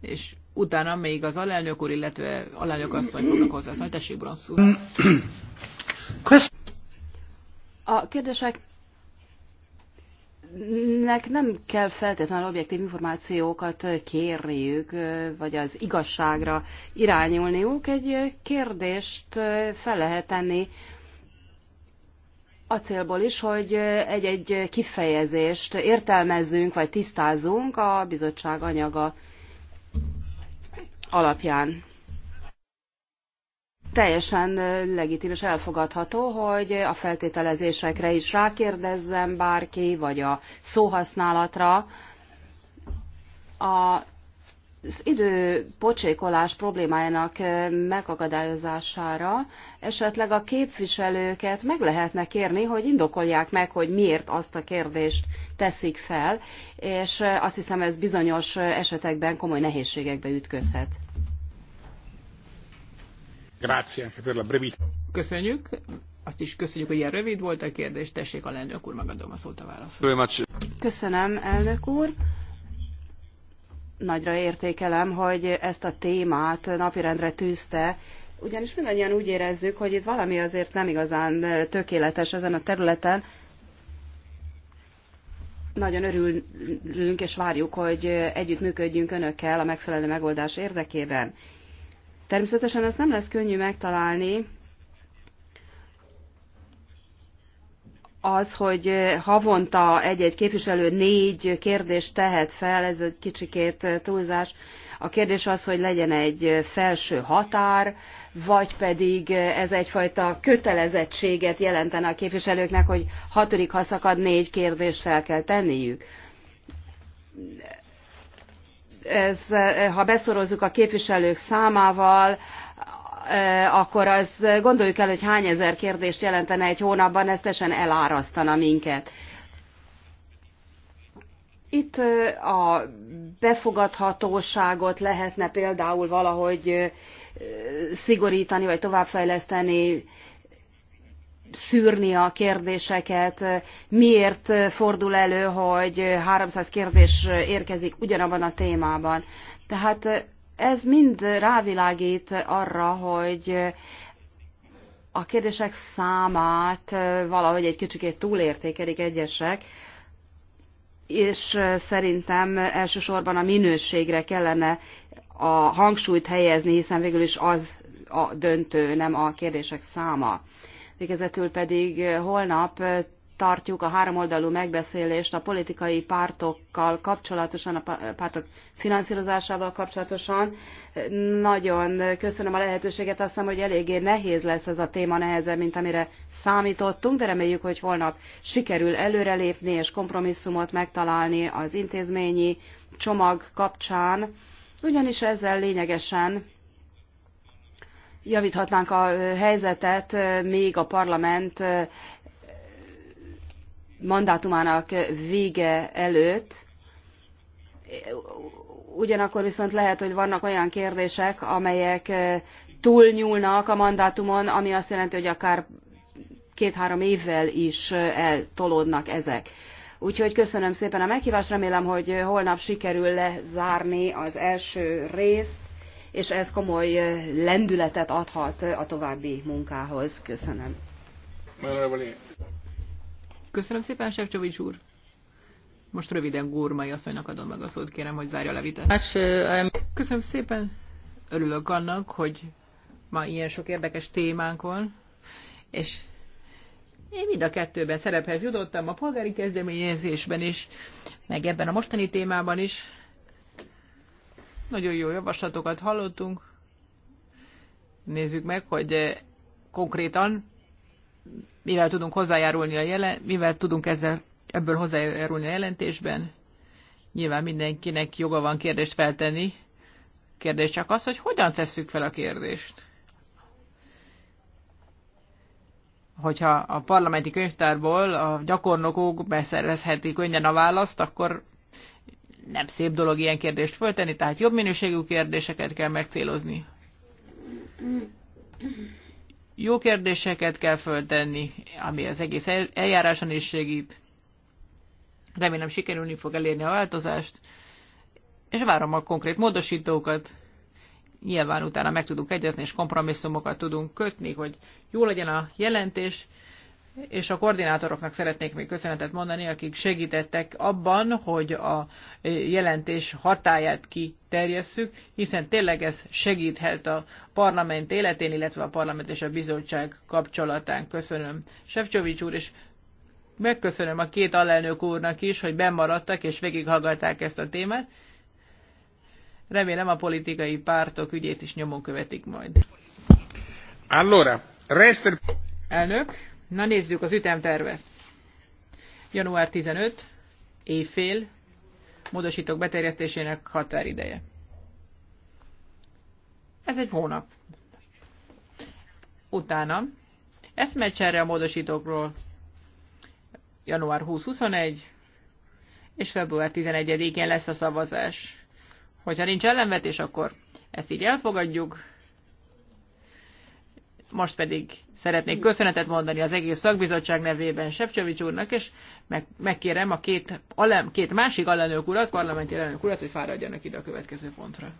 Speaker 3: és utána még az alelnök úr, illetve alelnök asszony fognak hozzászólni. Tessék, Bronz úr.
Speaker 4: A kérdések nek nem kell feltétlenül objektív információkat kérniük, vagy az igazságra irányulniuk. Egy kérdést fel lehet tenni a célból is, hogy egy-egy kifejezést értelmezzünk, vagy tisztázunk a bizottság anyaga alapján teljesen legitim és elfogadható, hogy a feltételezésekre is rákérdezzen bárki, vagy a szóhasználatra. A az idő pocsékolás problémájának megakadályozására esetleg a képviselőket meg lehetne kérni, hogy indokolják meg, hogy miért azt a kérdést teszik fel, és azt hiszem ez bizonyos esetekben komoly nehézségekbe ütközhet.
Speaker 1: Grazie per la brevità.
Speaker 4: Köszönjük.
Speaker 3: Azt is köszönjük, hogy ilyen rövid volt a kérdés. Tessék, a elnök úr, megadom a szót a válasz.
Speaker 4: Köszönöm, elnök úr. Nagyra értékelem, hogy ezt a témát napirendre tűzte, ugyanis mindannyian úgy érezzük, hogy itt valami azért nem igazán tökéletes ezen a területen. Nagyon örülünk és várjuk, hogy együttműködjünk önökkel a megfelelő megoldás érdekében. Természetesen ezt nem lesz könnyű megtalálni, az, hogy havonta egy-egy képviselő négy kérdést tehet fel, ez egy kicsikét túlzás. A kérdés az, hogy legyen egy felső határ, vagy pedig ez egyfajta kötelezettséget jelentene a képviselőknek, hogy hatodik szakad, négy kérdést fel kell tenniük ez, ha beszorozzuk a képviselők számával, e, akkor az gondoljuk el, hogy hány ezer kérdést jelentene egy hónapban, ez teljesen elárasztana minket. Itt e, a befogadhatóságot lehetne például valahogy e, szigorítani, vagy továbbfejleszteni, szűrni a kérdéseket, miért fordul elő, hogy 300 kérdés érkezik ugyanabban a témában. Tehát ez mind rávilágít arra, hogy a kérdések számát valahogy egy kicsikét túlértékelik egyesek, és szerintem elsősorban a minőségre kellene a hangsúlyt helyezni, hiszen végül is az a döntő, nem a kérdések száma. Végezetül pedig eh, holnap eh, tartjuk a háromoldalú megbeszélést a politikai pártokkal kapcsolatosan, a eh, pártok finanszírozásával kapcsolatosan. Nagyon köszönöm a lehetőséget, azt hiszem, hogy eléggé nehéz lesz ez a téma, nehezebb, mint amire számítottunk, de reméljük, hogy holnap sikerül előrelépni és kompromisszumot megtalálni az intézményi csomag kapcsán, ugyanis ezzel lényegesen javíthatnánk a helyzetet még a parlament mandátumának vége előtt. Ugyanakkor viszont lehet, hogy vannak olyan kérdések, amelyek túlnyúlnak a mandátumon, ami azt jelenti, hogy akár két-három évvel is eltolódnak ezek. Úgyhogy köszönöm szépen a meghívást, remélem, hogy holnap sikerül lezárni az első részt és ez komoly lendületet adhat a további munkához. Köszönöm. Köszönöm szépen, Sefcsovics úr.
Speaker 3: Most röviden Górmai asszonynak adom meg a szót, kérem, hogy zárja le levitet. Hát, Köszönöm szépen. Örülök annak, hogy ma ilyen sok érdekes témánk van, és én mind a kettőben szerephez jutottam, a polgári kezdeményezésben is, meg ebben a mostani témában is. Nagyon jó javaslatokat hallottunk. Nézzük meg, hogy eh, konkrétan mivel tudunk hozzájárulni a jelen, mivel tudunk ezzel, ebből hozzájárulni a jelentésben. Nyilván mindenkinek joga van kérdést feltenni. Kérdés csak az, hogy hogyan tesszük fel a kérdést. hogyha a parlamenti könyvtárból a gyakornokok beszerezhetik könnyen a választ, akkor nem szép dolog ilyen kérdést föltenni, tehát jobb minőségű kérdéseket kell megcélozni. Jó kérdéseket kell föltenni, ami az egész eljáráson is segít. Remélem sikerülni fog elérni a változást, és várom a konkrét módosítókat. Nyilván utána meg tudunk egyezni, és kompromisszumokat tudunk kötni, hogy jó legyen a jelentés, és a koordinátoroknak szeretnék még köszönetet mondani, akik segítettek abban, hogy a jelentés hatáját kiterjesszük, hiszen tényleg ez segíthet a parlament életén, illetve a parlament és a bizottság kapcsolatán. Köszönöm Sefcsovics úr, és megköszönöm a két alelnök úrnak is, hogy bemaradtak és végighallgatták ezt a témát. Remélem a politikai pártok ügyét is nyomon követik majd. Allora, rester... Elnök, Na nézzük az ütemtervet. Január 15, éjfél, módosítók beterjesztésének határideje. Ez egy hónap. Utána eszmecserre a módosítókról január 20-21, és február 11-én lesz a szavazás. Hogyha nincs ellenvetés, akkor ezt így elfogadjuk. Most pedig szeretnék köszönetet mondani az egész szakbizottság nevében Sepcsovics úrnak, és meg, megkérem a két, alem, két másik alelnök urat, parlamenti alelnök urat, hogy fáradjanak ide a következő pontra.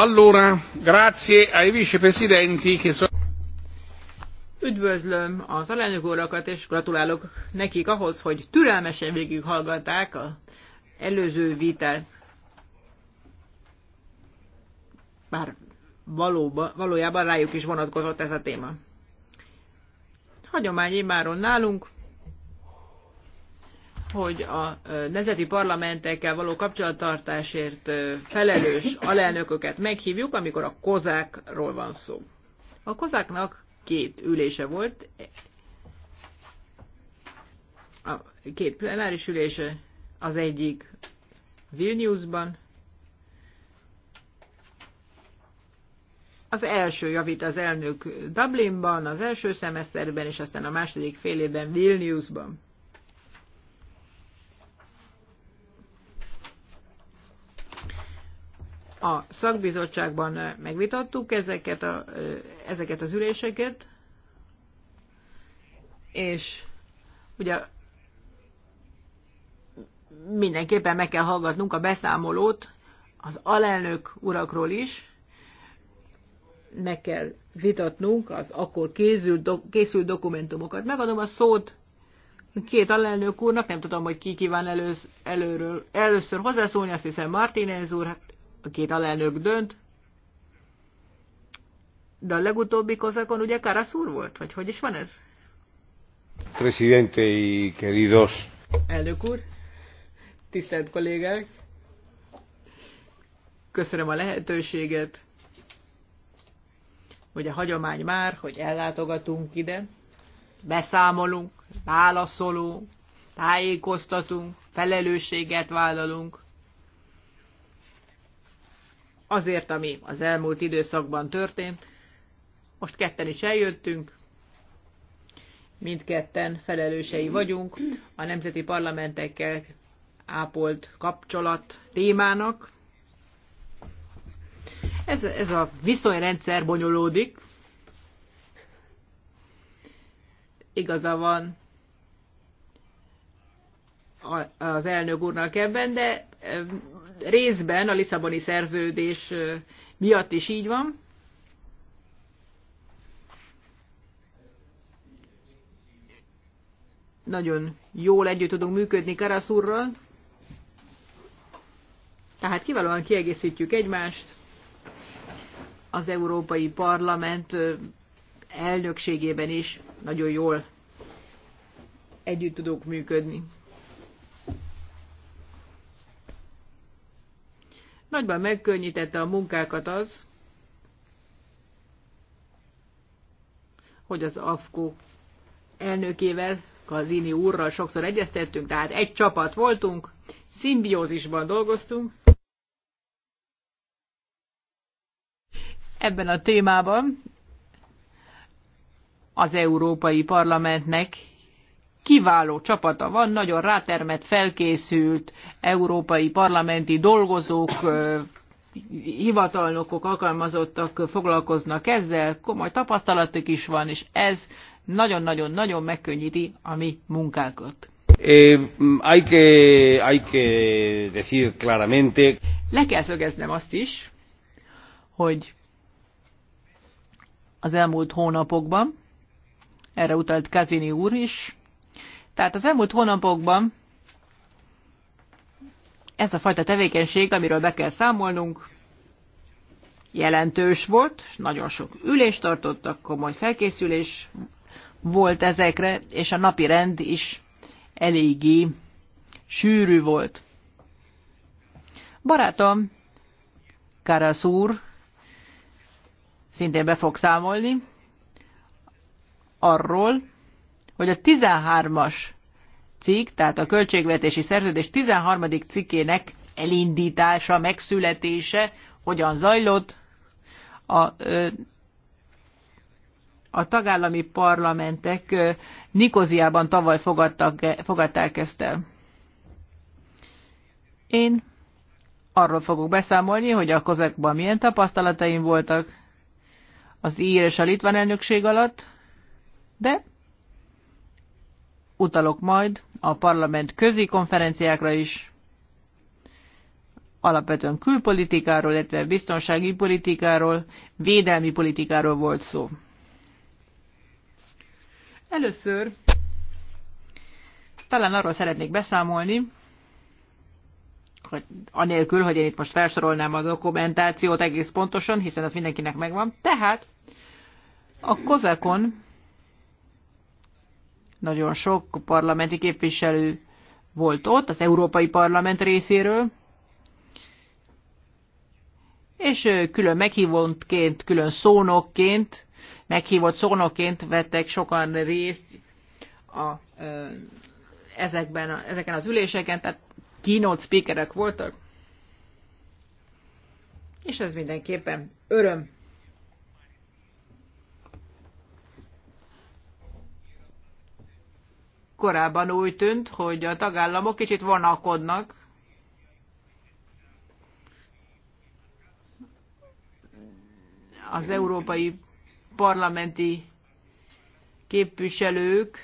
Speaker 1: Allora, grazie ai vicepresidenti che sono...
Speaker 3: Üdvözlöm az alelnök urakat, és gratulálok nekik ahhoz, hogy türelmesen végighallgatták az előző vitát. Bár valóba, valójában rájuk is vonatkozott ez a téma. Hagyomány immáron nálunk, hogy a nemzeti parlamentekkel való kapcsolattartásért felelős alelnököket meghívjuk, amikor a kozákról van szó. A kozáknak két ülése volt, a két plenáris ülése, az egyik Vilniusban, az első javít az elnök Dublinban, az első szemeszterben, és aztán a második fél évben Vilniusban. A szakbizottságban megvitattuk ezeket, a, ezeket az üléseket, és ugye mindenképpen meg kell hallgatnunk a beszámolót az alelnök urakról is, meg kell vitatnunk az akkor készült, do, készült dokumentumokat. Megadom a szót két alelnök úrnak, nem tudom, hogy ki kíván elősz, előről, először hozzászólni, azt hiszem Martínez úr, hát a két alelnök dönt, de a legutóbbi kozakon ugye Karaszúr volt, vagy hogy is van ez?
Speaker 1: Presidente y queridos.
Speaker 3: Elnök úr, tisztelt kollégák, köszönöm a lehetőséget, hogy a hagyomány már, hogy ellátogatunk ide, beszámolunk, válaszolunk, tájékoztatunk, felelősséget vállalunk, azért, ami az elmúlt időszakban történt. Most ketten is eljöttünk, mindketten felelősei vagyunk a nemzeti parlamentekkel ápolt kapcsolat témának. Ez, ez a viszonyrendszer bonyolódik. Igaza van az elnök úrnak ebben, de részben a Lisszaboni szerződés miatt is így van. Nagyon jól együtt tudunk működni Karaszurral. Tehát kiválóan kiegészítjük egymást. Az Európai Parlament elnökségében is nagyon jól együtt tudunk működni. Nagyban megkönnyítette a munkákat az, hogy az AFKO elnökével, Kazini úrral sokszor egyeztettünk, tehát egy csapat voltunk, szimbiózisban dolgoztunk. Ebben a témában az Európai Parlamentnek kiváló csapata van, nagyon rátermett, felkészült európai parlamenti dolgozók, hivatalnokok, alkalmazottak foglalkoznak ezzel, komoly tapasztalatok is van, és ez nagyon-nagyon-nagyon megkönnyíti a mi munkákat. Eh, mm, hay que, hay que decir
Speaker 1: claramente...
Speaker 3: Le kell szögeznem azt is, hogy az elmúlt hónapokban, erre utalt Kazini úr is, tehát az elmúlt hónapokban ez a fajta tevékenység, amiről be kell számolnunk, jelentős volt, nagyon sok ülést tartottak, komoly felkészülés volt ezekre, és a napi rend is eléggé sűrű volt. Barátom, Karasz úr, szintén be fog számolni arról, hogy a 13-as cikk, tehát a költségvetési szerződés 13. cikkének elindítása, megszületése hogyan zajlott a, a tagállami parlamentek Nikoziában tavaly fogadtak, e, fogadták ezt el. Én arról fogok beszámolni, hogy a kozekban milyen tapasztalataim voltak az ír és a litván elnökség alatt, de utalok majd a parlament közi konferenciákra is, alapvetően külpolitikáról, illetve biztonsági politikáról, védelmi politikáról volt szó. Először talán arról szeretnék beszámolni, hogy anélkül, hogy én itt most felsorolnám a dokumentációt egész pontosan, hiszen az mindenkinek megvan. Tehát a kozakon nagyon sok parlamenti képviselő volt ott, az Európai Parlament részéről, és külön meghívottként, külön szónokként, meghívott szónokként vettek sokan részt a, ezekben, ezeken az üléseken, tehát keynote speakerek voltak, és ez mindenképpen öröm korábban úgy tűnt, hogy a tagállamok kicsit vonakodnak, az európai parlamenti képviselők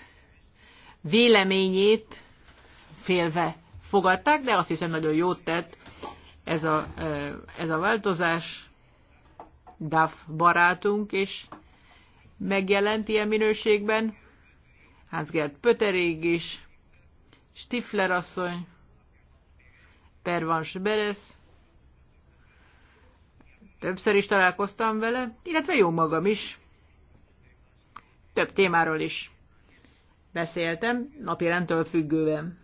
Speaker 3: véleményét félve fogadták, de azt hiszem nagyon jót tett ez a, ez a változás. DAF barátunk is megjelent ilyen minőségben. Hansgert Pöterég is, Stifler asszony, Pervans Beres, Többször is találkoztam vele, illetve jó magam is. Több témáról is beszéltem, napirendtől függően.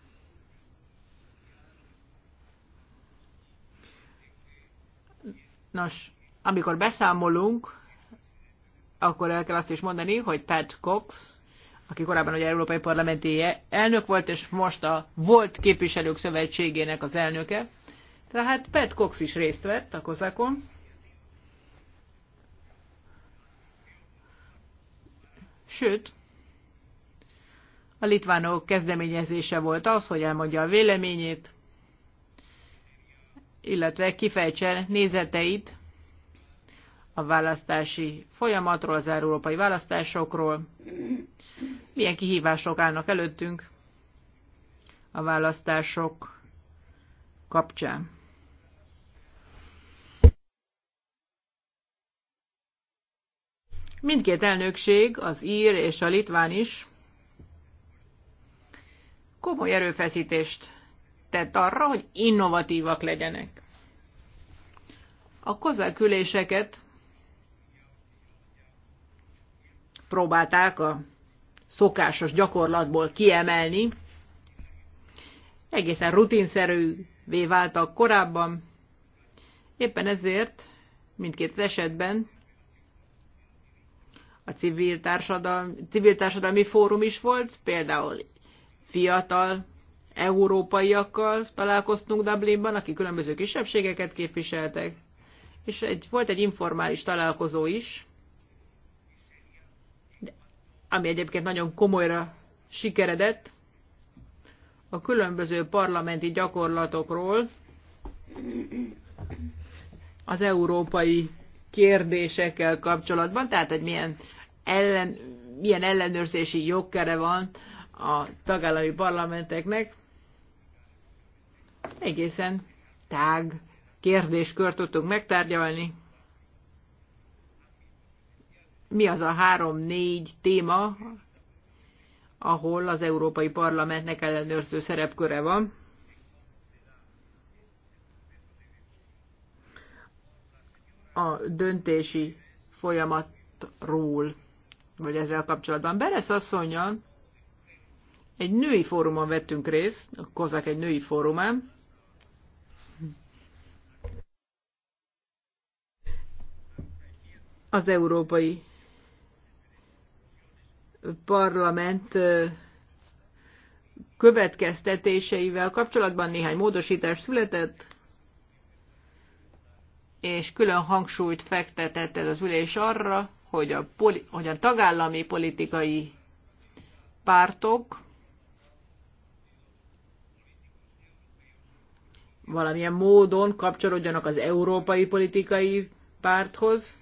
Speaker 3: Nos, amikor beszámolunk, akkor el kell azt is mondani, hogy Pat Cox aki korábban ugye Európai Parlamenti elnök volt, és most a volt képviselők szövetségének az elnöke. Tehát Pet Cox is részt vett a kozakon. Sőt, a litvánok kezdeményezése volt az, hogy elmondja a véleményét, illetve kifejtse nézeteit a választási folyamatról, az európai választásokról, milyen kihívások állnak előttünk a választások kapcsán. Mindkét elnökség, az ír és a litván is komoly erőfeszítést tett arra, hogy innovatívak legyenek. A kozák próbálták a szokásos gyakorlatból kiemelni. Egészen rutinszerűvé váltak korábban. Éppen ezért mindkét esetben a civil, társadalmi, civil társadalmi fórum is volt, például fiatal európaiakkal találkoztunk Dublinban, akik különböző kisebbségeket képviseltek, és egy, volt egy informális találkozó is, ami egyébként nagyon komolyra sikeredett, a különböző parlamenti gyakorlatokról, az európai kérdésekkel kapcsolatban, tehát hogy milyen, ellen, milyen ellenőrzési jogkere van a tagállami parlamenteknek, egészen tág kérdéskört tudtunk megtárgyalni mi az a három-négy téma, ahol az Európai Parlamentnek ellenőrző szerepköre van. A döntési folyamatról, vagy ezzel kapcsolatban. Beresz asszonyjal egy női fórumon vettünk részt, a Kozak egy női fórumán, az Európai parlament következtetéseivel kapcsolatban néhány módosítás született, és külön hangsúlyt fektetett ez az ülés arra, hogy a, poli, hogy a tagállami politikai pártok valamilyen módon kapcsolódjanak az európai politikai párthoz,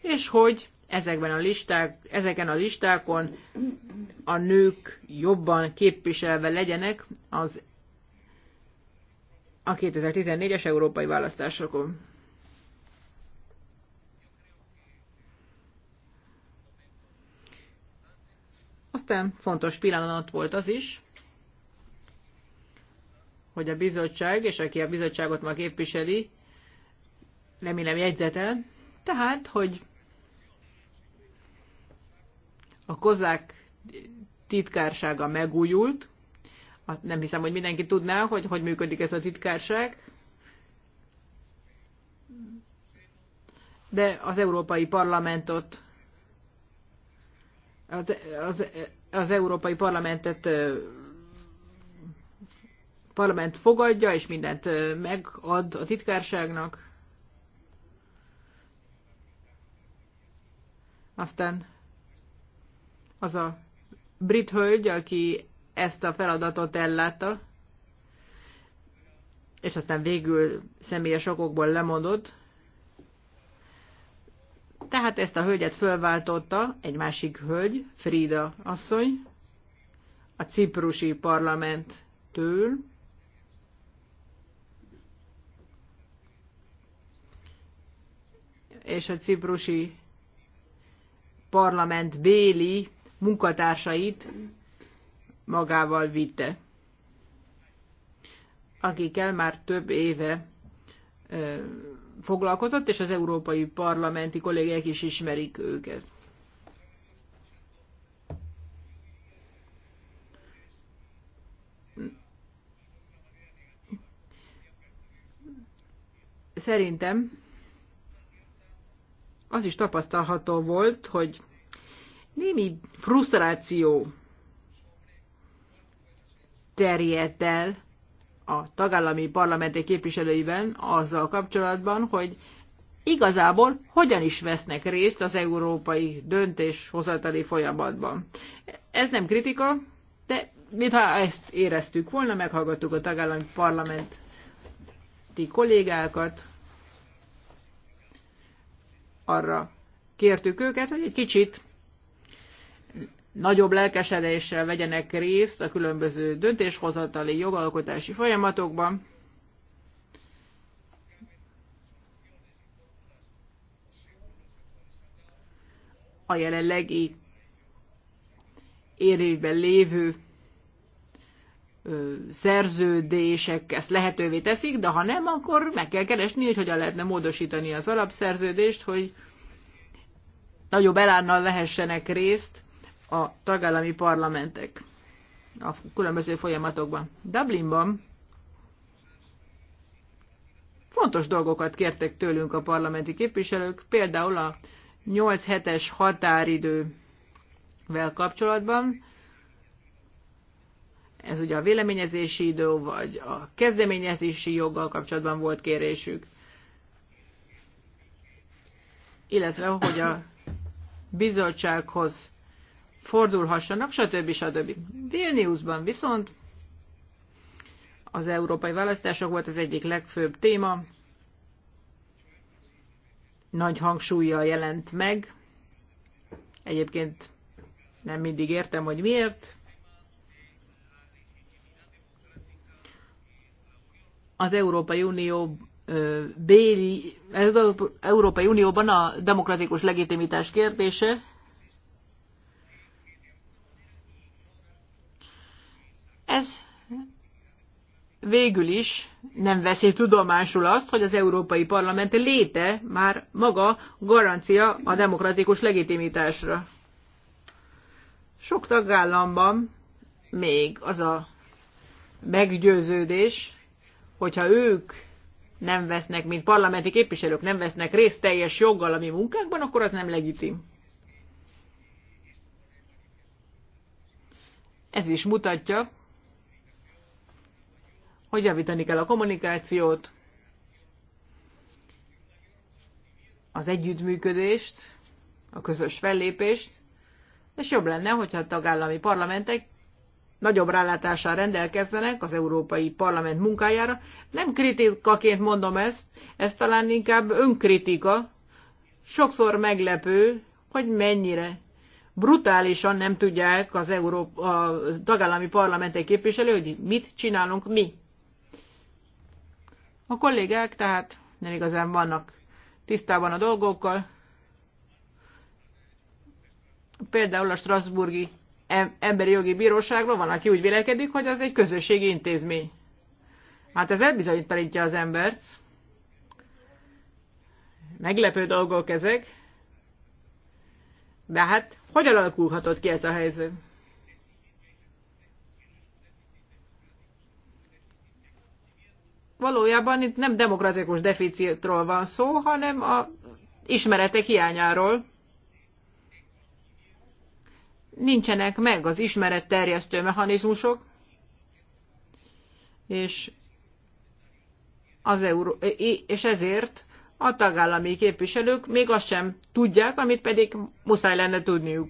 Speaker 3: és hogy ezekben a listák, ezeken a listákon a nők jobban képviselve legyenek az a 2014-es európai választásokon. Aztán fontos pillanat volt az is, hogy a bizottság, és aki a bizottságot ma képviseli, remélem jegyzetel, tehát, hogy a kozák titkársága megújult. Nem hiszem, hogy mindenki tudná, hogy hogy működik ez a titkárság. De az Európai Parlamentot az, az, az Európai Parlamentet parlament fogadja, és mindent megad a titkárságnak. Aztán az a brit hölgy, aki ezt a feladatot ellátta, és aztán végül személyes okokból lemondott. Tehát ezt a hölgyet fölváltotta egy másik hölgy, Frida asszony, a ciprusi parlamenttől, és a ciprusi parlament béli munkatársait magával vitte, akikkel már több éve foglalkozott, és az európai parlamenti kollégák is ismerik őket. Szerintem az is tapasztalható volt, hogy Némi frusztráció terjedt el a tagállami parlamenti képviselőiben azzal kapcsolatban, hogy igazából hogyan is vesznek részt az európai döntéshozatali folyamatban. Ez nem kritika, de mintha ezt éreztük volna, meghallgattuk a tagállami parlamenti kollégákat, arra kértük őket, hogy egy kicsit nagyobb lelkesedéssel vegyenek részt a különböző döntéshozatali jogalkotási folyamatokban. A jelenlegi érvényben lévő szerződések ezt lehetővé teszik, de ha nem, akkor meg kell keresni, hogy hogyan lehetne módosítani az alapszerződést, hogy nagyobb elánnal vehessenek részt a tagállami parlamentek a különböző folyamatokban. Dublinban fontos dolgokat kértek tőlünk a parlamenti képviselők, például a 8 hetes határidővel kapcsolatban, ez ugye a véleményezési idő, vagy a kezdeményezési joggal kapcsolatban volt kérésük, illetve hogy a bizottsághoz fordulhassanak, stb. stb. Vilniusban viszont az európai választások volt az egyik legfőbb téma, nagy hangsúlyjal jelent meg. Egyébként nem mindig értem, hogy miért. Az Európai Unió béli, az Európai Unióban a demokratikus legitimitás kérdése Ez végül is nem veszi tudomásul azt, hogy az Európai Parlament léte már maga garancia a demokratikus legitimitásra. Sok tagállamban még az a meggyőződés, hogyha ők nem vesznek, mint parlamenti képviselők nem vesznek részt teljes joggal a mi munkánkban, akkor az nem legitim. Ez is mutatja, hogy javítani kell a kommunikációt, az együttműködést, a közös fellépést, és jobb lenne, hogyha a tagállami parlamentek nagyobb rálátással rendelkezzenek az Európai Parlament munkájára. Nem kritikaként mondom ezt, ez talán inkább önkritika. Sokszor meglepő, hogy mennyire brutálisan nem tudják az Európa, a tagállami parlamentek képviselő, hogy mit csinálunk mi. A kollégák tehát nem igazán vannak tisztában a dolgokkal. Például a Strasburgi Emberi Jogi Bíróságban van, aki úgy vélekedik, hogy az egy közösségi intézmény. Hát ez elbizonyítanítja az embert. Meglepő dolgok ezek. De hát, hogyan alakulhatott ki ez a helyzet? valójában itt nem demokratikus deficitről van szó, hanem a ismeretek hiányáról. Nincsenek meg az ismeretterjesztő mechanizmusok, és, az Euró- és ezért a tagállami képviselők még azt sem tudják, amit pedig muszáj lenne tudniuk.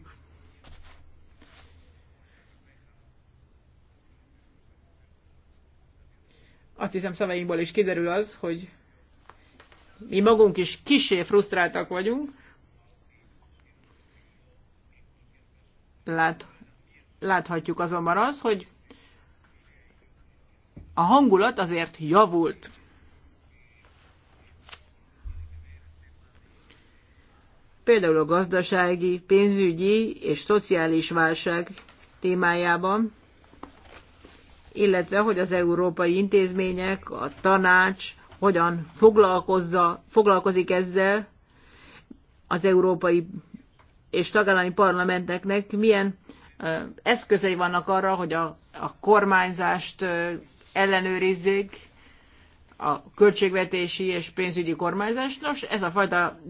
Speaker 3: Azt hiszem szavainkból is kiderül az, hogy mi magunk is kisé frusztráltak vagyunk. Lát, láthatjuk azonban az, hogy a hangulat azért javult. Például a gazdasági, pénzügyi és szociális válság témájában illetve hogy az európai intézmények, a tanács hogyan foglalkozza, foglalkozik ezzel az európai és tagállami parlamenteknek, milyen eszközei vannak arra, hogy a, a kormányzást ellenőrizzék, a költségvetési és pénzügyi kormányzás. Nos, ez a fajta,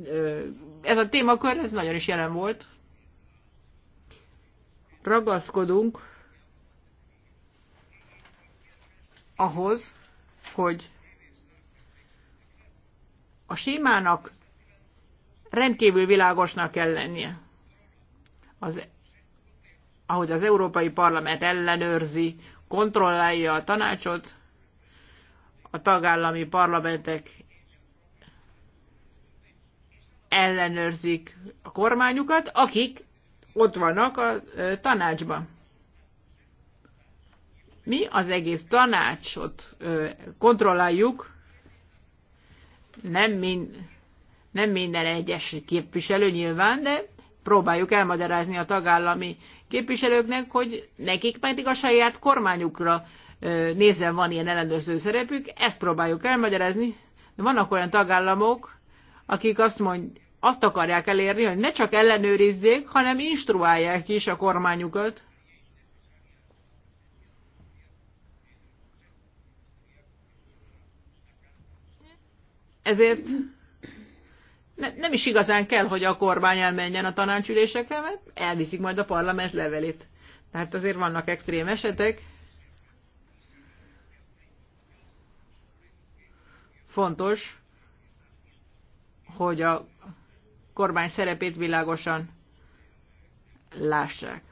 Speaker 3: ez a témakör, ez nagyon is jelen volt. Ragaszkodunk ahhoz, hogy a sémának rendkívül világosnak kell lennie. Az, ahogy az Európai Parlament ellenőrzi, kontrollálja a tanácsot, a tagállami parlamentek ellenőrzik a kormányukat, akik ott vannak a tanácsban. Mi az egész tanácsot kontrolláljuk, nem, mind, nem minden egyes képviselő nyilván, de próbáljuk elmagyarázni a tagállami képviselőknek, hogy nekik pedig a saját kormányukra nézzen van ilyen ellenőrző szerepük, ezt próbáljuk elmagyarázni. De vannak olyan tagállamok, akik azt mond, azt akarják elérni, hogy ne csak ellenőrizzék, hanem instruálják is a kormányukat. Ezért ne, nem is igazán kell, hogy a kormány elmenjen a tanácsülésekre, mert elviszik majd a parlament levelét. Tehát azért vannak extrém esetek. Fontos, hogy a kormány szerepét világosan lássák.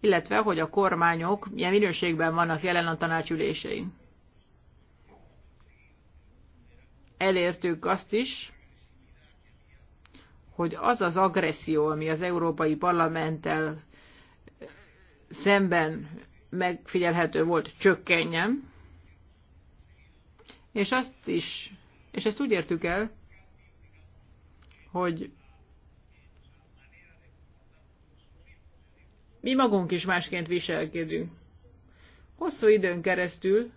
Speaker 3: Illetve, hogy a kormányok milyen minőségben vannak jelen a tanácsülésein. elértük azt is, hogy az az agresszió, ami az Európai Parlamenttel szemben megfigyelhető volt, csökkenjen, és azt is, és ezt úgy értük el, hogy mi magunk is másként viselkedünk. Hosszú időn keresztül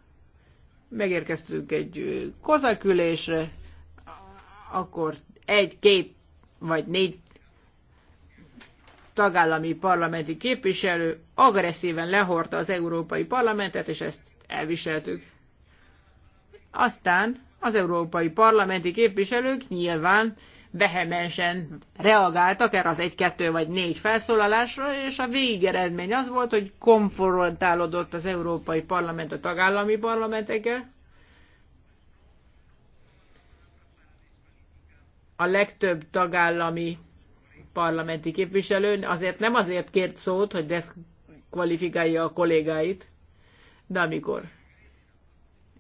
Speaker 3: megérkeztünk egy kozakülésre, akkor egy, két vagy négy tagállami parlamenti képviselő agresszíven lehordta az Európai Parlamentet, és ezt elviseltük. Aztán az európai parlamenti képviselők nyilván vehemensen reagáltak erre az egy-kettő vagy négy felszólalásra, és a végeredmény az volt, hogy konfrontálódott az Európai Parlament a tagállami parlamentekkel. A legtöbb tagállami parlamenti képviselő azért nem azért kért szót, hogy deszkvalifikálja a kollégáit, de amikor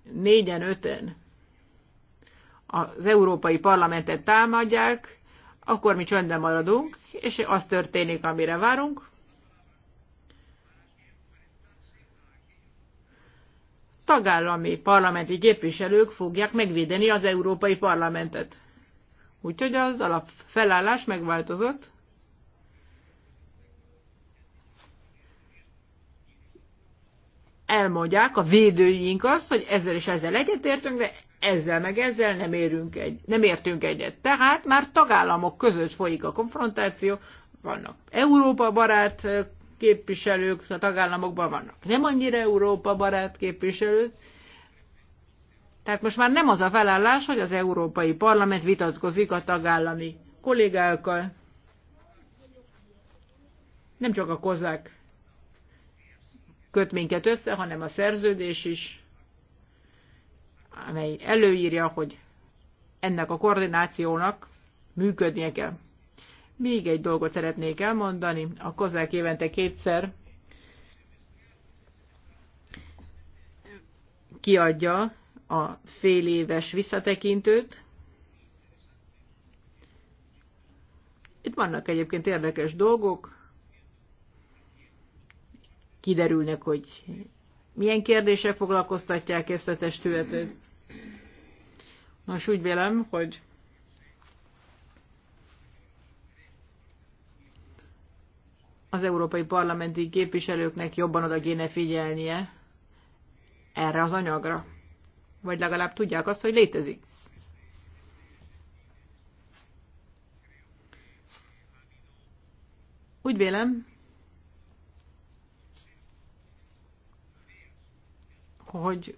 Speaker 3: négyen, öten az Európai Parlamentet támadják, akkor mi csöndben maradunk, és az történik, amire várunk. Tagállami parlamenti képviselők fogják megvédeni az Európai Parlamentet. Úgyhogy az alapfelállás megváltozott. Elmondják a védőink azt, hogy ezzel és ezzel egyetértünk, de ezzel meg ezzel nem, érünk egy, nem értünk egyet. Tehát már tagállamok között folyik a konfrontáció, vannak Európa barát eh, képviselők a tagállamokban, vannak nem annyira Európa barát képviselők, tehát most már nem az a felállás, hogy az Európai Parlament vitatkozik a tagállami kollégákkal. Nem csak a kozák köt minket össze, hanem a szerződés is amely előírja, hogy ennek a koordinációnak működnie kell. Még egy dolgot szeretnék elmondani, a kozák évente kétszer kiadja a fél éves visszatekintőt. Itt vannak egyébként érdekes dolgok, kiderülnek, hogy milyen kérdések foglalkoztatják ezt a testületet. Nos, úgy vélem, hogy az európai parlamenti képviselőknek jobban oda kéne figyelnie erre az anyagra. Vagy legalább tudják azt, hogy létezik. Úgy vélem, hogy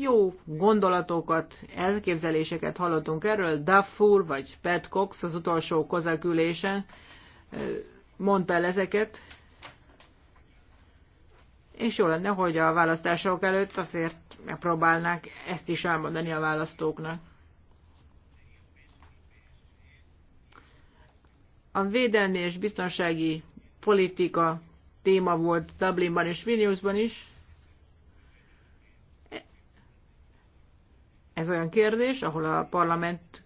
Speaker 3: jó gondolatokat, elképzeléseket hallottunk erről. Duffur vagy Pat Cox az utolsó kozakülésen mondta el ezeket, és jó lenne, hogy a választások előtt azért megpróbálnák ezt is elmondani a választóknak. A védelmi és biztonsági politika téma volt Dublinban és Vilniusban is. Ez olyan kérdés, ahol a parlamentek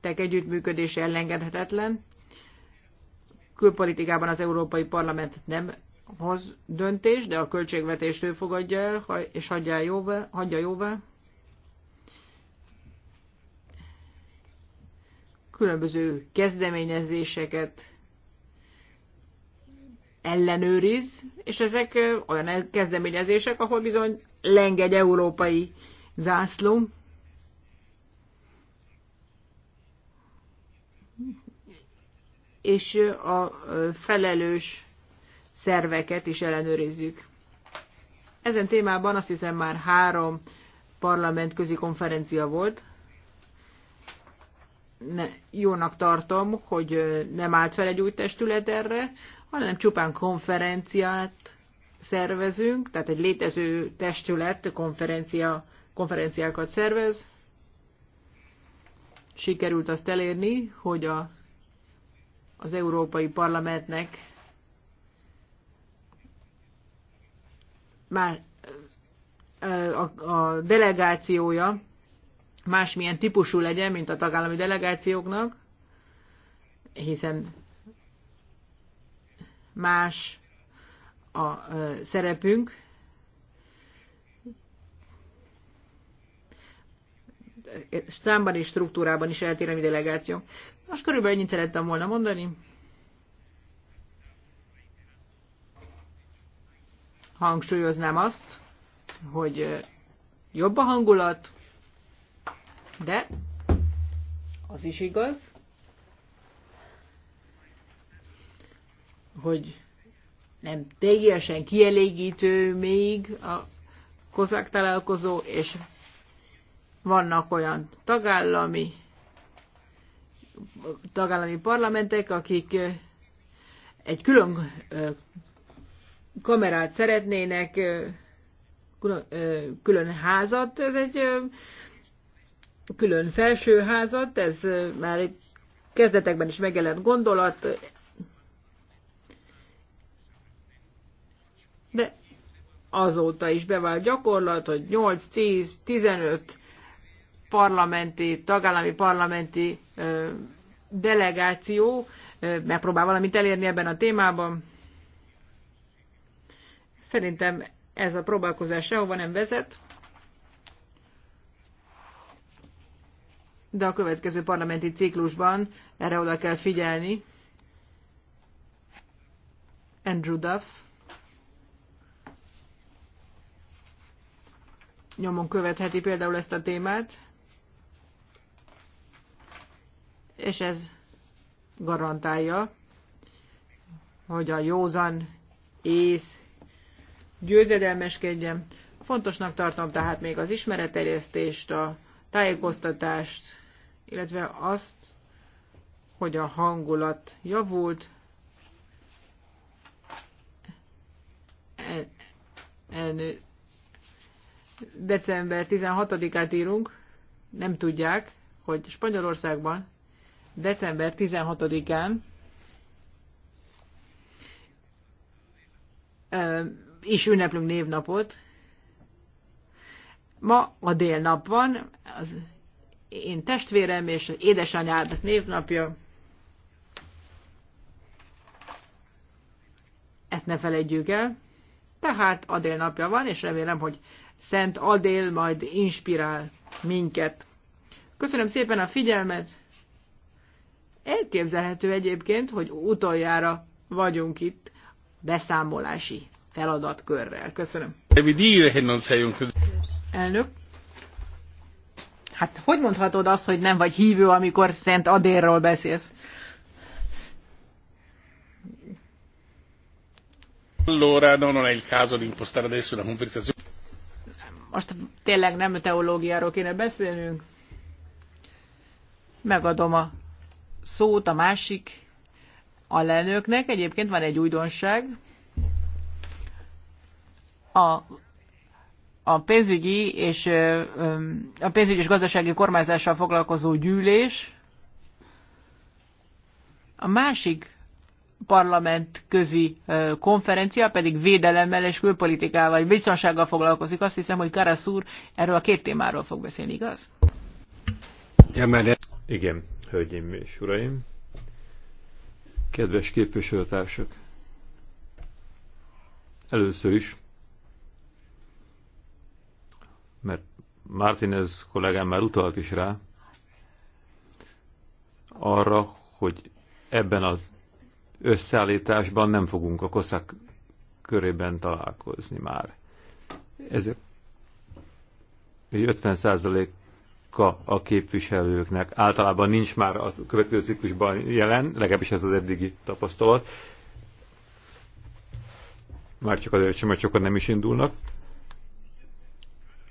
Speaker 3: együttműködése ellengedhetetlen. Külpolitikában az Európai Parlament nem hoz döntés, de a költségvetést ő fogadja el, és hagyja jóvá. Hagyja jóvá. Különböző kezdeményezéseket ellenőriz, és ezek olyan kezdeményezések, ahol bizony lengegy egy európai zászló. és a felelős szerveket is ellenőrizzük. Ezen témában azt hiszem már három parlamentközi konferencia volt. Ne, jónak tartom, hogy nem állt fel egy új testület erre, hanem csupán konferenciát szervezünk, tehát egy létező testület konferencia, konferenciákat szervez. Sikerült azt elérni, hogy a az Európai Parlamentnek már a, a delegációja másmilyen típusú legyen, mint a tagállami delegációknak, hiszen más a szerepünk. Számban és struktúrában is eltér a mi delegáció. Most körülbelül ennyit szerettem volna mondani. Hangsúlyoznám azt, hogy jobb a hangulat, de az is igaz, hogy nem teljesen kielégítő még a kozák találkozó, és vannak olyan tagállami tagállami parlamentek, akik egy külön kamerát szeretnének, külön külön házat, ez egy külön felső házat, ez már kezdetekben is megjelent gondolat, de azóta is bevált gyakorlat, hogy 8, 10, 15 parlamenti, tagállami parlamenti delegáció megpróbál valamit elérni ebben a témában. Szerintem ez a próbálkozás sehova nem vezet, de a következő parlamenti ciklusban erre oda kell figyelni. Andrew Duff nyomon követheti például ezt a témát. és ez garantálja, hogy a józan ész győzedelmeskedjen. Fontosnak tartom tehát még az ismeretterjesztést, a tájékoztatást, illetve azt, hogy a hangulat javult. El, december 16-át írunk, nem tudják, hogy Spanyolországban december 16-án is ünneplünk névnapot. Ma a délnap van, az én testvérem és édesanyád névnapja. Ezt ne felejtjük el. Tehát Adél napja van, és remélem, hogy Szent Adél majd inspirál minket. Köszönöm szépen a figyelmet! Elképzelhető egyébként, hogy utoljára vagyunk itt beszámolási feladatkörrel. Köszönöm. Elnök. Hát hogy mondhatod azt, hogy nem vagy hívő, amikor Szent Adérról beszélsz?
Speaker 1: Allora non è il caso di impostare adesso una conversazione.
Speaker 3: Most tényleg nem teológiáról kéne beszélnünk. Megadom a szót a másik alelnöknek. Egyébként van egy újdonság. A, a pénzügyi és a pénzügyi és gazdasági kormányzással foglalkozó gyűlés a másik parlament közi konferencia pedig védelemmel és külpolitikával, vagy biztonsággal foglalkozik. Azt hiszem, hogy Karasz úr erről a két témáról fog beszélni, igaz?
Speaker 2: Igen. Hölgyeim és Uraim! Kedves képviselőtársak! Először is, mert Martinez kollégám már utalt is rá, arra, hogy ebben az összeállításban nem fogunk a koszák körében találkozni már. Ez 50 oka a képviselőknek. Általában nincs már a következő ciklusban jelen, legalábbis ez az eddigi tapasztalat. Már csak azért sem, mert sokan nem is indulnak.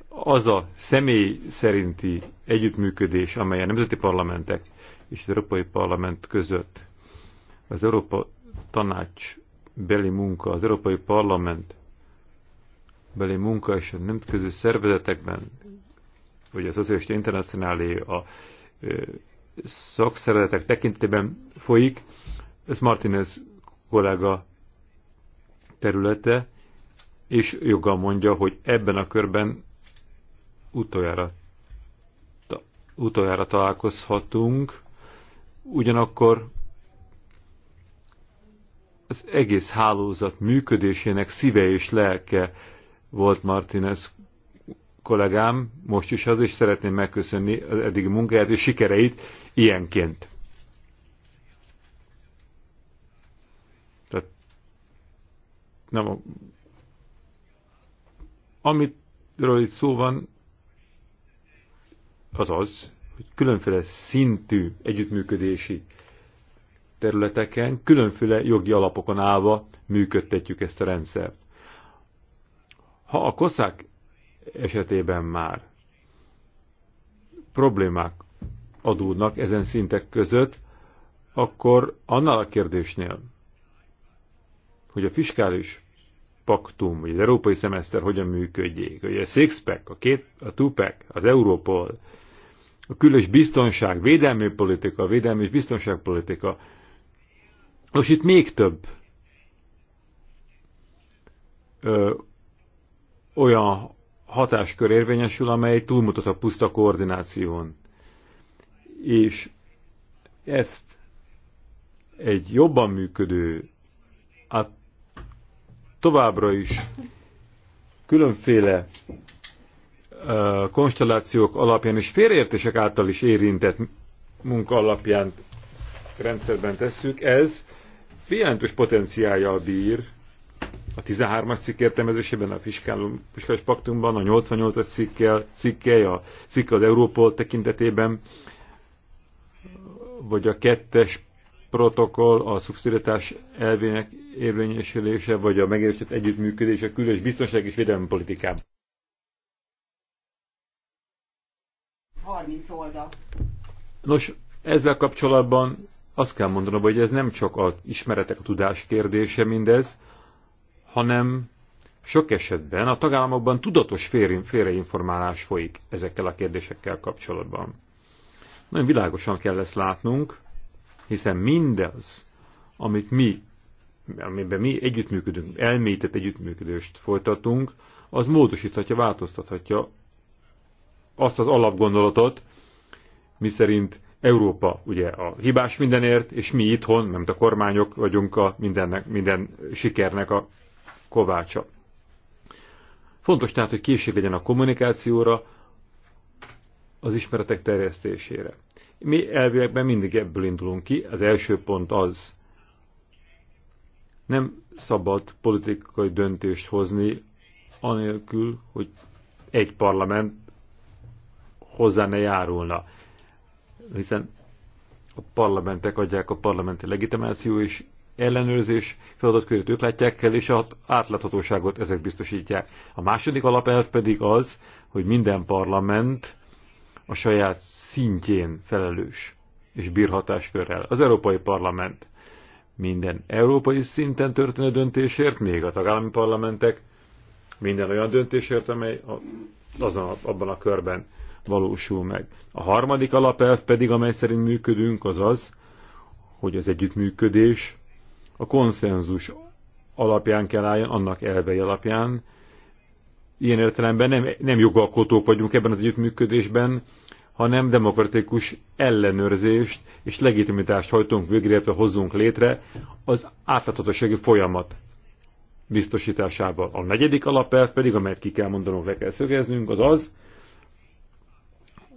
Speaker 2: Az a személy szerinti együttműködés, amely a nemzeti parlamentek és az Európai Parlament között az Európa Tanács beli munka, az Európai Parlament beli munka és a nemzetközi szervezetekben hogy az azért internacionálé a szakszervezetek tekintetében folyik, ez Martinez kollega területe, és joggal mondja, hogy ebben a körben utoljára, ta, utoljára találkozhatunk, ugyanakkor az egész hálózat működésének szíve és lelke volt Martinez kollégám most is az, és szeretném megköszönni az eddigi munkáját és sikereit ilyenként. Tehát nem amitről itt szó van, az az, hogy különféle szintű együttműködési területeken, különféle jogi alapokon állva működtetjük ezt a rendszert. Ha a koszák esetében már problémák adódnak ezen szintek között, akkor annál a kérdésnél, hogy a fiskális paktum, vagy az európai szemeszter hogyan működjék, hogy a six-pack, a, két, a two-pack, az Europol, a különös biztonság, védelmi politika, védelmi és biztonságpolitika. Most itt még több ö, olyan hatáskör érvényesül, amely túlmutat a puszta koordináción. És ezt egy jobban működő, hát továbbra is különféle uh, konstellációk alapján és félreértések által is érintett munka alapján rendszerben tesszük, ez jelentős potenciállal bír, a 13-as cikk értelmezésében, a fiskális paktumban, a 88-as cikkel, cikkel, a cikk az Európol tekintetében, vagy a kettes protokoll, a szubszidiatás elvének érvényesülése, vagy a megérősített együttműködés a különös biztonság és védelmi politikában.
Speaker 4: 30 oldal.
Speaker 2: Nos, ezzel kapcsolatban azt kell mondanom, hogy ez nem csak az ismeretek, a tudás kérdése mindez, hanem sok esetben a tagállamokban tudatos félreinformálás folyik ezekkel a kérdésekkel kapcsolatban. Nagyon világosan kell ezt látnunk, hiszen mindez, amit mi, amiben mi együttműködünk, elmélyített együttműködést folytatunk, az módosíthatja, változtathatja azt az alapgondolatot, miszerint Európa ugye a hibás mindenért, és mi itthon, nem a kormányok vagyunk a mindennek, minden sikernek a kovácsa. Fontos tehát, hogy készség legyen a kommunikációra, az ismeretek terjesztésére. Mi elvilegben mindig ebből indulunk ki. Az első pont az, nem szabad politikai döntést hozni, anélkül, hogy egy parlament hozzá ne járulna. Hiszen a parlamentek adják a parlamenti legitimáció, és ellenőrzés feladatkörét ők látják el, és az átláthatóságot ezek biztosítják. A második alapelv pedig az, hogy minden parlament a saját szintjén felelős és bírhatáskörrel. Az Európai Parlament minden európai szinten történő döntésért, még a tagállami parlamentek minden olyan döntésért, amely azon, abban a körben valósul meg. A harmadik alapelv pedig, amely szerint működünk, az az, hogy az együttműködés a konszenzus alapján kell álljon, annak elvei alapján. Ilyen értelemben nem, nem jogalkotók vagyunk ebben az együttműködésben, hanem demokratikus ellenőrzést és legitimitást hajtunk végre, illetve hozzunk létre az átláthatósági folyamat biztosításával. A negyedik alapelv pedig, amelyet ki kell mondanunk, le kell szögeznünk, az az,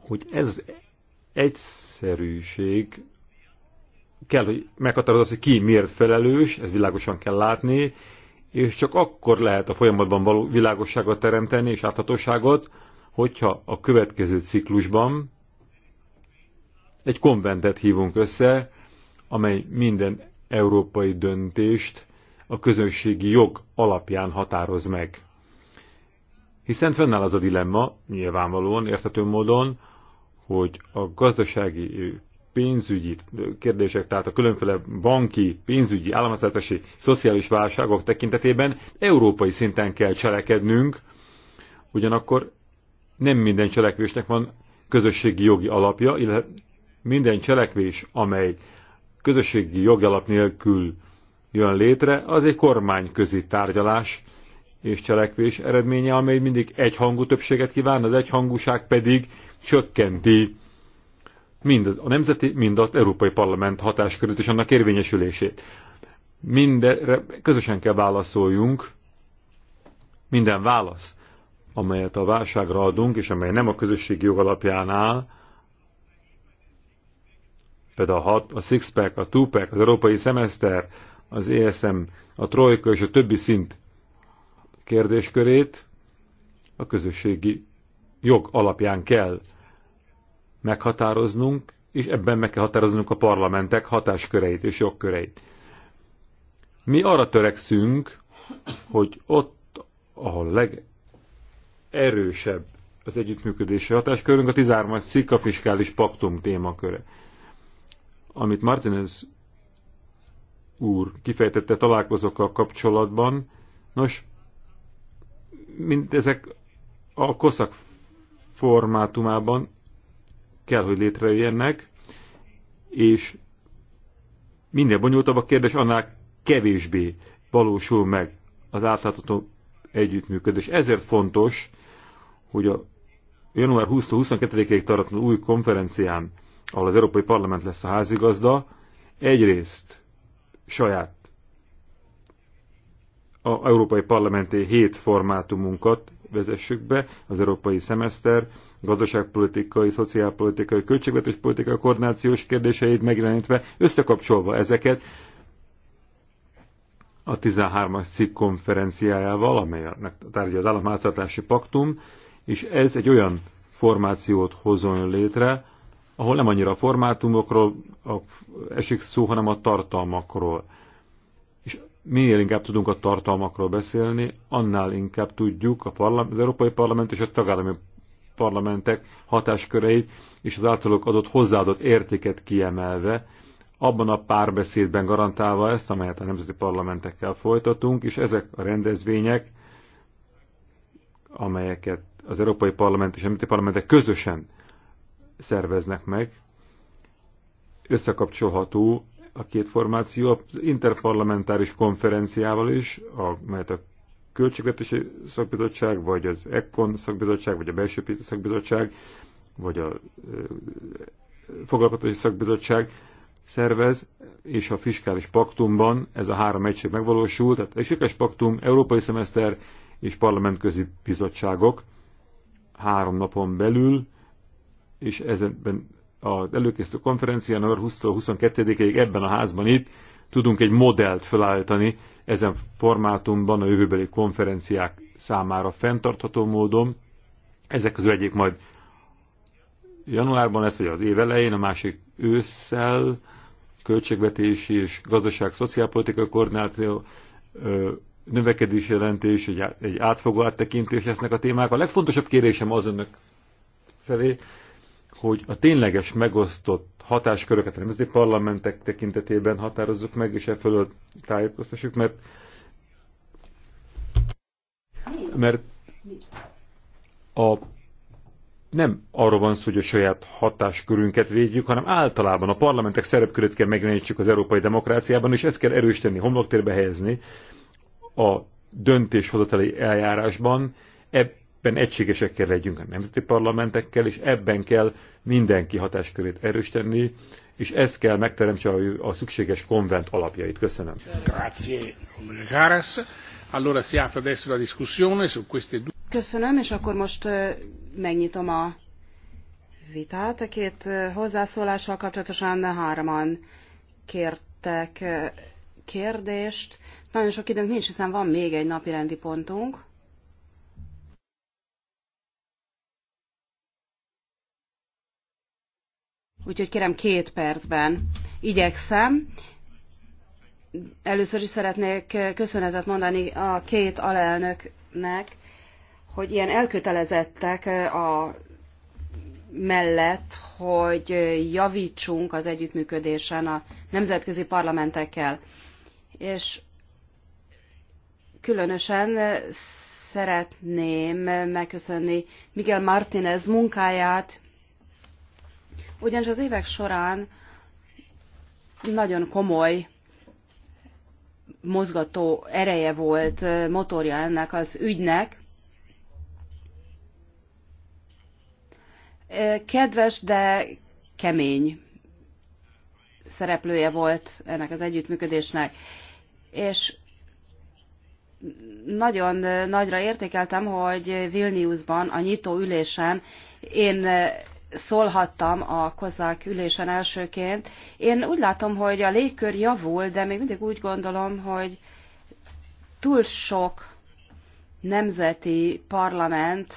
Speaker 2: hogy ez az egyszerűség kell, hogy meghatározza, hogy ki miért felelős, ez világosan kell látni, és csak akkor lehet a folyamatban való világosságot teremteni és láthatóságot, hogyha a következő ciklusban egy konventet hívunk össze, amely minden európai döntést a közönségi jog alapján határoz meg. Hiszen fennáll az a dilemma, nyilvánvalóan, érthető módon, hogy a gazdasági pénzügyi kérdések, tehát a különféle banki, pénzügyi, államháztartási, szociális válságok tekintetében európai szinten kell cselekednünk, ugyanakkor nem minden cselekvésnek van közösségi jogi alapja, illetve minden cselekvés, amely közösségi jogi alap nélkül jön létre, az egy kormányközi tárgyalás és cselekvés eredménye, amely mindig egyhangú többséget kíván, az egyhangúság pedig csökkenti mind a nemzeti, mind az európai parlament hatáskörét és annak érvényesülését. Mindenre közösen kell válaszoljunk, minden válasz, amelyet a válságra adunk, és amely nem a közösségi jog alapján áll, például a, hat, a Sixpack, a Tupac, az Európai Szemeszter, az ESM, a Trojka és a többi szint kérdéskörét a közösségi jog alapján kell meghatároznunk, és ebben meg kell határoznunk a parlamentek hatásköreit és jogköreit. Mi arra törekszünk, hogy ott, ahol legerősebb az együttműködési hatáskörünk, a 13-as cikk fiskális paktum témaköre. Amit Martinez úr kifejtette találkozókkal kapcsolatban, nos, ezek a koszak formátumában kell, hogy létrejönnek, és minél bonyolultabb a kérdés, annál kevésbé valósul meg az átlátható együttműködés. Ezért fontos, hogy a január 20-22-ig tartó új konferencián, ahol az Európai Parlament lesz a házigazda, egyrészt saját a Európai Parlamenti hét formátumunkat vezessük be, az Európai Szemeszter, gazdaságpolitikai, szociálpolitikai, politika koordinációs kérdéseit megjelenítve, összekapcsolva ezeket a 13-as CIP konferenciájával, amelynek tárgya az államháztartási paktum, és ez egy olyan formációt hozon létre, ahol nem annyira a formátumokról esik szó, hanem a tartalmakról. És minél inkább tudunk a tartalmakról beszélni, annál inkább tudjuk a parlament, az Európai Parlament és a tagállami parlamentek hatásköreit és az általuk adott hozzáadott értéket kiemelve, abban a párbeszédben garantálva ezt, amelyet a nemzeti parlamentekkel folytatunk, és ezek a rendezvények, amelyeket az Európai Parlament és a Nemzeti Parlamentek közösen szerveznek meg, összekapcsolható a két formáció az interparlamentáris konferenciával is, amelyet a Költségvetési Szakbizottság, vagy az ECON Szakbizottság, vagy a Belső Szakbizottság, vagy a Foglalkoztatási Szakbizottság szervez, és a fiskális paktumban ez a három egység megvalósul, tehát egy sikeres paktum, európai szemeszter és parlamentközi bizottságok három napon belül, és ezenben az előkészítő konferencián november 20-22-ig ebben a házban itt tudunk egy modellt felállítani ezen formátumban a jövőbeli konferenciák számára fenntartható módon. Ezek közül egyik majd januárban lesz, vagy az év elején, a másik ősszel, költségvetési és gazdaság-szociálpolitikai koordináció, növekedési jelentés, egy átfogó áttekintés lesznek a témák. A legfontosabb kérésem az önök felé, hogy a tényleges megosztott hatásköröket a nemzeti parlamentek tekintetében határozzuk meg, és e fölött tájékoztassuk, mert mert a, nem arról van szó, hogy a saját hatáskörünket védjük, hanem általában a parlamentek szerepkörét kell megjelenítsük az európai demokráciában, és ezt kell erősíteni, homloktérbe helyezni a döntéshozatali eljárásban, e ebben egységesek kell legyünk a nemzeti parlamentekkel, és ebben kell mindenki hatáskörét erősíteni, és ez kell megteremtse a szükséges konvent alapjait. Köszönöm.
Speaker 1: Grazie, Allora discussione su queste due...
Speaker 4: Köszönöm, és akkor most megnyitom a vitát. A két hozzászólással kapcsolatosan hárman kértek kérdést. Nagyon sok időnk nincs, hiszen van még egy napi rendi pontunk. úgyhogy kérem két percben igyekszem. Először is szeretnék köszönetet mondani a két alelnöknek, hogy ilyen elkötelezettek a mellett, hogy javítsunk az együttműködésen a nemzetközi parlamentekkel. És különösen szeretném megköszönni Miguel Martínez munkáját, ugyanis az évek során nagyon komoly mozgató ereje volt, motorja ennek az ügynek. Kedves, de kemény szereplője volt ennek az együttműködésnek, és nagyon nagyra értékeltem, hogy Vilniusban a nyitó ülésen én szólhattam a kozák ülésen elsőként. Én úgy látom, hogy a légkör javul, de még mindig úgy gondolom, hogy túl sok nemzeti parlament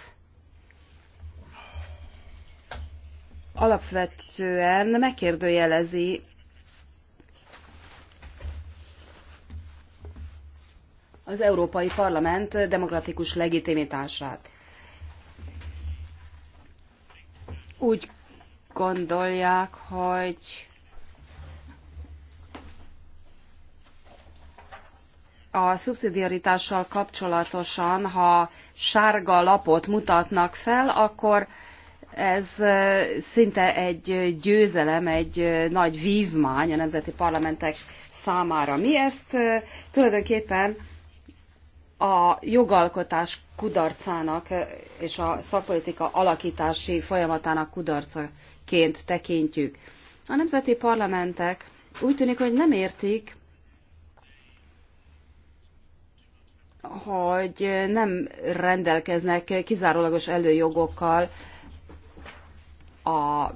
Speaker 4: alapvetően megkérdőjelezi az Európai Parlament demokratikus legitimitását. úgy gondolják, hogy a szubszidiaritással kapcsolatosan, ha sárga lapot mutatnak fel, akkor ez szinte egy győzelem, egy nagy vívmány a nemzeti parlamentek számára. Mi ezt tulajdonképpen a jogalkotás kudarcának eh, és a szakpolitika alakítási folyamatának kudarcaként tekintjük. A nemzeti parlamentek úgy tűnik, hogy nem értik, hogy nem rendelkeznek kizárólagos előjogokkal a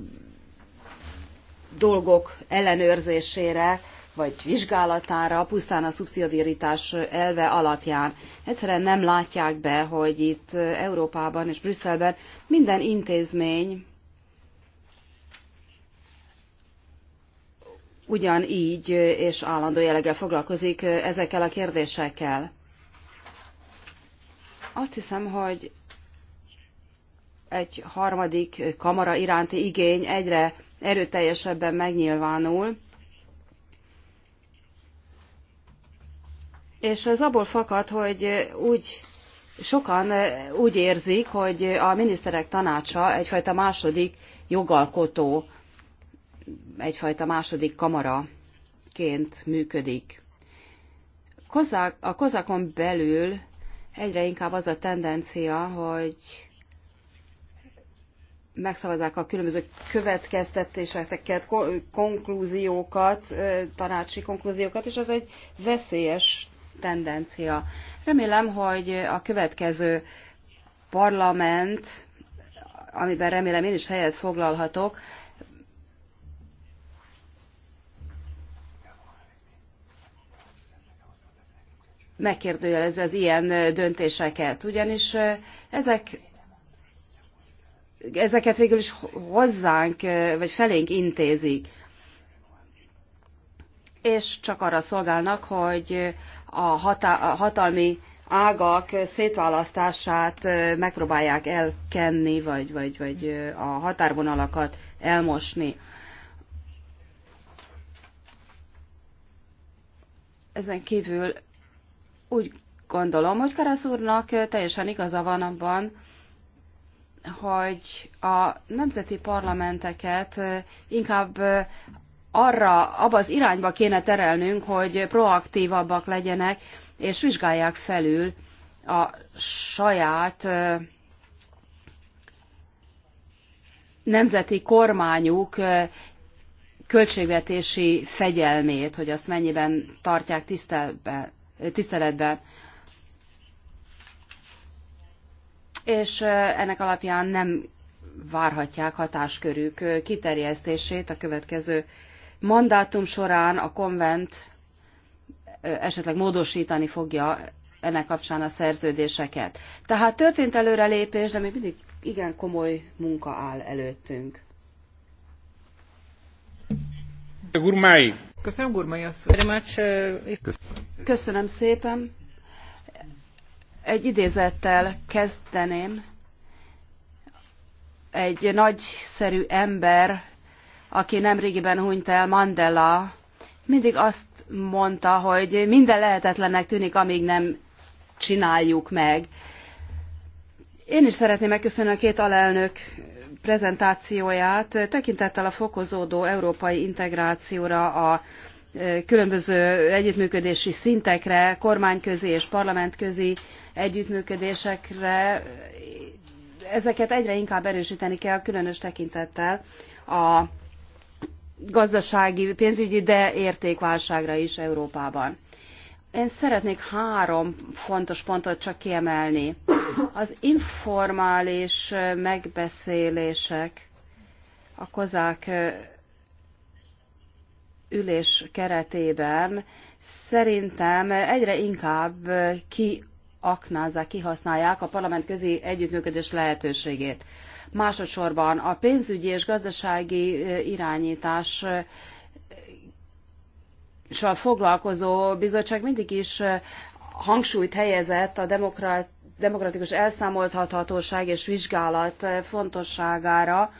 Speaker 4: dolgok ellenőrzésére, vagy vizsgálatára pusztán a szubszidiaritás elve alapján. Egyszerűen nem látják be, hogy itt Európában és Brüsszelben minden intézmény ugyanígy és állandó jelleggel foglalkozik ezekkel a kérdésekkel. Azt hiszem, hogy egy harmadik kamara iránti igény egyre erőteljesebben megnyilvánul, és ez abból fakad, hogy úgy sokan úgy érzik, hogy a miniszterek tanácsa egyfajta második jogalkotó, egyfajta második kamaraként működik. A kozákon belül egyre inkább az a tendencia, hogy megszavazzák a különböző következtetéseket, konklúziókat, tanácsi konklúziókat, és az egy veszélyes tendencia. Remélem, hogy a következő parlament, amiben remélem én is helyet foglalhatok, megkérdőjelezi az ilyen döntéseket, ugyanis ezek ezeket végül is hozzánk, vagy felénk intézik. És csak arra szolgálnak, hogy a hatalmi ágak szétválasztását megpróbálják elkenni, vagy, vagy, vagy a határvonalakat elmosni. Ezen kívül úgy gondolom, hogy Karasz úrnak teljesen igaza van abban, hogy a nemzeti parlamenteket inkább arra, abba az irányba kéne terelnünk, hogy proaktívabbak legyenek, és vizsgálják felül a saját nemzeti kormányuk költségvetési fegyelmét, hogy azt mennyiben tartják tiszteletben. És ennek alapján nem várhatják hatáskörük kiterjesztését a következő mandátum során a konvent esetleg módosítani fogja ennek kapcsán a szerződéseket. Tehát történt előrelépés, de még mindig igen komoly munka áll előttünk.
Speaker 1: Gurmai.
Speaker 4: Köszönöm, Gurmai asszony. Köszönöm szépen. Egy idézettel kezdeném. Egy nagyszerű ember aki nemrégiben hunyt el, Mandela, mindig azt mondta, hogy minden lehetetlennek tűnik, amíg nem csináljuk meg. Én is szeretném megköszönni a két alelnök prezentációját, tekintettel a fokozódó európai integrációra, a e, különböző együttműködési szintekre, kormányközi és parlamentközi együttműködésekre. Ezeket egyre inkább erősíteni kell, különös tekintettel a gazdasági, pénzügyi, de értékválságra is Európában. Én szeretnék három fontos pontot csak kiemelni. Az informális megbeszélések a kozák ülés keretében szerintem egyre inkább kiaknázzák, kihasználják a parlament közi együttműködés lehetőségét. Másodszorban a pénzügyi és gazdasági irányítás foglalkozó bizottság mindig is hangsúlyt helyezett a demokratikus elszámolthatóság és vizsgálat fontosságára,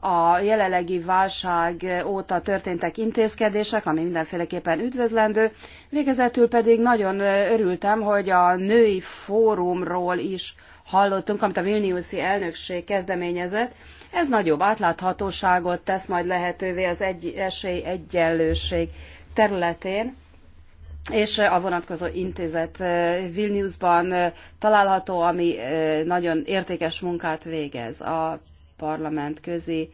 Speaker 4: a jelenlegi válság óta történtek intézkedések, ami mindenféleképpen üdvözlendő. Végezetül pedig nagyon örültem, hogy a női fórumról is hallottunk, amit a Vilniuszi elnökség kezdeményezett, ez nagyobb átláthatóságot tesz majd lehetővé az egy, esély egyenlőség területén, és eh, a vonatkozó intézet eh, Vilniusban eh, található, ami nagyon értékes munkát végez a parlament közi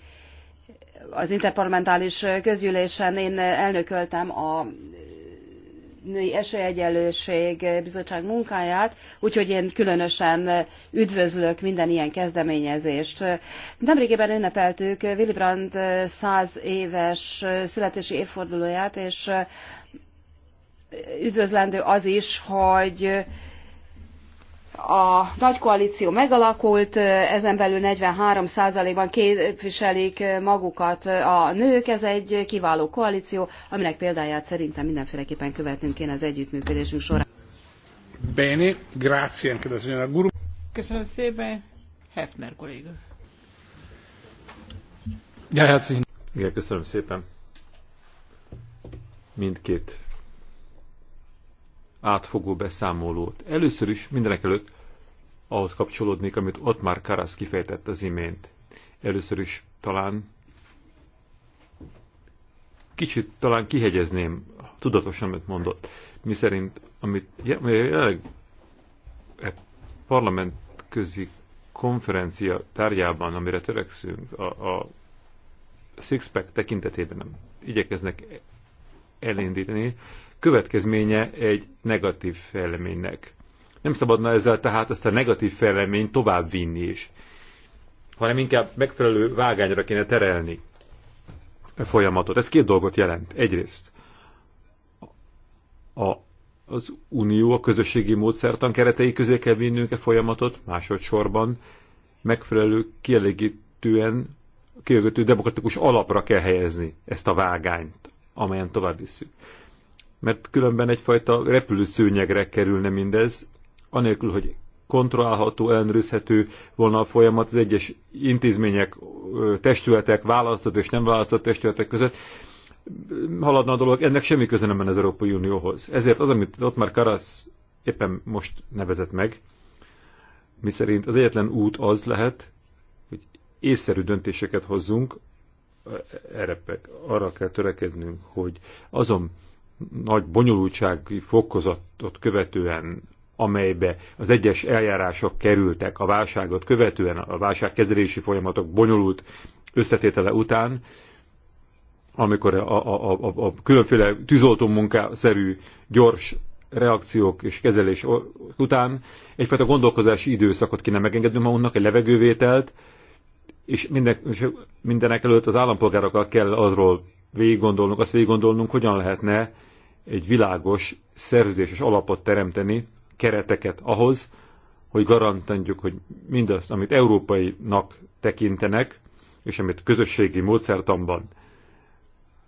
Speaker 4: az interparlamentális közgyűlésen én elnököltem a női esélyegyenlőség bizottság munkáját, úgyhogy én különösen üdvözlök minden ilyen kezdeményezést. Nemrégiben ünnepeltük Willy Brandt 100 éves születési évfordulóját, és üdvözlendő az is, hogy a nagy koalíció megalakult, ezen belül 43%-ban képviselik magukat a nők, ez egy kiváló koalíció, aminek példáját szerintem mindenféleképpen követnünk kéne az együttműködésünk során.
Speaker 1: Bene, grazie anche da Guru.
Speaker 3: Köszönöm szépen, Hefner kolléga.
Speaker 2: Ja, herzlichen. Hát, Igen, köszönöm szépen. Mindkét átfogó beszámolót. Először is mindenek előtt ahhoz kapcsolódnék, amit ott már Karasz kifejtett az imént. Először is talán kicsit talán kihegyezném tudatosan, amit mondott. Mi szerint, amit jelenleg e parlament közi konferencia tárgyában, amire törekszünk, a, a Sixpack tekintetében nem igyekeznek e- elindítani, következménye egy negatív fejleménynek. Nem szabadna ezzel tehát ezt a negatív fejleményt tovább vinni is, hanem inkább megfelelő vágányra kéne terelni a folyamatot. Ez két dolgot jelent. Egyrészt a, az unió a közösségi módszertan keretei közé kell vinnünk a e folyamatot, másodszorban megfelelő kielégítően kielégítő demokratikus alapra kell helyezni ezt a vágányt, amelyen tovább visszük mert különben egyfajta repülőszőnyegre kerülne mindez, anélkül, hogy kontrollálható, ellenőrizhető volna a folyamat az egyes intézmények, testületek, választott és nem választott testületek között, haladna a dolog, ennek semmi köze nem az Európai Unióhoz. Ezért az, amit ott már Karasz éppen most nevezett meg, miszerint az egyetlen út az lehet, hogy észszerű döntéseket hozzunk, erre, arra kell törekednünk, hogy azon nagy bonyolultsági fokozatot követően, amelybe az egyes eljárások kerültek a válságot követően, a válságkezelési folyamatok bonyolult összetétele után, amikor a, a, a, a különféle tűzoltó munkászerű gyors reakciók és kezelés után egyfajta gondolkozási időszakot kéne megengednünk magunknak, egy levegővételt, és minden, és mindenek előtt az állampolgárokkal kell arról végig gondolnunk, azt végig gondolnunk, hogyan lehetne egy világos szerződéses alapot teremteni, kereteket ahhoz, hogy garantáljuk, hogy mindazt, amit európainak tekintenek, és amit közösségi módszertamban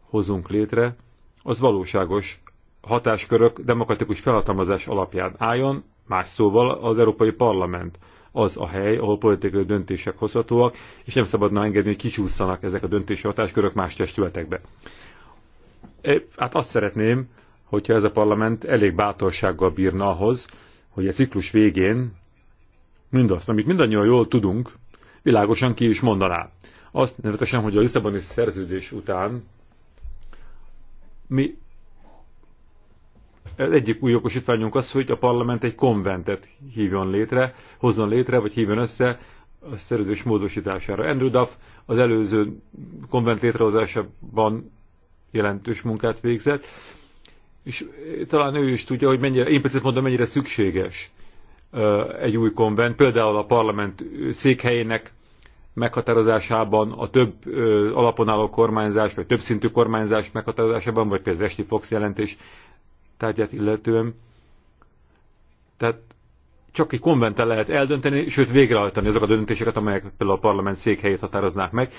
Speaker 2: hozunk létre, az valóságos hatáskörök demokratikus felhatalmazás alapján álljon, más szóval az Európai Parlament az a hely, ahol politikai döntések hozhatóak, és nem szabadna engedni, hogy kicsúszanak ezek a döntési hatáskörök más testületekbe. E, hát azt szeretném, hogyha ez a parlament elég bátorsággal bírna ahhoz, hogy a ciklus végén mindazt, amit mindannyian jól tudunk, világosan ki is mondaná. Azt nevetesen, hogy a Lisszaboni szerződés után mi az egyik új okosítványunk az, hogy a parlament egy konventet hívjon létre, hozzon létre, vagy hívjon össze a szerződés módosítására. Andrew Duff az előző konvent létrehozásában jelentős munkát végzett, és talán ő is tudja, hogy mennyire, én például mondom, mennyire szükséges egy új konvent, például a parlament székhelyének meghatározásában, a több alapon álló kormányzás, vagy többszintű kormányzás meghatározásában, vagy például Esti Fox jelentés tárgyát illetően. Tehát csak egy konventen lehet eldönteni, sőt végrehajtani azokat a döntéseket, amelyek például a parlament székhelyét határoznák meg.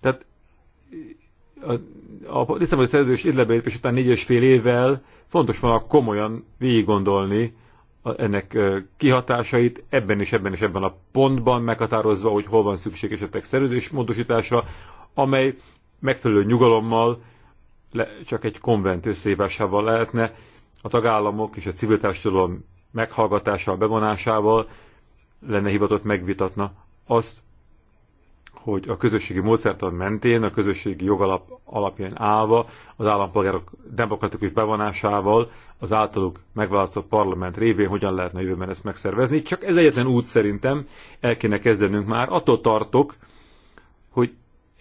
Speaker 2: Tehát a, a Lisszabonai szerződés idlebelépés után négy és fél évvel fontos van komolyan végig gondolni ennek kihatásait ebben és ebben és ebben a pontban meghatározva, hogy hol van szükség esetek szerződésmódosításra, amely megfelelő nyugalommal le, csak egy konvent összehívásával lehetne a tagállamok és a civil társadalom meghallgatásával, bevonásával lenne hivatott megvitatna azt, hogy a közösségi módszertan mentén, a közösségi jogalap alapján állva, az állampolgárok demokratikus bevonásával, az általuk megválasztott parlament révén hogyan lehetne jövőben ezt megszervezni. Csak ez egyetlen út szerintem el kéne kezdenünk már. Attól tartok,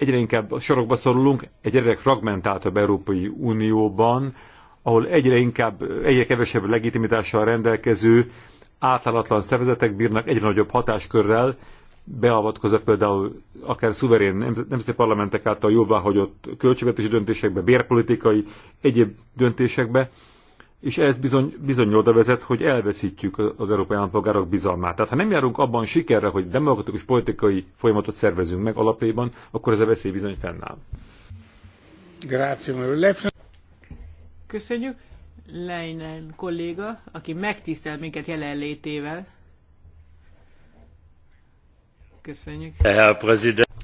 Speaker 2: egyre inkább a sorokba szorulunk, egy egyre fragmentáltabb Európai Unióban, ahol egyre inkább, egyre kevesebb legitimitással rendelkező átállatlan szervezetek bírnak egyre nagyobb hatáskörrel, beavatkozva például akár szuverén nemzeti parlamentek által jóváhagyott költségvetési döntésekbe, bérpolitikai, egyéb döntésekbe, és ez bizony, bizony oda vezet, hogy elveszítjük az európai állampolgárok bizalmát. Tehát ha nem járunk abban sikerre, hogy demokratikus politikai folyamatot szervezünk meg alapjában, akkor ez a veszély bizony fennáll.
Speaker 3: Köszönjük Leinen kolléga, aki megtisztel minket jelenlétével.
Speaker 5: Köszönjük.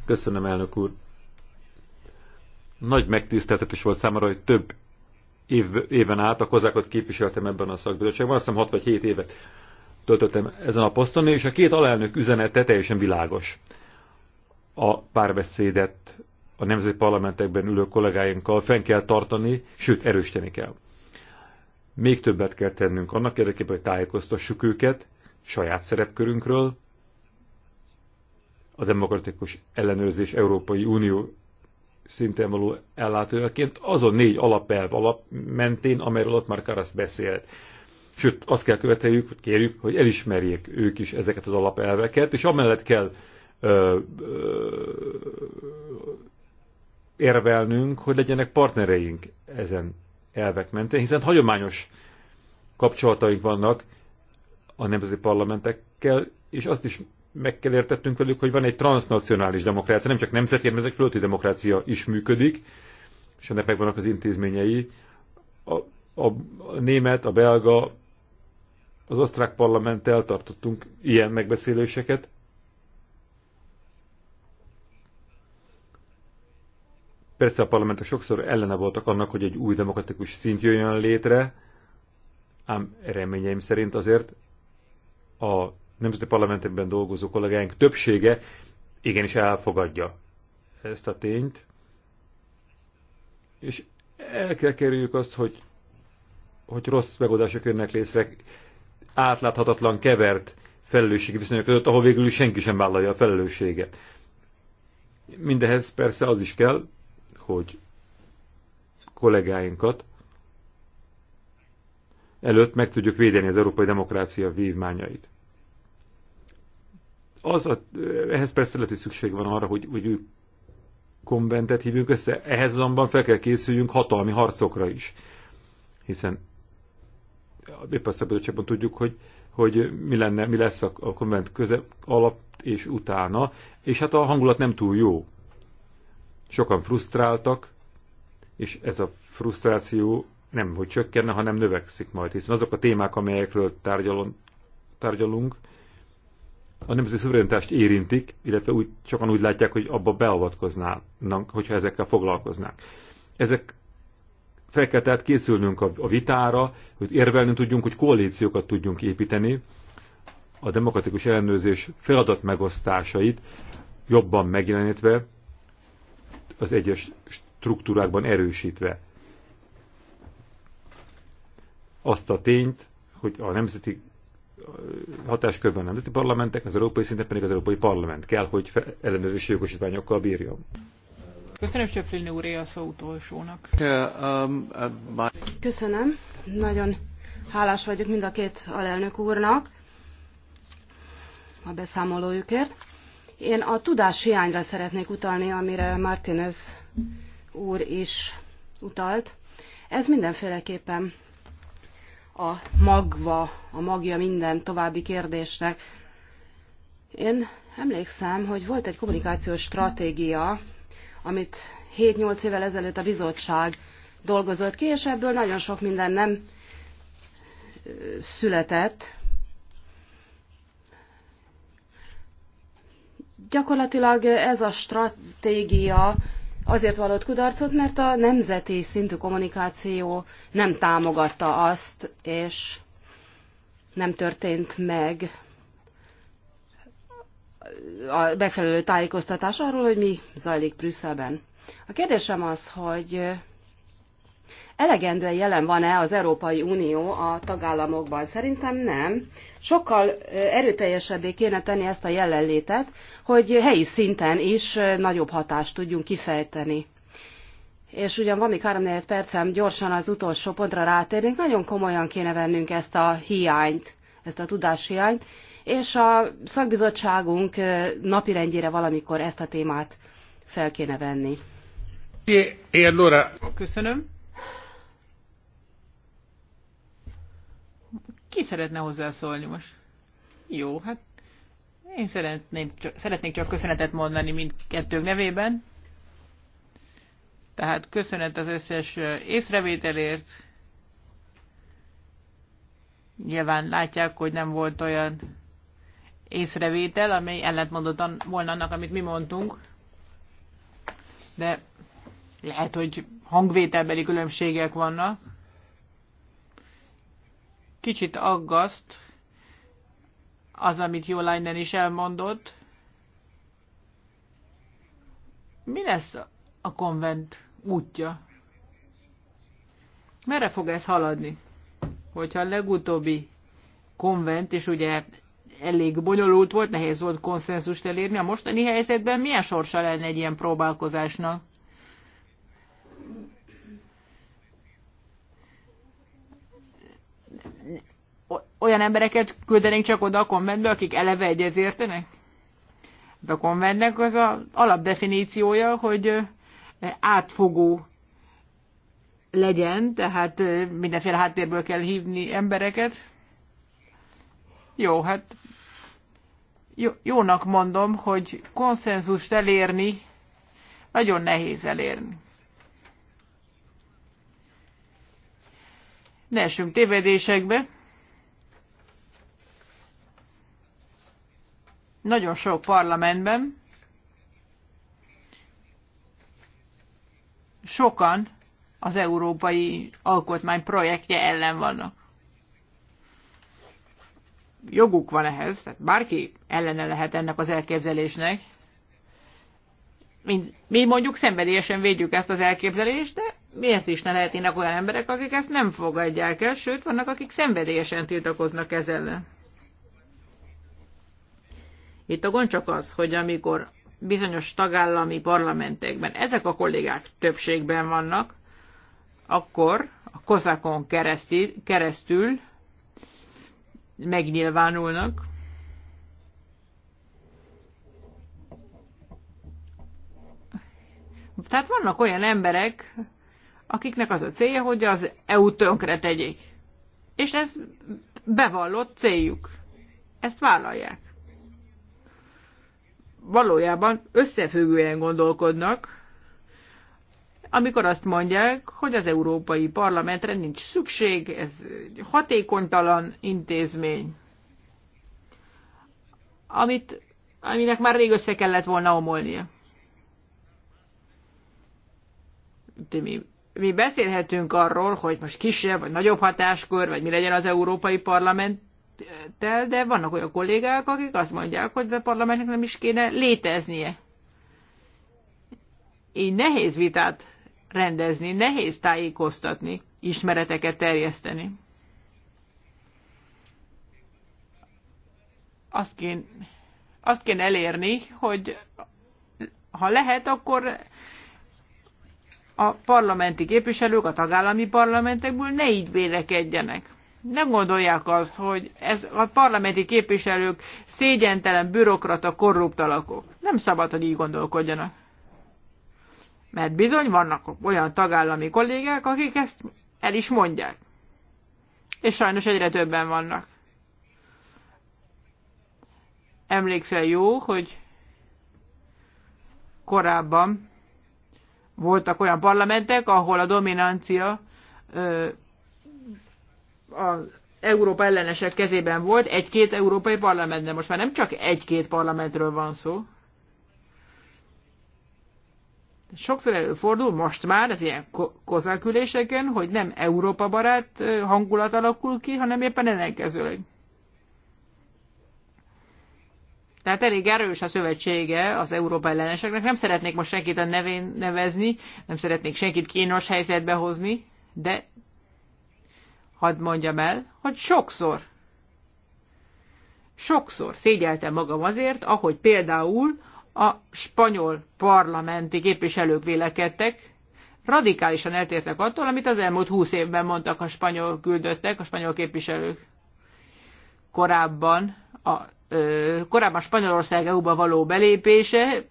Speaker 2: Köszönöm, elnök úr. Nagy megtiszteltetés volt számára, hogy több év, éven át a kozákot képviseltem ebben a szakbizottságban, azt hiszem 6 vagy 7 évet töltöttem ezen a poszton, és a két alelnök üzenete teljesen világos. A párbeszédet a nemzeti parlamentekben ülő kollégáinkkal fenn kell tartani, sőt erősíteni kell. Még többet kell tennünk annak érdekében, hogy tájékoztassuk őket saját szerepkörünkről, a demokratikus ellenőrzés Európai Unió szintén való ellátójaként azon négy alapelv alap mentén, amelyről ott már Karasz beszélt. Sőt, azt kell követeljük, hogy kérjük, hogy elismerjék ők is ezeket az alapelveket, és amellett kell ö, ö, érvelnünk, hogy legyenek partnereink ezen elvek mentén, hiszen hagyományos kapcsolataink vannak a nemzeti parlamentekkel, és azt is meg kell értettünk velük, hogy van egy transnacionális demokrácia, nem csak nemzeti, hanem egy fölötti demokrácia is működik, és ennek vannak az intézményei. A, a, a német, a belga, az osztrák parlamenttel tartottunk ilyen megbeszéléseket. Persze a parlamentek sokszor ellene voltak annak, hogy egy új demokratikus szint jöjjön létre, ám reményeim szerint azért a nemzeti parlamentekben dolgozó kollégáink többsége igenis elfogadja ezt a tényt, és el kell kerüljük azt, hogy, hogy rossz megoldások jönnek létre, átláthatatlan, kevert felelősségi viszonyok között, ahol végül senki sem vállalja a felelősséget. Mindehez persze az is kell, hogy kollégáinkat előtt meg tudjuk védeni az európai demokrácia vívmányait. Az a, ehhez persze lehet, hogy szükség van arra, hogy, hogy új konventet hívjunk össze, ehhez azonban fel kell készüljünk hatalmi harcokra is. Hiszen épp a szabadságban tudjuk, hogy, hogy mi, lenne, mi lesz a, a konvent köze, alap és utána, és hát a hangulat nem túl jó. Sokan frusztráltak, és ez a frusztráció nem, hogy csökkenne, hanem növekszik majd, hiszen azok a témák, amelyekről tárgyalunk, a nemzeti szuverenitást érintik, illetve úgy, sokan úgy látják, hogy abba beavatkoznának, hogyha ezekkel foglalkoznak. Ezek fel kell tehát készülnünk a, a vitára, hogy érvelni tudjunk, hogy koalíciókat tudjunk építeni, a demokratikus ellenőrzés feladat megosztásait jobban megjelenítve, az egyes struktúrákban erősítve. Azt a tényt, hogy a nemzeti hatáskörben a nemzeti parlamentek, az európai szinten pedig az európai parlament kell, hogy ellenőrzési jogosítványokkal bírjon.
Speaker 3: Köszönöm Söpflin úré
Speaker 4: a szó utolsónak. Köszönöm. Nagyon hálás vagyok mind a két alelnök úrnak a beszámolójukért. Én a tudás hiányra szeretnék utalni, amire Martinez úr is utalt. Ez mindenféleképpen a magva, a magja minden további kérdésnek. Én emlékszem, hogy volt egy kommunikációs stratégia, amit 7-8 évvel ezelőtt a bizottság dolgozott ki, és ebből nagyon sok minden nem született. Gyakorlatilag ez a stratégia azért vallott kudarcot, mert a nemzeti szintű kommunikáció nem támogatta azt, és nem történt meg a megfelelő tájékoztatás arról, hogy mi zajlik Brüsszelben. A kérdésem az, hogy elegendően jelen van-e az Európai Unió a tagállamokban? Szerintem nem. Sokkal erőteljesebbé kéne tenni ezt a jelenlétet, hogy helyi szinten is nagyobb hatást tudjunk kifejteni. És ugyan van még 3 percem, gyorsan az utolsó pontra rátérnénk, nagyon komolyan kéne vennünk ezt a hiányt, ezt a tudáshiányt, és a szakbizottságunk napirendjére valamikor ezt a témát fel kéne venni.
Speaker 1: Köszönöm.
Speaker 3: Ki szeretne hozzászólni most? Jó, hát én szeretném, csak, szeretnék csak köszönetet mondani kettők nevében. Tehát köszönet az összes észrevételért. Nyilván látják, hogy nem volt olyan észrevétel, amely ellentmondott volna annak, amit mi mondtunk. De lehet, hogy hangvételbeli különbségek vannak. Kicsit aggaszt az, amit Jolainen is elmondott. Mi lesz a konvent útja? Merre fog ez haladni? Hogyha a legutóbbi konvent, és ugye elég bonyolult volt, nehéz volt konszenzust elérni, a mostani helyzetben milyen sorsa lenne egy ilyen próbálkozásnak? olyan embereket küldenénk csak oda a konventbe, akik eleve egyez értenek? De hát a konventnek az a alapdefiníciója, hogy átfogó legyen, tehát mindenféle háttérből kell hívni embereket. Jó, hát jónak mondom, hogy konszenzust elérni nagyon nehéz elérni. Ne esünk tévedésekbe. Nagyon sok parlamentben sokan az európai alkotmány projektje ellen vannak. Joguk van ehhez, tehát bárki ellene lehet ennek az elképzelésnek. Mi, mondjuk szenvedélyesen védjük ezt az elképzelést, de miért is ne lehetnének olyan emberek, akik ezt nem fogadják el, sőt, vannak, akik szenvedélyesen tiltakoznak ezzel itt a gond csak az, hogy amikor bizonyos tagállami parlamentekben ezek a kollégák többségben vannak, akkor a kozákon keresztül, keresztül megnyilvánulnak, Tehát vannak olyan emberek, akiknek az a célja, hogy az EU tönkre tegyék. És ez bevallott céljuk. Ezt vállalják valójában összefüggően gondolkodnak, amikor azt mondják, hogy az Európai Parlamentre nincs szükség, ez hatékonytalan intézmény, amit, aminek már rég össze kellett volna omolnia. De mi, mi beszélhetünk arról, hogy most kisebb vagy nagyobb hatáskör, vagy mi legyen az Európai Parlament, el, de vannak olyan kollégák, akik azt mondják, hogy a parlamentnek nem is kéne léteznie. Így nehéz vitát rendezni, nehéz tájékoztatni, ismereteket terjeszteni. Azt kéne, azt kéne elérni, hogy ha lehet, akkor a parlamenti képviselők a tagállami parlamentekből ne így vélekedjenek nem gondolják azt, hogy ez a parlamenti képviselők szégyentelen, bürokrata, korrupt alakok. Nem szabad, hogy így gondolkodjanak. Mert bizony vannak olyan tagállami kollégák, akik ezt el is mondják. És sajnos egyre többen vannak. Emlékszel jó, hogy korábban voltak olyan parlamentek, ahol a dominancia ö, az Európa ellenesek kezében volt, egy-két európai parlament, de most már nem csak egy-két parlamentről van szó. Sokszor előfordul most már az ilyen kozáküléseken, hogy nem Európa barát hangulat alakul ki, hanem éppen ellenkezőleg. Tehát elég erős a szövetsége az Európa elleneseknek. Nem szeretnék most senkit a nevén nevezni, nem szeretnék senkit kínos helyzetbe hozni, de hadd mondjam el, hogy sokszor, sokszor szégyeltem magam azért, ahogy például a spanyol parlamenti képviselők vélekedtek, radikálisan eltértek attól, amit az elmúlt húsz évben mondtak a spanyol küldöttek, a spanyol képviselők. Korábban a, ö, korábban Spanyolország EU-ba való belépése,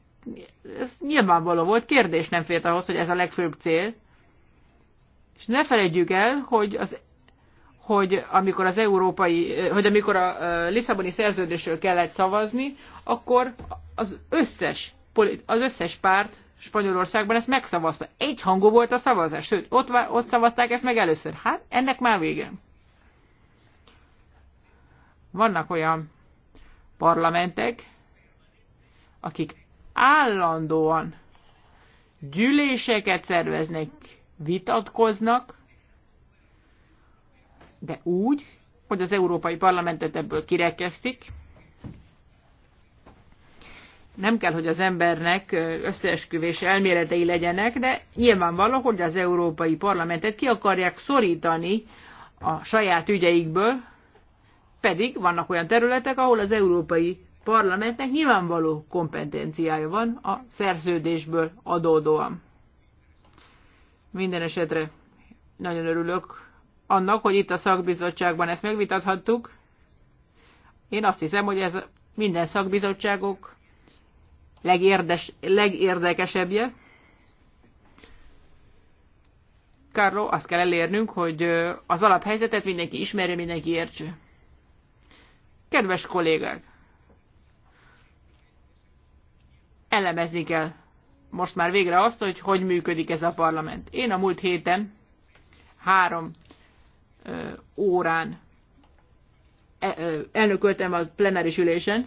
Speaker 3: ez nyilvánvaló volt, kérdés nem fért ahhoz, hogy ez a legfőbb cél. És ne felejtjük el, hogy az hogy amikor az európai, hogy amikor a Lisszaboni szerződésről kellett szavazni, akkor az összes, az összes párt Spanyolországban ezt megszavazta. Egy hangú volt a szavazás, sőt, ott, ott szavazták ezt meg először. Hát, ennek már vége. Vannak olyan parlamentek, akik állandóan gyűléseket szerveznek, vitatkoznak, de úgy, hogy az Európai Parlamentet ebből kirekesztik. Nem kell, hogy az embernek összeesküvés elméletei legyenek, de nyilvánvaló, hogy az Európai Parlamentet ki akarják szorítani a saját ügyeikből, pedig vannak olyan területek, ahol az Európai Parlamentnek nyilvánvaló kompetenciája van a szerződésből adódóan. Minden esetre nagyon örülök annak, hogy itt a szakbizottságban ezt megvitathattuk. Én azt hiszem, hogy ez minden szakbizottságok legérdes, legérdekesebbje. Kárló, azt kell elérnünk, hogy az alaphelyzetet mindenki ismerje, mindenki értse. Kedves kollégák! Elemezni kell most már végre azt, hogy hogy működik ez a parlament. Én a múlt héten három órán e, elnököltem a plenáris ülésen.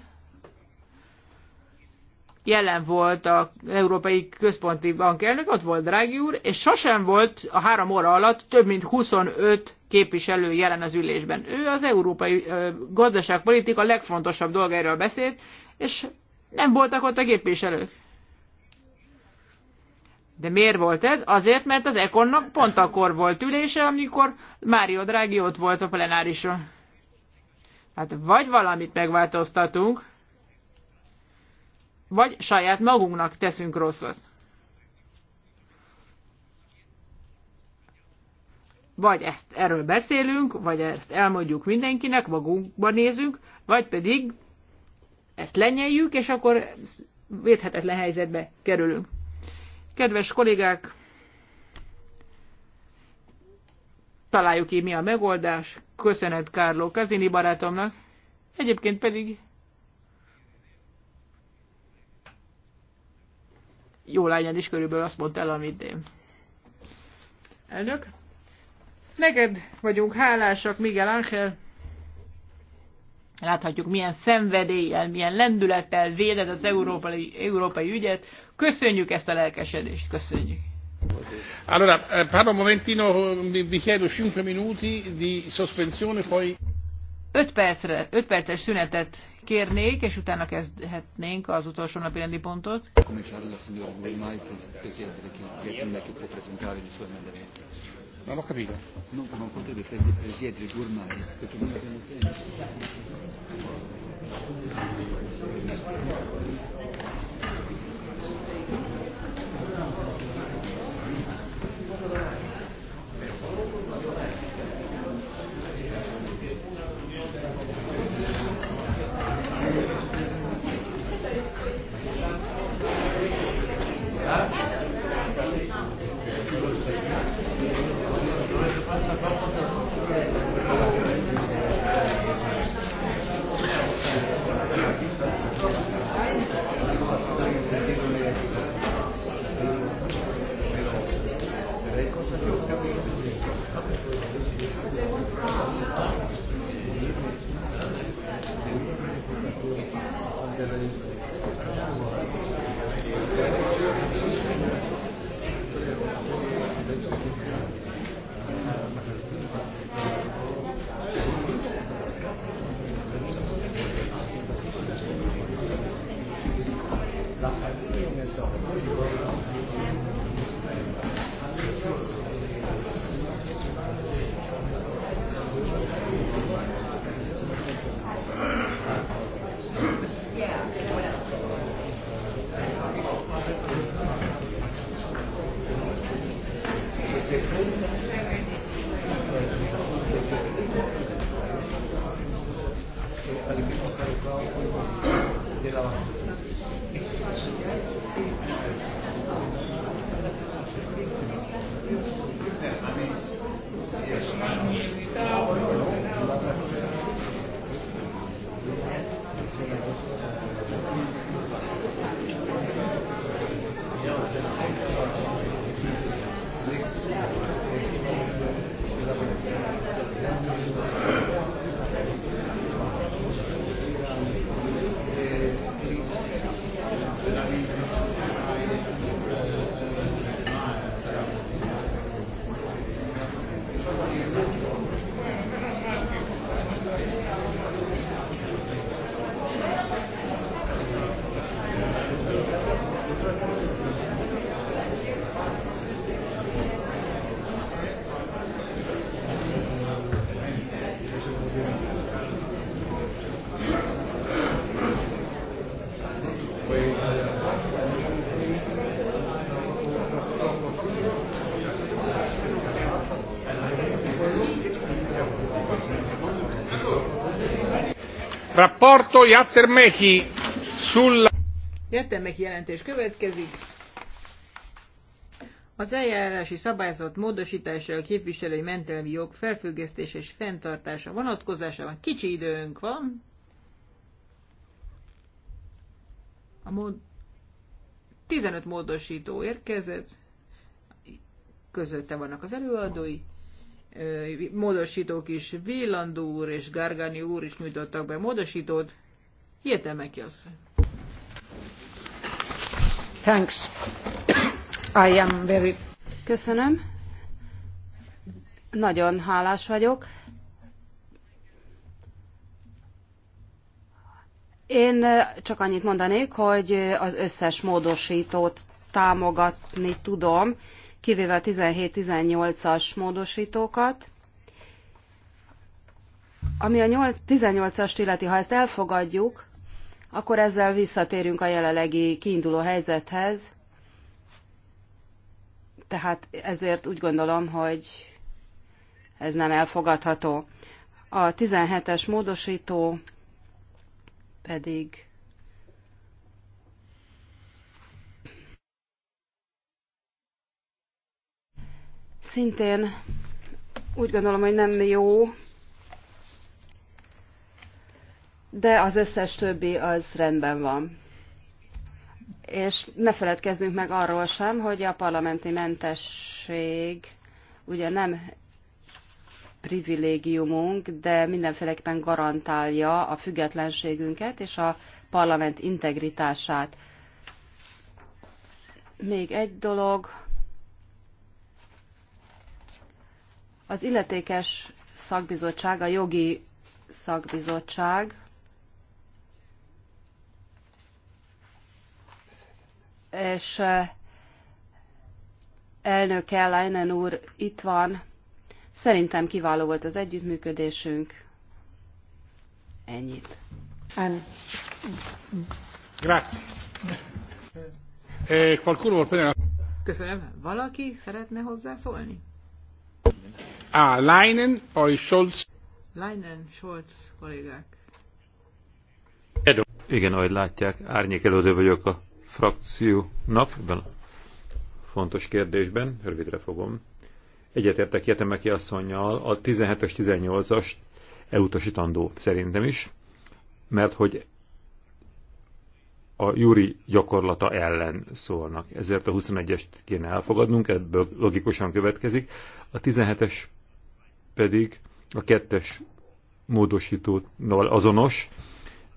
Speaker 3: Jelen volt az Európai Központi Bank elnök, ott volt Drági úr, és sosem volt a három óra alatt több mint 25 képviselő jelen az ülésben. Ő az európai gazdaságpolitika legfontosabb dolgairól beszélt, és nem voltak ott a képviselők. De miért volt ez? Azért, mert az Ekonnak pont akkor volt ülése, amikor Mário Draghi ott volt a plenárison. Hát vagy valamit megváltoztatunk, vagy saját magunknak teszünk rosszat. Vagy ezt erről beszélünk, vagy ezt elmondjuk mindenkinek, magunkba nézünk, vagy pedig ezt lenyeljük, és akkor védhetetlen helyzetbe kerülünk. Kedves kollégák, találjuk ki mi a megoldás. Köszönet Kárló Kazini barátomnak. Egyébként pedig jó lányad is körülbelül azt mondta el, amit én. Elnök, neked vagyunk hálásak, Miguel Ángel. Láthatjuk, milyen szenvedéllyel, milyen lendülettel véded az európai, európai ügyet. Köszönjük ezt a lelkesedést, köszönjük.
Speaker 1: Allora, eh, Pablo Momentino, vi chiedo 5 minuti di sospensione, poi...
Speaker 3: 5 percre, 5 perces szünetet kérnék, és utána kezdhetnénk az utolsó napi rendi pontot.
Speaker 5: Cominciare la signora Gurmai, presidente, che, che, che, che, che, che, che, che, che, Non ho capito. No, non potrebbe presiedere gourmet, perché noi abbiamo tempo.
Speaker 1: Rapporto Jattermechi sulla...
Speaker 3: Jattermechi jelentés következik. Az eljárási szabályzat módosítása a képviselői mentelmi jog felfüggesztése és fenntartása vonatkozásában kicsi időnk van. A mód... 15 módosító érkezett, közötte vannak az előadói, módosítók is, Villandó úr és Gargani úr is nyújtottak be módosítót. Hihetem meg ki azt.
Speaker 4: Thanks. I am very... Köszönöm. Nagyon hálás vagyok. Én csak annyit mondanék, hogy az összes módosítót támogatni tudom, kivéve a 17-18-as módosítókat. Ami a 18-ast illeti, ha ezt elfogadjuk, akkor ezzel visszatérünk a jelenlegi kiinduló helyzethez. Tehát ezért úgy gondolom, hogy ez nem elfogadható. A 17-es módosító pedig Szintén úgy gondolom, hogy nem jó, de az összes többi az rendben van. És ne feledkezzünk meg arról sem, hogy a parlamenti mentesség ugye nem privilégiumunk, de mindenféleképpen garantálja a függetlenségünket és a parlament integritását. Még egy dolog, Az illetékes szakbizottság, a jogi szakbizottság és elnök Leinen úr itt van. Szerintem kiváló volt az együttműködésünk. Ennyit. En. Grazie.
Speaker 3: Eh, Köszönöm. Valaki szeretne hozzászólni?
Speaker 2: Ah, Leinen or Scholz?
Speaker 3: Leinen, Scholz kollégák.
Speaker 2: Igen, ahogy látják, árnyék elődő vagyok a frakció napban. Fontos kérdésben, rövidre fogom. Egyetértek Jetemeki asszonynal a 17-es, 18-as elutasítandó szerintem is, mert hogy a júri gyakorlata ellen szólnak. Ezért a 21-est kéne elfogadnunk, ebből logikusan következik. A 17-es pedig a kettes módosítónal azonos.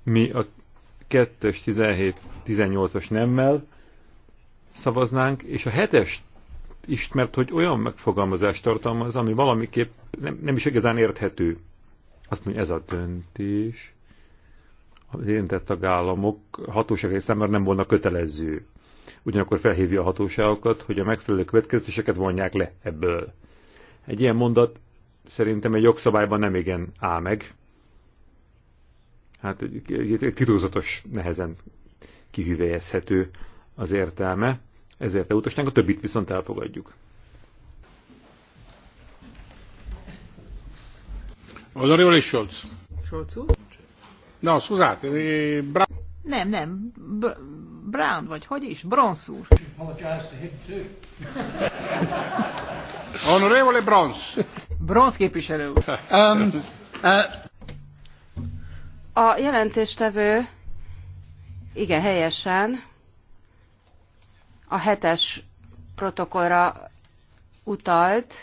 Speaker 2: Mi a kettes 17-18-as nemmel szavaznánk, és a hetes is, mert hogy olyan megfogalmazást tartalmaz, ami valamiképp nem, nem is igazán érthető. Azt mondja, ez a döntés az érintett tagállamok hatóságai számára nem volna kötelező. Ugyanakkor felhívja a hatóságokat, hogy a megfelelő következtéseket vonják le ebből. Egy ilyen mondat szerintem egy jogszabályban nem igen áll meg. Hát egy, egy, egy titulzatos, nehezen kihüvelyezhető az értelme, ezért elutasnánk, a többit viszont elfogadjuk. Onorevole Scholz.
Speaker 3: Scholz úr?
Speaker 1: No, scusate, Brown.
Speaker 3: Nem, nem, Br Brown vagy, hogy is? Bronz úr. Honorevole Bronz. Bronz képviselő úr. Um, uh...
Speaker 4: A jelentéstevő igen helyesen a hetes protokollra utalt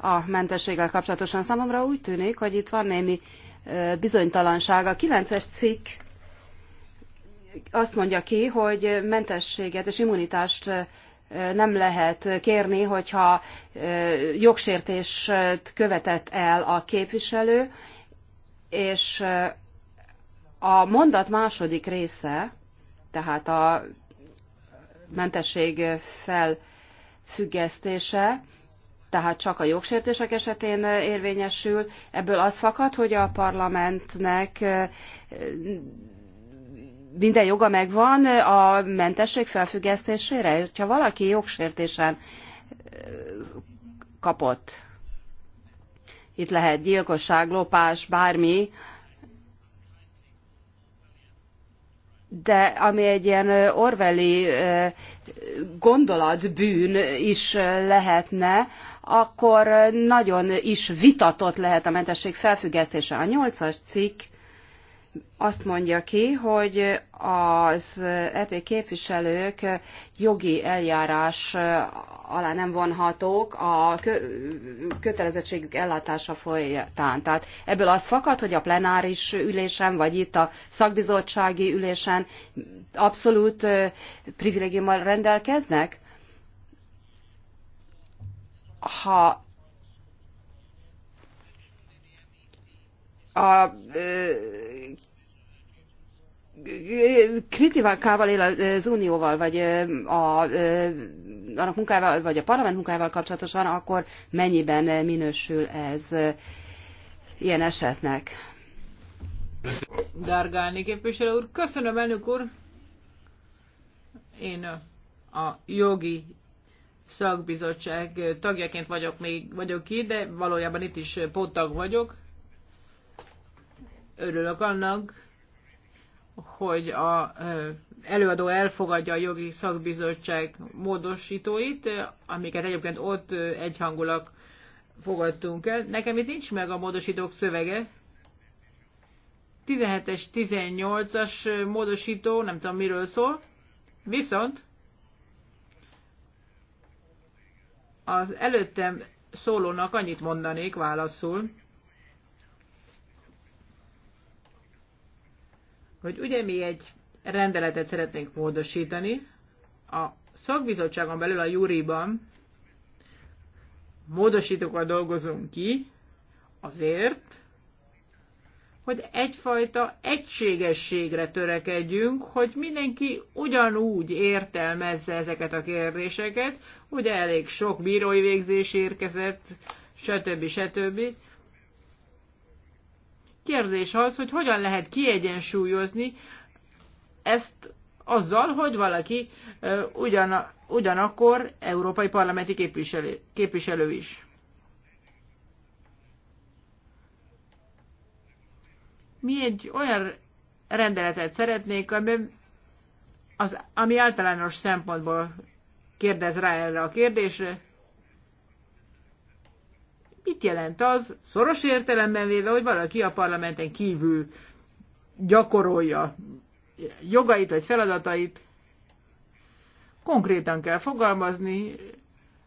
Speaker 4: a mentességgel kapcsolatosan. Számomra úgy tűnik, hogy itt van némi bizonytalanság. A 9-es cikk azt mondja ki, hogy mentességet és immunitást nem lehet kérni, hogyha jogsértést követett el a képviselő, és a mondat második része, tehát a mentesség felfüggesztése, tehát csak a jogsértések esetén érvényesül. Ebből az fakad, hogy a parlamentnek minden joga megvan a mentesség felfüggesztésére? Hogyha valaki jogsértésen kapott, itt lehet gyilkosság, lopás, bármi, de ami egy ilyen orveli gondolatbűn is lehetne, akkor nagyon is vitatott lehet a mentesség felfüggesztése. A nyolcas cikk azt mondja ki, hogy az EP képviselők jogi eljárás alá nem vonhatók a kötelezettségük ellátása folytán. Tehát ebből az fakad, hogy a plenáris ülésen, vagy itt a szakbizottsági ülésen abszolút privilégiummal rendelkeznek? Ha a kritikával él az unióval, vagy a, annak munkával, vagy a parlament munkával kapcsolatosan, akkor mennyiben minősül ez ilyen esetnek?
Speaker 3: Dargálni képviselő úr, köszönöm elnök úr. Én a jogi szakbizottság tagjaként vagyok még vagyok ki, de valójában itt is póttag vagyok. Örülök annak, hogy a előadó elfogadja a jogi szakbizottság módosítóit, amiket egyébként ott egyhangulak fogadtunk el. Nekem itt nincs meg a módosítók szövege. 17-es, 18-as módosító, nem tudom miről szól. Viszont az előttem szólónak annyit mondanék válaszul, hogy ugye mi egy rendeletet szeretnénk módosítani, a szakbizottságon belül a júriban a dolgozunk ki, azért, hogy egyfajta egységességre törekedjünk, hogy mindenki ugyanúgy értelmezze ezeket a kérdéseket, ugye elég sok bírói végzés érkezett, stb. stb. stb. Kérdés az, hogy hogyan lehet kiegyensúlyozni ezt azzal, hogy valaki ugyan, ugyanakkor európai parlamenti képviselő, képviselő is. Mi egy olyan rendeletet szeretnék, ami, az, ami általános szempontból kérdez rá erre a kérdésre, mit jelent az, szoros értelemben véve, hogy valaki a parlamenten kívül gyakorolja jogait vagy feladatait, konkrétan kell fogalmazni.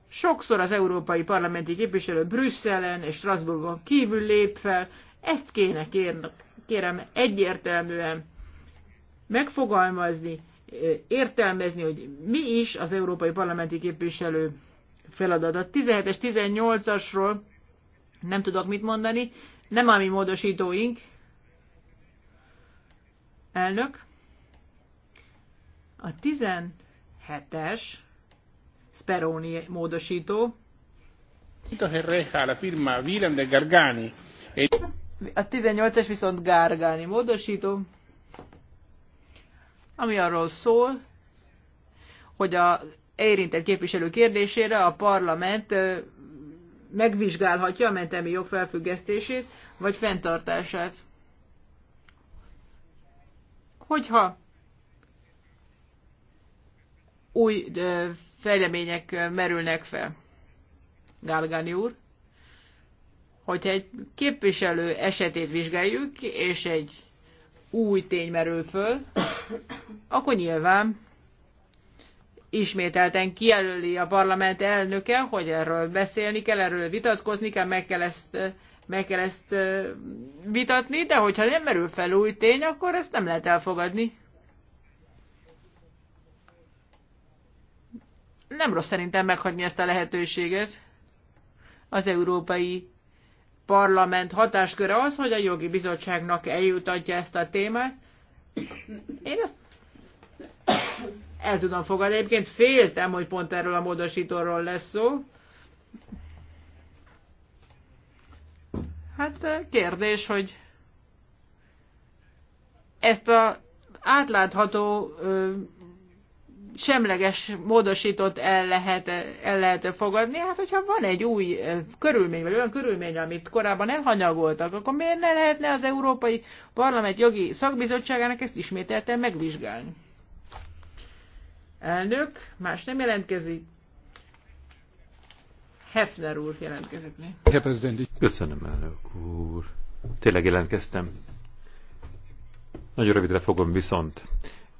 Speaker 3: Sokszor az európai parlamenti képviselő Brüsszelen és Strasbourgon kívül lép fel, ezt kéne kérnek, kérem egyértelműen megfogalmazni, értelmezni, hogy mi is az európai parlamenti képviselő feladat. A 17-es, 18-asról nem tudok mit mondani. Nem a mi módosítóink. Elnök. A 17-es Speroni módosító. Eh, a 18-es viszont Gargani módosító, ami arról szól, hogy a érintett képviselő kérdésére a parlament megvizsgálhatja a mentelmi jog felfüggesztését vagy fenntartását. Hogyha új fejlemények merülnek fel, Gálgáni úr, hogyha egy képviselő esetét vizsgáljuk, és egy új tény merül föl, akkor nyilván ismételten kijelöli a parlament elnöke, hogy erről beszélni kell, erről vitatkozni kell, meg kell ezt, meg kell ezt vitatni, de hogyha nem merül fel új tény, akkor ezt nem lehet elfogadni. Nem rossz szerintem meghagyni ezt a lehetőséget. Az Európai Parlament hatásköre az, hogy a jogi bizottságnak eljutatja ezt a témát. Én ezt el tudom fogadni. Egyébként féltem, hogy pont erről a módosítóról lesz szó. Hát eh, kérdés, hogy ezt a átlátható ö, semleges módosítót el lehet, el lehet fogadni. Hát, hogyha van egy új körülmény, vagy olyan körülmény, amit korábban elhanyagoltak, akkor miért ne lehetne az Európai Parlament jogi szakbizottságának ezt ismételten megvizsgálni? Elnök, más nem jelentkezik. Hefner úr jelentkezik.
Speaker 2: Köszönöm, elnök úr. Tényleg jelentkeztem. Nagyon rövidre fogom viszont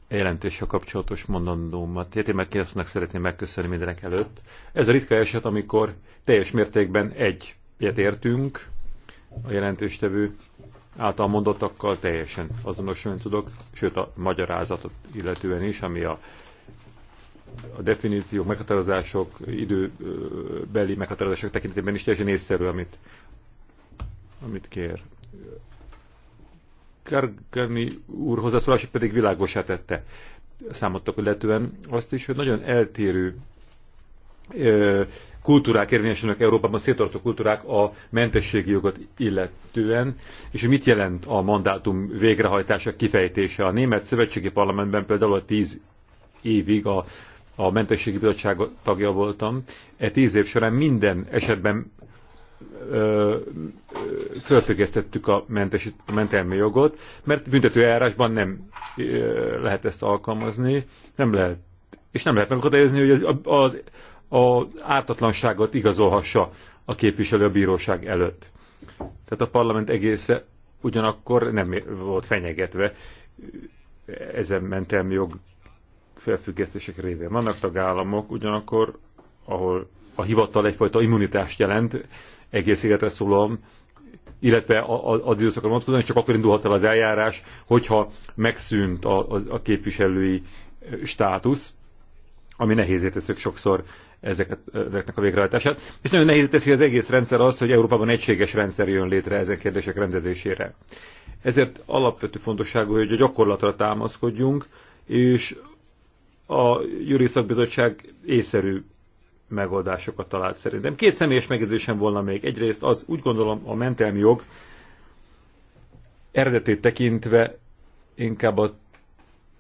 Speaker 2: jelentéssel kapcsolatos mondandómat. Tétémek kérdeznek, szeretném megköszönni mindenek előtt. Ez a ritka eset, amikor teljes mértékben egyet értünk a jelentéstevő által mondottakkal teljesen azonosulni tudok, sőt a magyarázatot illetően is, ami a a definíciók, meghatározások, időbeli meghatározások tekintetében is teljesen észszerű, amit, amit kér. Kargani úr hozzászólása pedig világosá tette számottak illetően azt is, hogy nagyon eltérő kultúrák érvényesülnek Európában, szétartó kultúrák a mentességi jogot illetően, és hogy mit jelent a mandátum végrehajtása, kifejtése. A német szövetségi parlamentben például a tíz évig a a mentességi bizottság tagja voltam, e tíz év során minden esetben fölfüggesztettük a, a mentelmi jogot, mert büntető eljárásban nem ö, lehet ezt alkalmazni, nem lehet, és nem lehet megakadályozni, hogy az, az, az ártatlanságot igazolhassa a képviselő a bíróság előtt. Tehát a parlament egésze ugyanakkor nem volt fenyegetve ezen mentelmi jog felfüggesztések révén. Vannak tagállamok ugyanakkor, ahol a hivatal egyfajta immunitást jelent, egész életre szólom, illetve az időszakra vonatkozóan csak akkor indulhat el az eljárás, hogyha megszűnt a, a, a képviselői státusz, ami nehézé teszik sokszor ezeket, ezeknek a végrehajtását. És nagyon nehéz teszi az egész rendszer az, hogy Európában egységes rendszer jön létre ezek kérdések rendezésére. Ezért alapvető fontosságú, hogy a gyakorlatra támaszkodjunk, és a Júri Szakbizottság észszerű megoldásokat talált szerintem. Két személyes megjegyzésem volna még. Egyrészt az úgy gondolom a mentelmi jog eredetét tekintve inkább a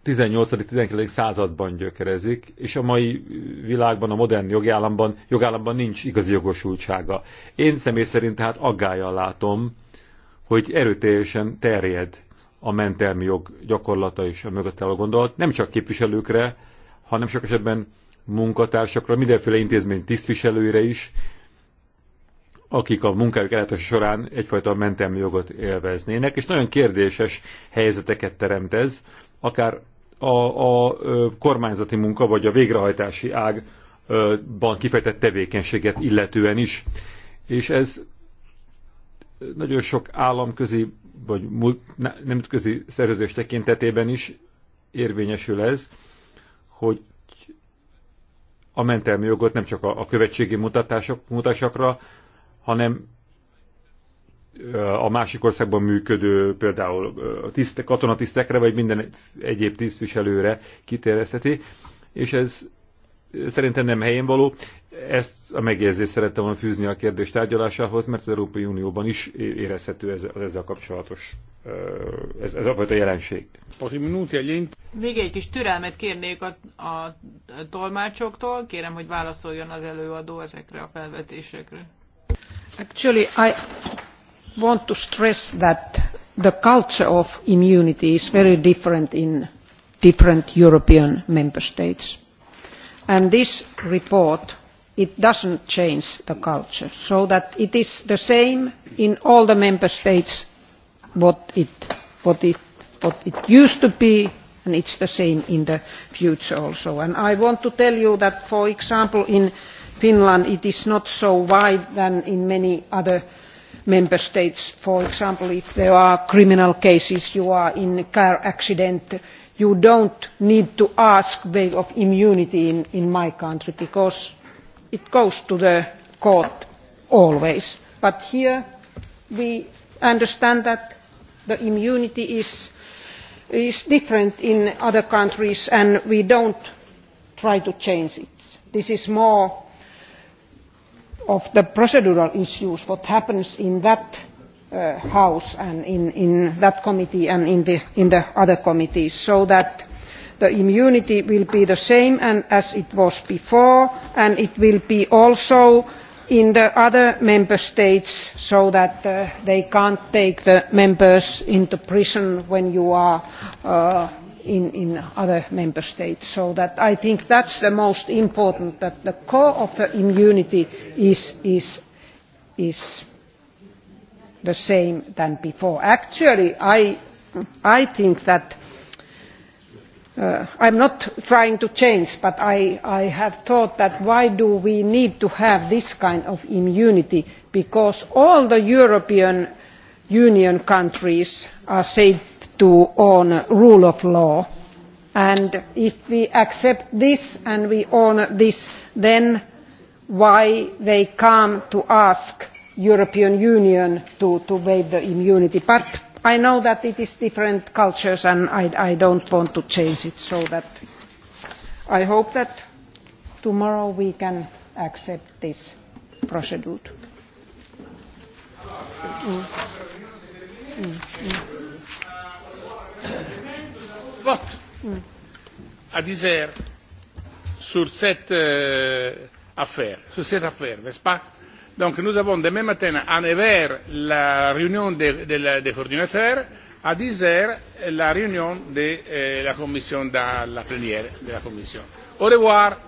Speaker 2: 18.-19. században gyökerezik, és a mai világban, a modern jogállamban, jogállamban nincs igazi jogosultsága. Én személy szerint tehát aggájjal látom, hogy erőteljesen terjed a mentelmi jog gyakorlata és a mögött elgondolat, nem csak képviselőkre, hanem sok esetben munkatársakra, mindenféle intézmény tisztviselőire is, akik a munkájuk ellátása során egyfajta mentelmi jogot élveznének, és nagyon kérdéses helyzeteket teremt ez, akár a, a kormányzati munka vagy a végrehajtási ágban kifejtett tevékenységet illetően is. És ez nagyon sok államközi vagy nemzetközi szerződés tekintetében is érvényesül ez, hogy a mentelmi jogot nem csak a, a követségi mutatások, mutatásokra, hanem a másik országban működő például a tiszte, katonatisztekre, vagy minden egyéb tisztviselőre kiterjeszteti, és ez szerintem nem helyén való. Ezt a megjegyzést szerettem volna fűzni a kérdés tárgyalásához, mert az Európai Unióban is érezhető ez, az ezzel kapcsolatos ez, ez a fajta jelenség.
Speaker 3: Még egy kis türelmet kérnék a, a tolmácsoktól. Kérem, hogy válaszoljon az előadó ezekre a felvetésekre.
Speaker 6: Actually, I want to stress that the culture of immunity is very different in different European member states and this report does not change the culture so that it is the same in all the member states what it, used to be and it is the same in the future also. i want to tell you that for example in finland it is not so wide as in many other member states. for example if there are criminal cases you are in a car accident you do not need to ask waiver of immunity in, my country because it goes to the court always but here we understand that the immunity is, is different in other countries and we do not try to change it. this is more of the procedural issues what happens in that Uh, house and in, that committee and in the, other committees so that the immunity will be the same as it was before and it will be also in the other member states so that uh, they cannot take the members into prison when you are uh, in, other member states. so that i think that is the most important that the core of the immunity is the same as before. actually i, I think that uh, i am not trying to change but I, i have thought that why do we need to have this kind of immunity because all the european union countries are said to own rule of law and if we accept this and we honour this then why they come to ask european union to, waive the immunity but i know that it is different cultures and i, do not want to change it so i hope that tomorrow we can accept this procedure. Mm.
Speaker 1: Mm. sur cette affaire, n'est-ce pas Donc nous avons demain matin à 9h la réunion des de, de coordinateurs, à 10h la réunion de euh, la commission dans la plénière de la commission. Au revoir.